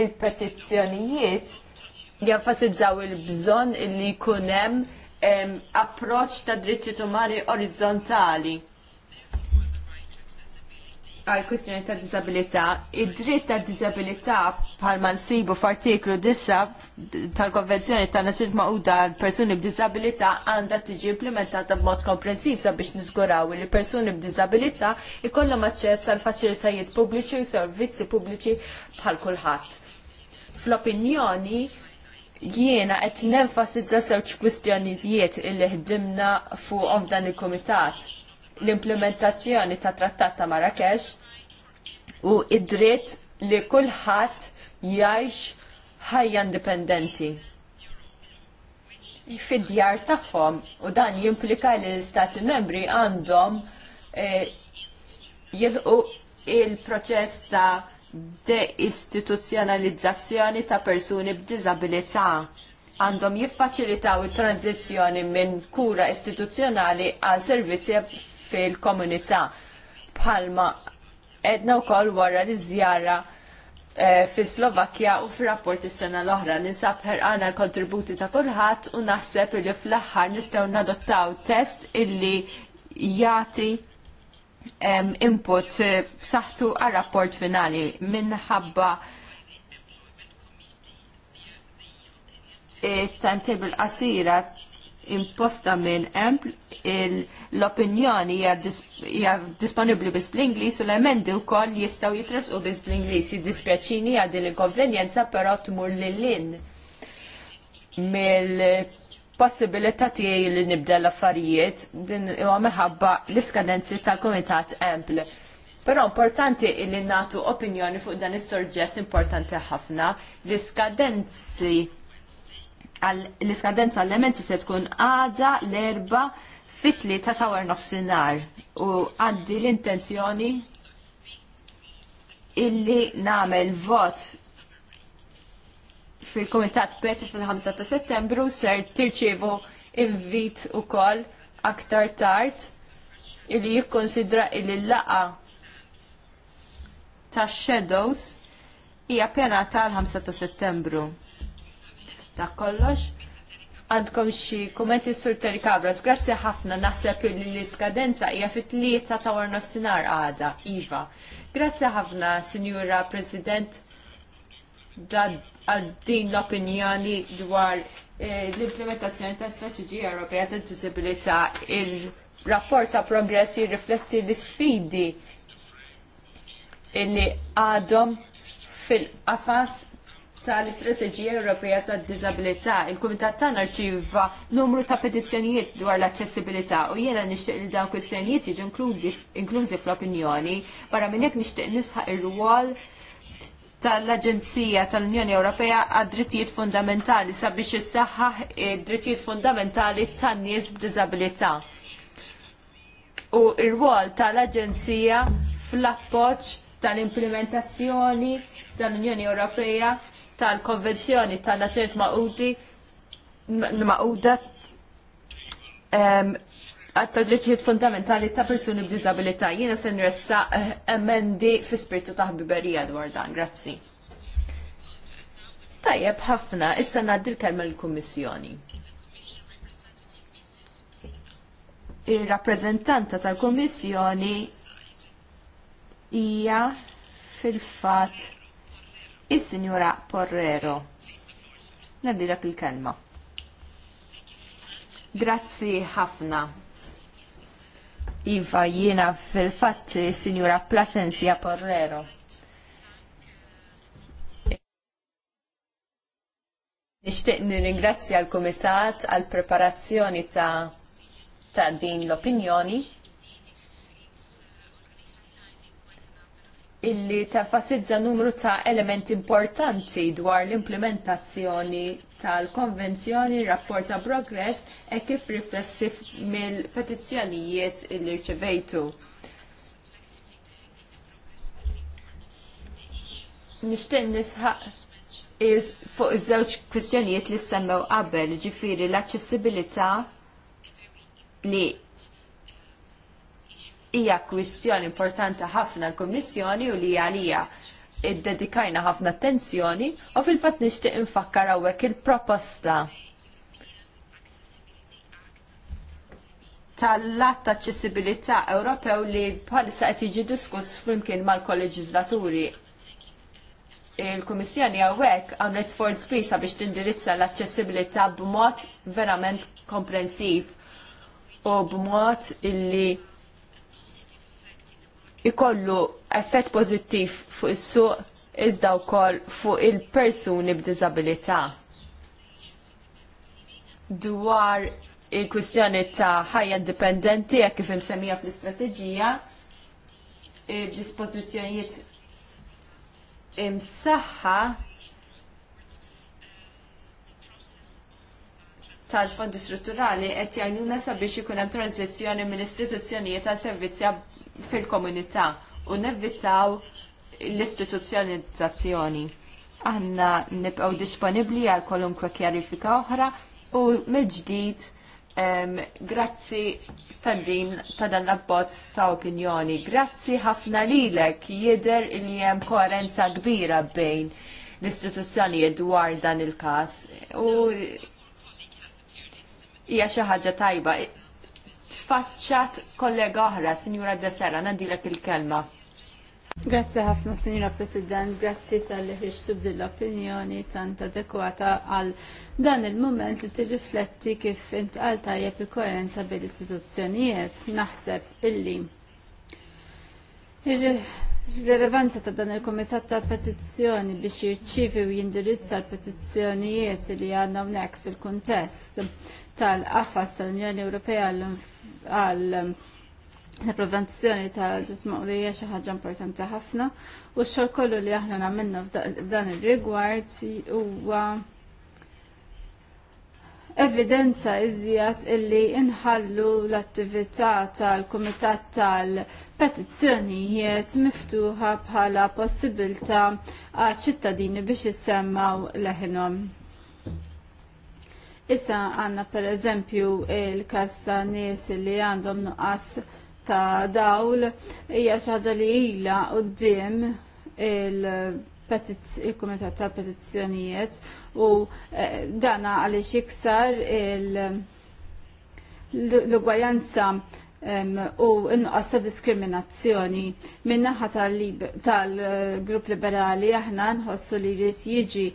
S2: il-petizzjonijiet jenfasizzaw il-bżon li kunem approċ ta' drittijiet umani orizzontali għal kustjoni ta' disabilità, id-dritt ta' disabilità bħalma nsibu f'artiklu 9 tal-Konvenzjoni ta' Nasil Magħquda għal persuni b'disabilità għandha tiġi implementata b'mod komprensiv sabiex niżguraw li persuni b'disabilità jkollhom aċċess għal faċilitajiet pubbliċi u servizzi pubbliċi bħal kulħadd fl-opinjoni jiena qed nenfasizza żewġ kwistjonijiet illi ħdimna fuqhom dan il-kumitat. L-implementazzjoni ta' trattat ta' Marrakesh u id-dritt li kulħadd jgħix ħajja indipendenti fid-djar tagħhom u dan jimplika li l-Stati membri għandhom eh, jilqu il-proċess ta' deistituzzjonalizzazzjoni ta' persuni b'diżabilità għandhom jiffaċilitaw it-tranzizzjoni minn kura istituzzjonali għal servizzi fil-komunità bħalma edna wkoll wara li żjara e, eh, fi Slovakkja u fir-rapport is-sena l-oħra ninsab ħerqana l-kontributi ta' kulħadd u naħseb li fl-aħħar nistgħu nadottaw test illi jagħti input eh, b'saħħtu għar rapport finali minħabba eh, timetable qasira imposta minn emp l-opinjoni hija disponibbli biss bl-Ingliż u l-emendi wkoll jistgħu jitrasqu biss bl-Ingliż. Jiddispjaċini għal din il inkonvenjenza però tmur lil-lin mill possibilità tiegħi li nibda l-affarijiet din huwa meħabba l-iskadenzi tal-Kumitat Ampl. Però importanti li nagħtu opinjoni fuq dan is-sorġett importanti ħafna l-iskadenzi l-iskadenza l-elementi se tkun għada l-erba fitli ta' tawar nofsinar u għaddi l-intenzjoni illi namel vot fil-Komitat Peċ fil-5 ta' settembru ser tirċievu invit u aktar tard illi jikkonsidra illi laqa ta' Shadows hija pjena tal-5 ta' settembru. Ta' kollox, għandkom xi kummenti sur Terry Cabras, grazzi ħafna naħseb li l-iskadenza hija fit-tlieta ta' war nofsinhar għada, Iva. Grazzi ħafna, Sinjura President, Dad għaddin din l-opinjoni dwar eh, l-implementazzjoni ta' strategija Ewropea ta' disabilità il-rapport ta' progress jirrifletti l-sfidi illi għadhom fil-qafas tal-Istrateġija Ewropea tad Disabilità. Il-Kumitat tagħna rċieva numru ta' petizzjonijiet dwar l-aċċessibilità u jiena nixtieq li dawn kwistjonijiet jiġu inklużi fl-opinjoni. Barra minn hekk nixtieq nisħaq ir-rwol tal-Aġenzija tal-Unjoni Ewropea għad-drittijiet fundamentali sabiex issaħħaħ id-drittijiet fundamentali tan-nies b'diżabilità. U r-rwol tal-Aġenzija fl-appoġġ tal-implementazzjoni tal-Unjoni Ewropea tal-Konvenzjoni tan-Nazzjonijiet Maquda għatta drittijiet fundamentali ta' persuni b'dizabilita' Jiena se nressa eh, emendi fi spiritu ta' ħbiberija dwar dan. Grazzi. Tajjeb ħafna, issa naddil l-kelma l-Kummissjoni. Ir-rappreżentanta tal-Kummissjoni hija fil-fatt is-Sinjura Porrero. Nadilak il-kelma. Grazzi ħafna. Iva jiena fil-fatt sinjura Plasencia Porrero. Nixtieq nirringrazzja l-Kumitat għall preparazzjoni ta' ta' din l-opinjoni illi tafasizza numru ta' elementi importanti dwar l-implementazzjoni tal-konvenzjoni, rapporta progress e kif riflessi mill-petizzjonijiet illi rċevejtu. Nishtin nisħaq iż fuq iż-żewġ kwistjonijiet li semmew qabel, ġifiri l-aċċessibilità li hija kwistjoni importanti ħafna l-Kummissjoni u li għalija id-dedikajna ħafna attenzjoni u fil-fatt nixtieq infakkar hawnhekk il-proposta tal-lat ta' Ewropew li sa qed jiġi diskuss flimkien mal-kolleġislaturi. Il-Kummissjoni hawnhekk għamlet sforz kbisa biex tindirizza l-aċċessibilità b'mod verament komprensiv u b'mod illi ikollu effett pożittiv fuq is-suq iżda wkoll fuq il-persuni b'diżabilità. Dwar il-kwistjoni ta' ħajja indipendenti jekk kif imsemmija fl-istrateġija, il-dispożizzjonijiet imsaħħa tal-fondi strutturali qed jgħinuna sabiex ikun hemm tranzizzjoni mill-istituzzjonijiet ta' servizzi fil-komunità u nevvitaw l-istituzzjonizzazzjoni. Aħna nibqgħu disponibbli għal kwalunkwe kjarifika oħra u mill-ġdid grazzi ta' din ta' dan l-abbozz ta' opinjoni. Grazzi ħafna lilek jidher li hemm koerenza kbira bejn l-istituzzjonijiet dwar dan il-każ u hija xi ħaġa tajba tfaċċat kollega oħra, Sinjura Desera, nadilek il-kelma.
S3: Grazzi ħafna, Sinjura President, grazzi tal-li ħiġtub l opinjoni tant adekwata għal dan il-moment li tirrifletti kif intqal tajjeb il-koerenza bil istituzzjonijiet naħseb illi. Il-relevanza ta' dan il-Komitat ta' Petizzjoni biex jirċivi u jindirizza l-petizzjonijiet li għandna hawnhekk fil-kuntest tal-qafas tal-Unjoni Ewropea l għal ehm, la prevenzjoni tal-ġismu li hija xi ħaġa importanti ħafna u x-xogħol kollu li aħna nagħmilna f'dan ir-rigward huwa evidenza iżjat illi inħallu l-attività tal-Kumitat tal-Petizzjonijiet miftuħa bħala possibilità għal ċittadini biex jissemmaw leħinhom. Issa għanna per eżempju il-kas ta' nies li għandhom nuqqas ta' dawl hija xi ħaġa li ilha quddiem il il-Kumitat ta' Petizzjonijiet u eh, dana għaliex iksar l-ugwajanza u inqas ta' diskriminazzjoni. Min-naħa tal-grupp liberali aħna nħossu li jrid jiġi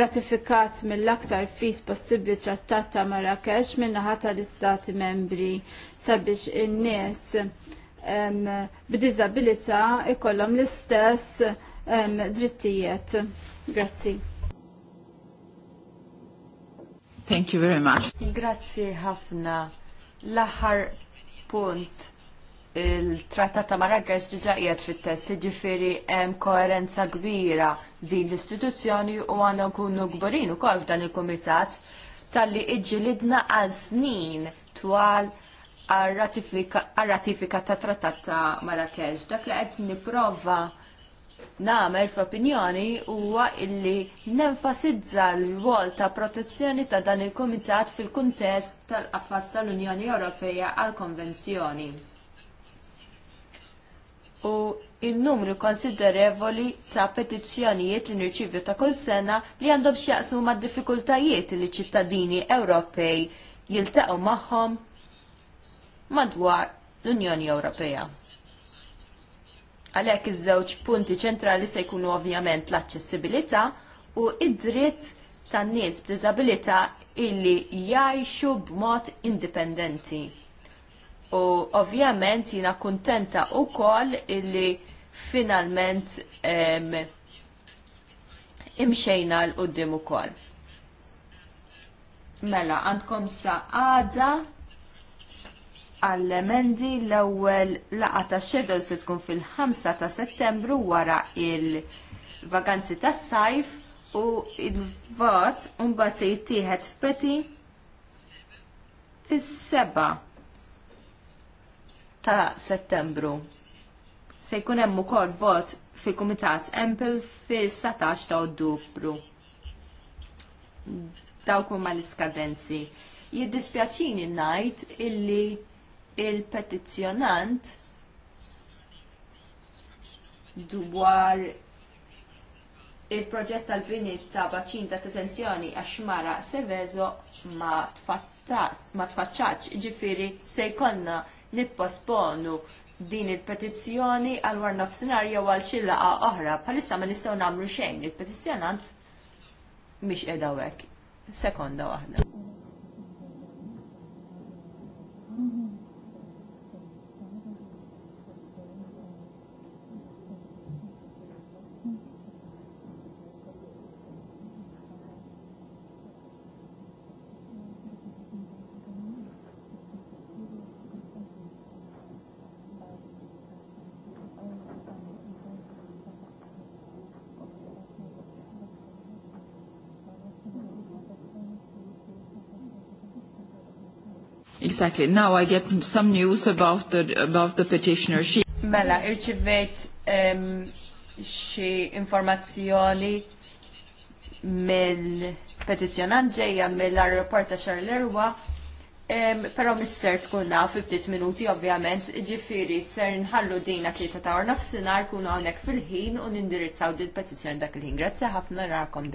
S3: ratifikat mill-aktar fis possibbli trattat ta' Marrakesh min-naħa tal-istati membri sabiex in-nies b'diżabilità ikollhom l-istess drittijiet. Grazzi.
S1: Thank you very much.
S2: Grazzi ħafna L-aħħar punt il-trattat ta' Marrakesh diġa qiegħed fit-test, jiġifieri hemm koerenza kbira din l-istituzzjoni u għandna nkunu gburin ukoll f'dan il-kumitat talli iġġilidna għal snin twal għal ratifika tat trattat ta' Marrakesh. Dak li qed nipprova nagħmel fl-opinjoni huwa illi nenfasizza l-rwol ta' protezzjoni ta' dan il-Kumitat fil-kuntest tal-qaffas tal-Unjoni Ewropea għal-Konvenzjoni. U il numru konsiderevoli ta' petizzjonijiet li nirċivju ta' kull sena li għandhom x'jaqsmu mad diffikultajiet li ċittadini Ewropej jiltaqgħu magħhom madwar l-Unjoni Ewropea. Għalhekk iż-żewġ punti ċentrali se jkunu ovvjament l-aċċessibilità u id-dritt tan-nies b'diżabilità illi jgħixu b'mod indipendenti. U ovvjament jiena kuntenta wkoll illi finalment em, imxejna l-qoddim ukoll. Mela, għandkom sa' għada għall mendi l-ewwel laqgħa ta' xedol se tkun fil-5 ta' Settembru wara il-vakanzi tas-sajf u il-vot mbagħad se jittieħed f'peti fis-seba ta' Settembru. Se jkun hemm ukoll vot fil-Kumitat Empel fis-17 ta' Ottubru. Dawk huma l-iskadenzi jiddispjaċini najt illi il-petizzjonant dwar il-proġett tal-bini ta' baċin ta' detenzjoni għaxmara Sevezo ma tfaċċaċ ġifiri se jkollna nipposponu din il-petizzjoni għal war nofsinhar jew għal xi laqgħa oħra bħalissa ma nistgħu nagħmlu xejn il-petizzjonant mhix qiegħda hekk. Sekonda waħda.
S1: Exactly. Now I get some news about the, about the petitioner. She...
S2: Mela, irċivejt um, informazzjoni mill-petizjonant ġejja mill-aeroport ta' Charleroi, um, pero mis-ser tkun naf 50 minuti ovvjament, ġifiri ser nħallu dina tlieta ta' orna f'sinar kun hawnhekk fil-ħin u nindirizzaw din petizzjoni dak il-ħin. Grazzi ħafna rakom